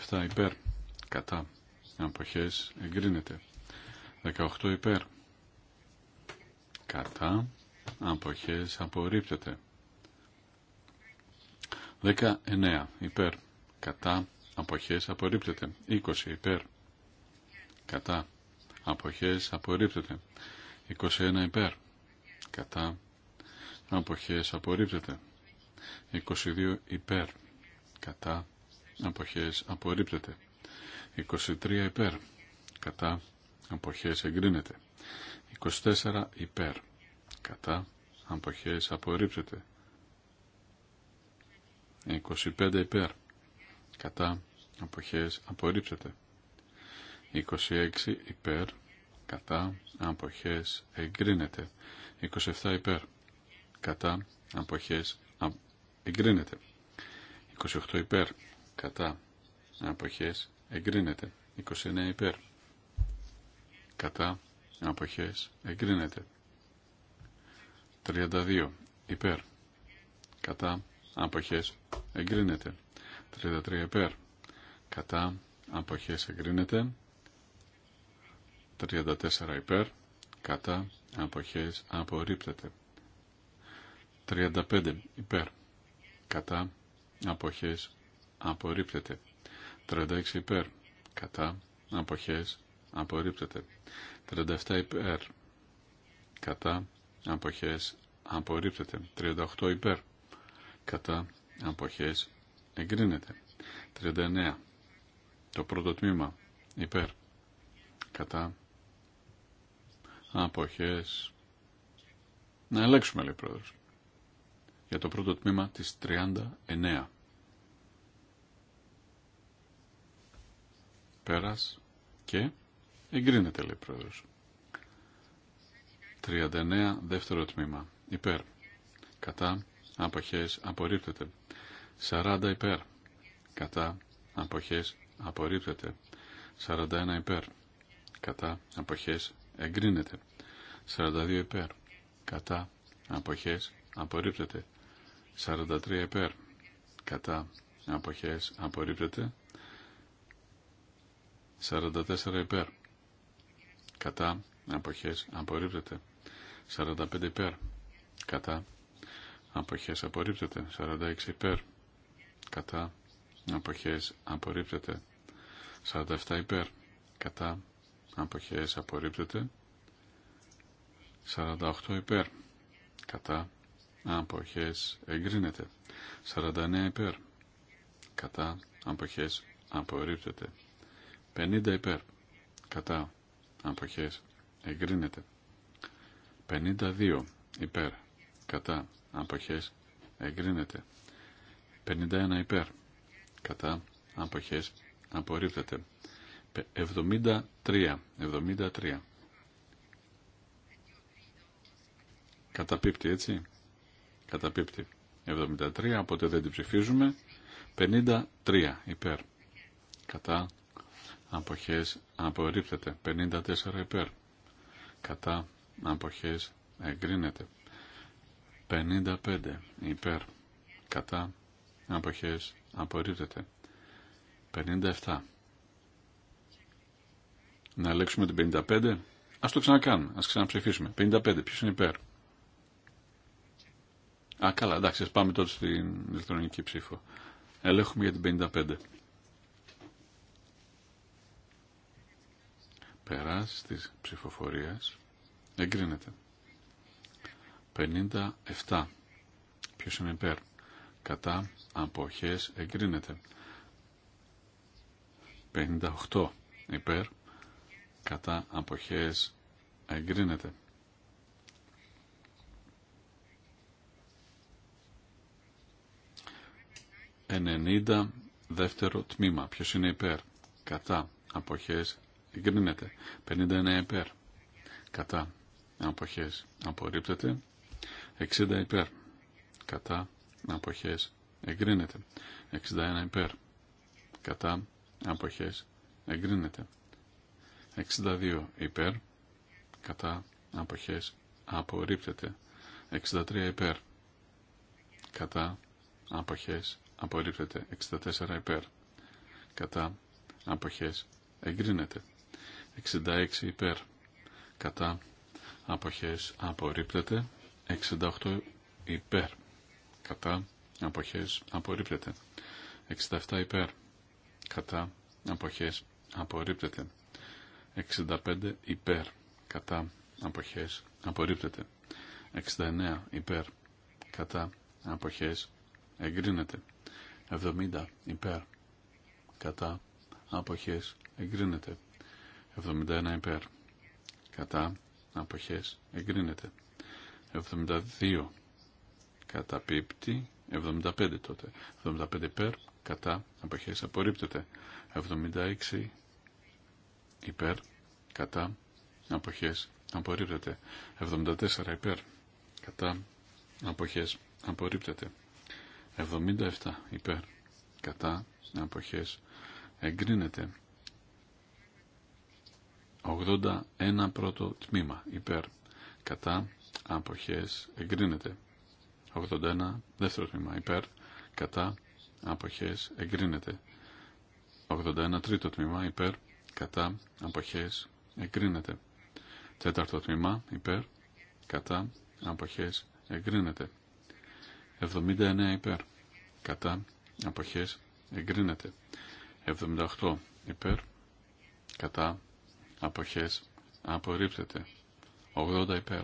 [SPEAKER 2] 17 υπέρ κατά αποχές εγκρίνεται 18 υπέρ κατά αποχές απορρίπτεται 19 υπέρ κατά αποχές απορρίπτεται 20 υπέρ κατά αποχές απορρίπτεται 21 υπέρ κατά αποχές απορρίπτεται 22 υπέρ κατά αποχές απορρίπτεται 23 υπέρ. Κατά αποχές εγκρίνεται. 24 υπέρ. Κατά αποχές απορρίψεται. 25 υπέρ. Κατά αποχές απορρίψεται. 26 υπέρ. Κατά αποχές εγκρίνεται. 27 υπέρ. Κατά αποχές εγκρίνεται. 28 υπέρ. Κατά αποχές εγκρίνεται. 29 υπέρ. Κατά αποχές εγκρίνεται. 32 υπέρ. Κατά αποχές εγκρίνεται. 33 υπέρ. Κατά αποχές εγκρίνεται. 34 υπέρ. Κατά αποχές απορρίπτεται. 35 υπέρ. Κατά αποχές απορρίπτεται. 36 υπέρ. Κατά. Αποχές. Απορρίπτεται. 37 υπέρ. Κατά. Αποχές. Απορρίπτεται. 38 υπέρ. Κατά. Αποχές. Εγκρίνεται. 39. Το πρώτο τμήμα. Υπέρ. Κατά. Αποχές. Να ελέγξουμε λέει πρόεδρος. Για το πρώτο τμήμα της 39. πέρας και εγκρίνεται λέει πρόεδρος. 39 δεύτερο τμήμα υπέρ κατά αποχές απορρίπτεται 40 υπέρ κατά αποχές απορρίπτεται 41 υπέρ κατά αποχές εγκρίνεται 42 υπέρ κατά αποχές απορρίπτεται 43 υπέρ κατά αποχές απορρίπτεται 44 υπέρ. Κατά αποχές απορρίπτεται. 45 υπέρ. Κατά αποχές απορρίπτεται. 46 υπέρ. Κατά αποχές απορρίπτεται. 47 υπέρ. Κατά αποχές απορρίπτεται. 48 υπέρ. Κατά αποχές εγκρίνεται. 49 υπέρ. Κατά αποχές απορρίπτεται. 50 υπέρ. Κατά. Αποχές. Εγκρίνεται. 52 υπέρ. Κατά. Αποχές. Εγκρίνεται. 51 υπέρ. Κατά. Αποχές. Απορρίπτεται. 73. 73. Καταπίπτει έτσι. Καταπίπτει. 73. Οπότε δεν την ψηφίζουμε. 53 υπέρ. Κατά αποχές απορρίπτεται 54 υπέρ κατά αποχές εγκρίνεται 55 υπέρ κατά αποχές απορρίπτεται 57 να ελέγξουμε την 55 ας το ξανακάνουμε ας ξαναψηφίσουμε 55 ποιος είναι υπέρ Α, καλά, εντάξει, ας πάμε τότε στην ηλεκτρονική ψήφο. Ελέγχουμε για την 55. Πέρας της ψηφοφορίας εγκρίνεται. 57. Ποιος είναι υπέρ. Κατά αποχές εγκρίνεται. 58. Υπέρ. Κατά αποχές εγκρίνεται. 90 δεύτερο τμήμα. Ποιος είναι υπέρ. Κατά αποχές εγκρίνεται. 59 υπέρ. Κατά. Αποχές. Απορρίπτεται. 60 υπέρ. Κατά. Αποχές. Εγκρίνεται. 61 υπέρ. Κατά. Αποχές. Εγκρίνεται. 62 υπέρ. Κατά. Αποχές. Απορρίπτεται. 63 υπέρ. Κατά. Αποχές. Απορρίπτεται. 64 υπέρ. Κατά. Αποχές. Εγκρίνεται. 66 υπέρ κατά αποχές απορρίπτεται 68 υπέρ κατά αποχές απορρίπτεται 67 υπέρ κατά αποχές απορρίπτεται 65 υπέρ κατά αποχές απορρίπτεται 69 υπέρ κατά αποχές εγκρίνεται 70 υπέρ κατά αποχές εγκρίνεται 71 υπέρ. Κατά αποχές εγκρίνεται. 72 καταπίπτει. 75 τότε. 75 υπέρ. Κατά αποχές απορρίπτεται. 76 υπέρ. Κατά αποχές απορρίπτεται. 74 υπέρ. Κατά αποχές απορρίπτεται. 77 υπέρ. Κατά αποχές εγκρίνεται. 81 πρώτο τμήμα υπέρ κατά αποχές εγκρίνεται 81 δεύτερο τμήμα υπέρ κατά αποχές εγκρίνεται 81 τρίτο τμήμα υπέρ κατά αποχές εγκρίνεται τέταρτο τμήμα υπέρ κατά αποχές εγκρίνεται 79 υπέρ κατά αποχές εγκρίνεται 78 υπέρ κατά αποχές απορρίπτεται 80 υπέρ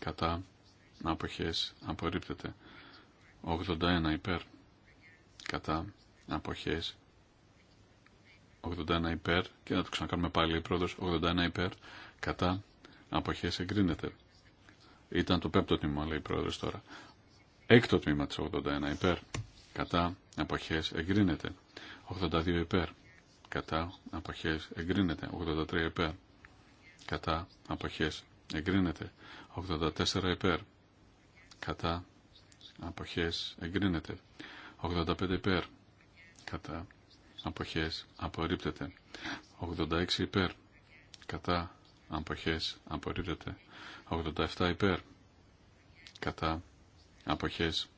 [SPEAKER 2] κατά αποχές απορρίπτεται 81 υπέρ κατά αποχές 81 υπέρ και να το ξανακάνουμε πάλι πρώτος 81 υπέρ κατά αποχές εγκρίνεται ήταν το πέμπτο τμήμα λέει η πρόεδρος τώρα έκτο τμήμα της 81 υπέρ κατά αποχές εγκρίνεται 82 υπέρ κατά αποχές εγκρίνεται 83 υπέρ κατά αποχές εγκρίνεται 84 υπέρ κατά αποχές εγκρίνεται 85 υπέρ κατά αποχές απορρίπτεται 86 υπέρ κατά αποχές απορρίπτεται 87 υπέρ κατά αποχές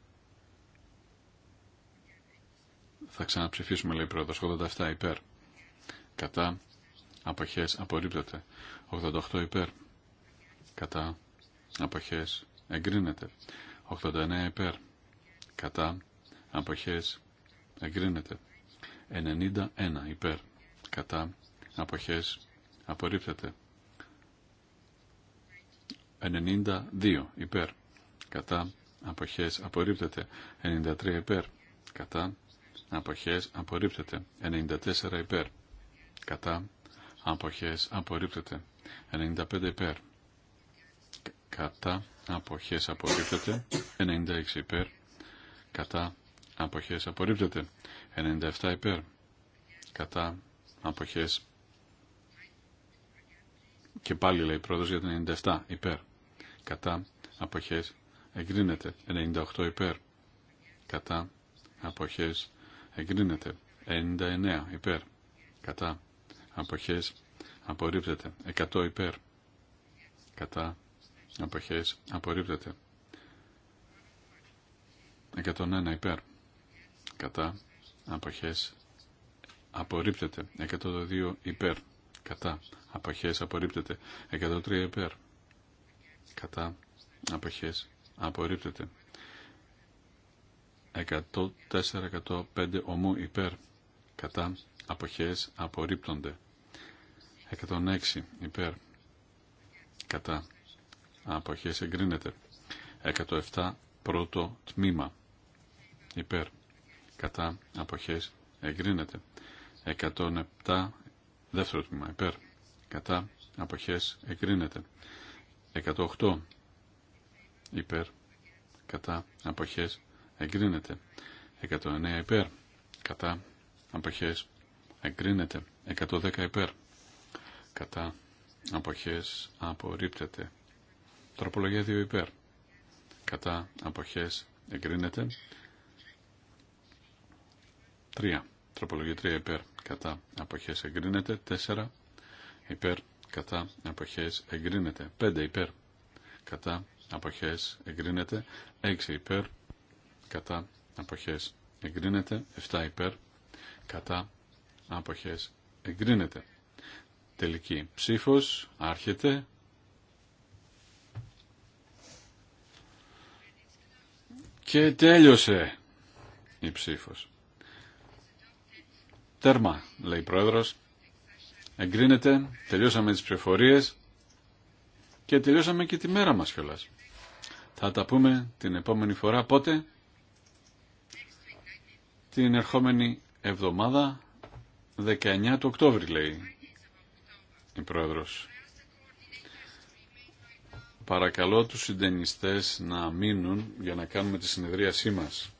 [SPEAKER 2] θα ξαναψηφίσουμε λέει πρόεδρος 87 υπέρ κατά αποχές απορρίπτεται 88 υπέρ κατά αποχές εγκρίνεται 89 υπέρ κατά αποχές εγκρίνεται 91 υπέρ κατά αποχές απορρίπτεται 92 υπέρ κατά αποχές απορρίπτεται 93 υπέρ κατά αποχές απορρίπτεται 94 υπέρ κατά αποχές απορρίπτεται 95 υπέρ κατά αποχές απορρίπτεται 96 υπέρ κατά αποχές απορρίπτεται 97 υπέρ κατά αποχές και πάλι λέει πρόεδρος για την 97 υπέρ κατά αποχές εγκρίνεται 98 υπέρ κατά αποχές εγκρίνεται 99 υπέρ κατά αποχές απορρίπτεται 100 υπέρ κατά αποχές απορρίπτεται 101 υπέρ κατά αποχές απορρίπτεται 102 υπέρ κατά αποχές απορρίπτεται 103 υπέρ κατά αποχές απορρίπτεται 104-105 ομού υπέρ κατά αποχές απορρίπτονται 106 υπέρ κατά αποχές εγκρίνεται 107 πρώτο τμήμα υπέρ κατά αποχές εγκρίνεται 107 δεύτερο τμήμα υπέρ κατά αποχές εγκρίνεται 108 υπέρ κατά αποχές εγκρίνεται 109 υπέρ κατά αποχές εγκρίνεται 110 υπέρ κατά αποχές απορρίπτεται. Τροπολογία 2 υπέρ κατά αποχές εγκρίνεται. 3. Τροπολογία 3 υπέρ κατά αποχές εγκρίνεται. Τεσσερα υπέρ κατά αποχές εγκρίνεται. Πέντε υπέρ κατά αποχές εγκρίνεται. Έξι υπέρ κατά αποχές εγκρίνεται. Εφτά υπέρ κατά αποχές εγκρίνεται. Τελική ψήφος. Άρχεται. Και τέλειωσε η ψήφος. Τέρμα, λέει η Πρόεδρος. Εγκρίνεται, τελειώσαμε τις πληροφορίες και τελειώσαμε και τη μέρα μας κιόλας. Θα τα πούμε την επόμενη φορά πότε. Την ερχόμενη εβδομάδα 19 του Οκτώβρη λέει η Παρακαλώ τους συντενιστές να μείνουν για να κάνουμε τη συνεδρίασή μας.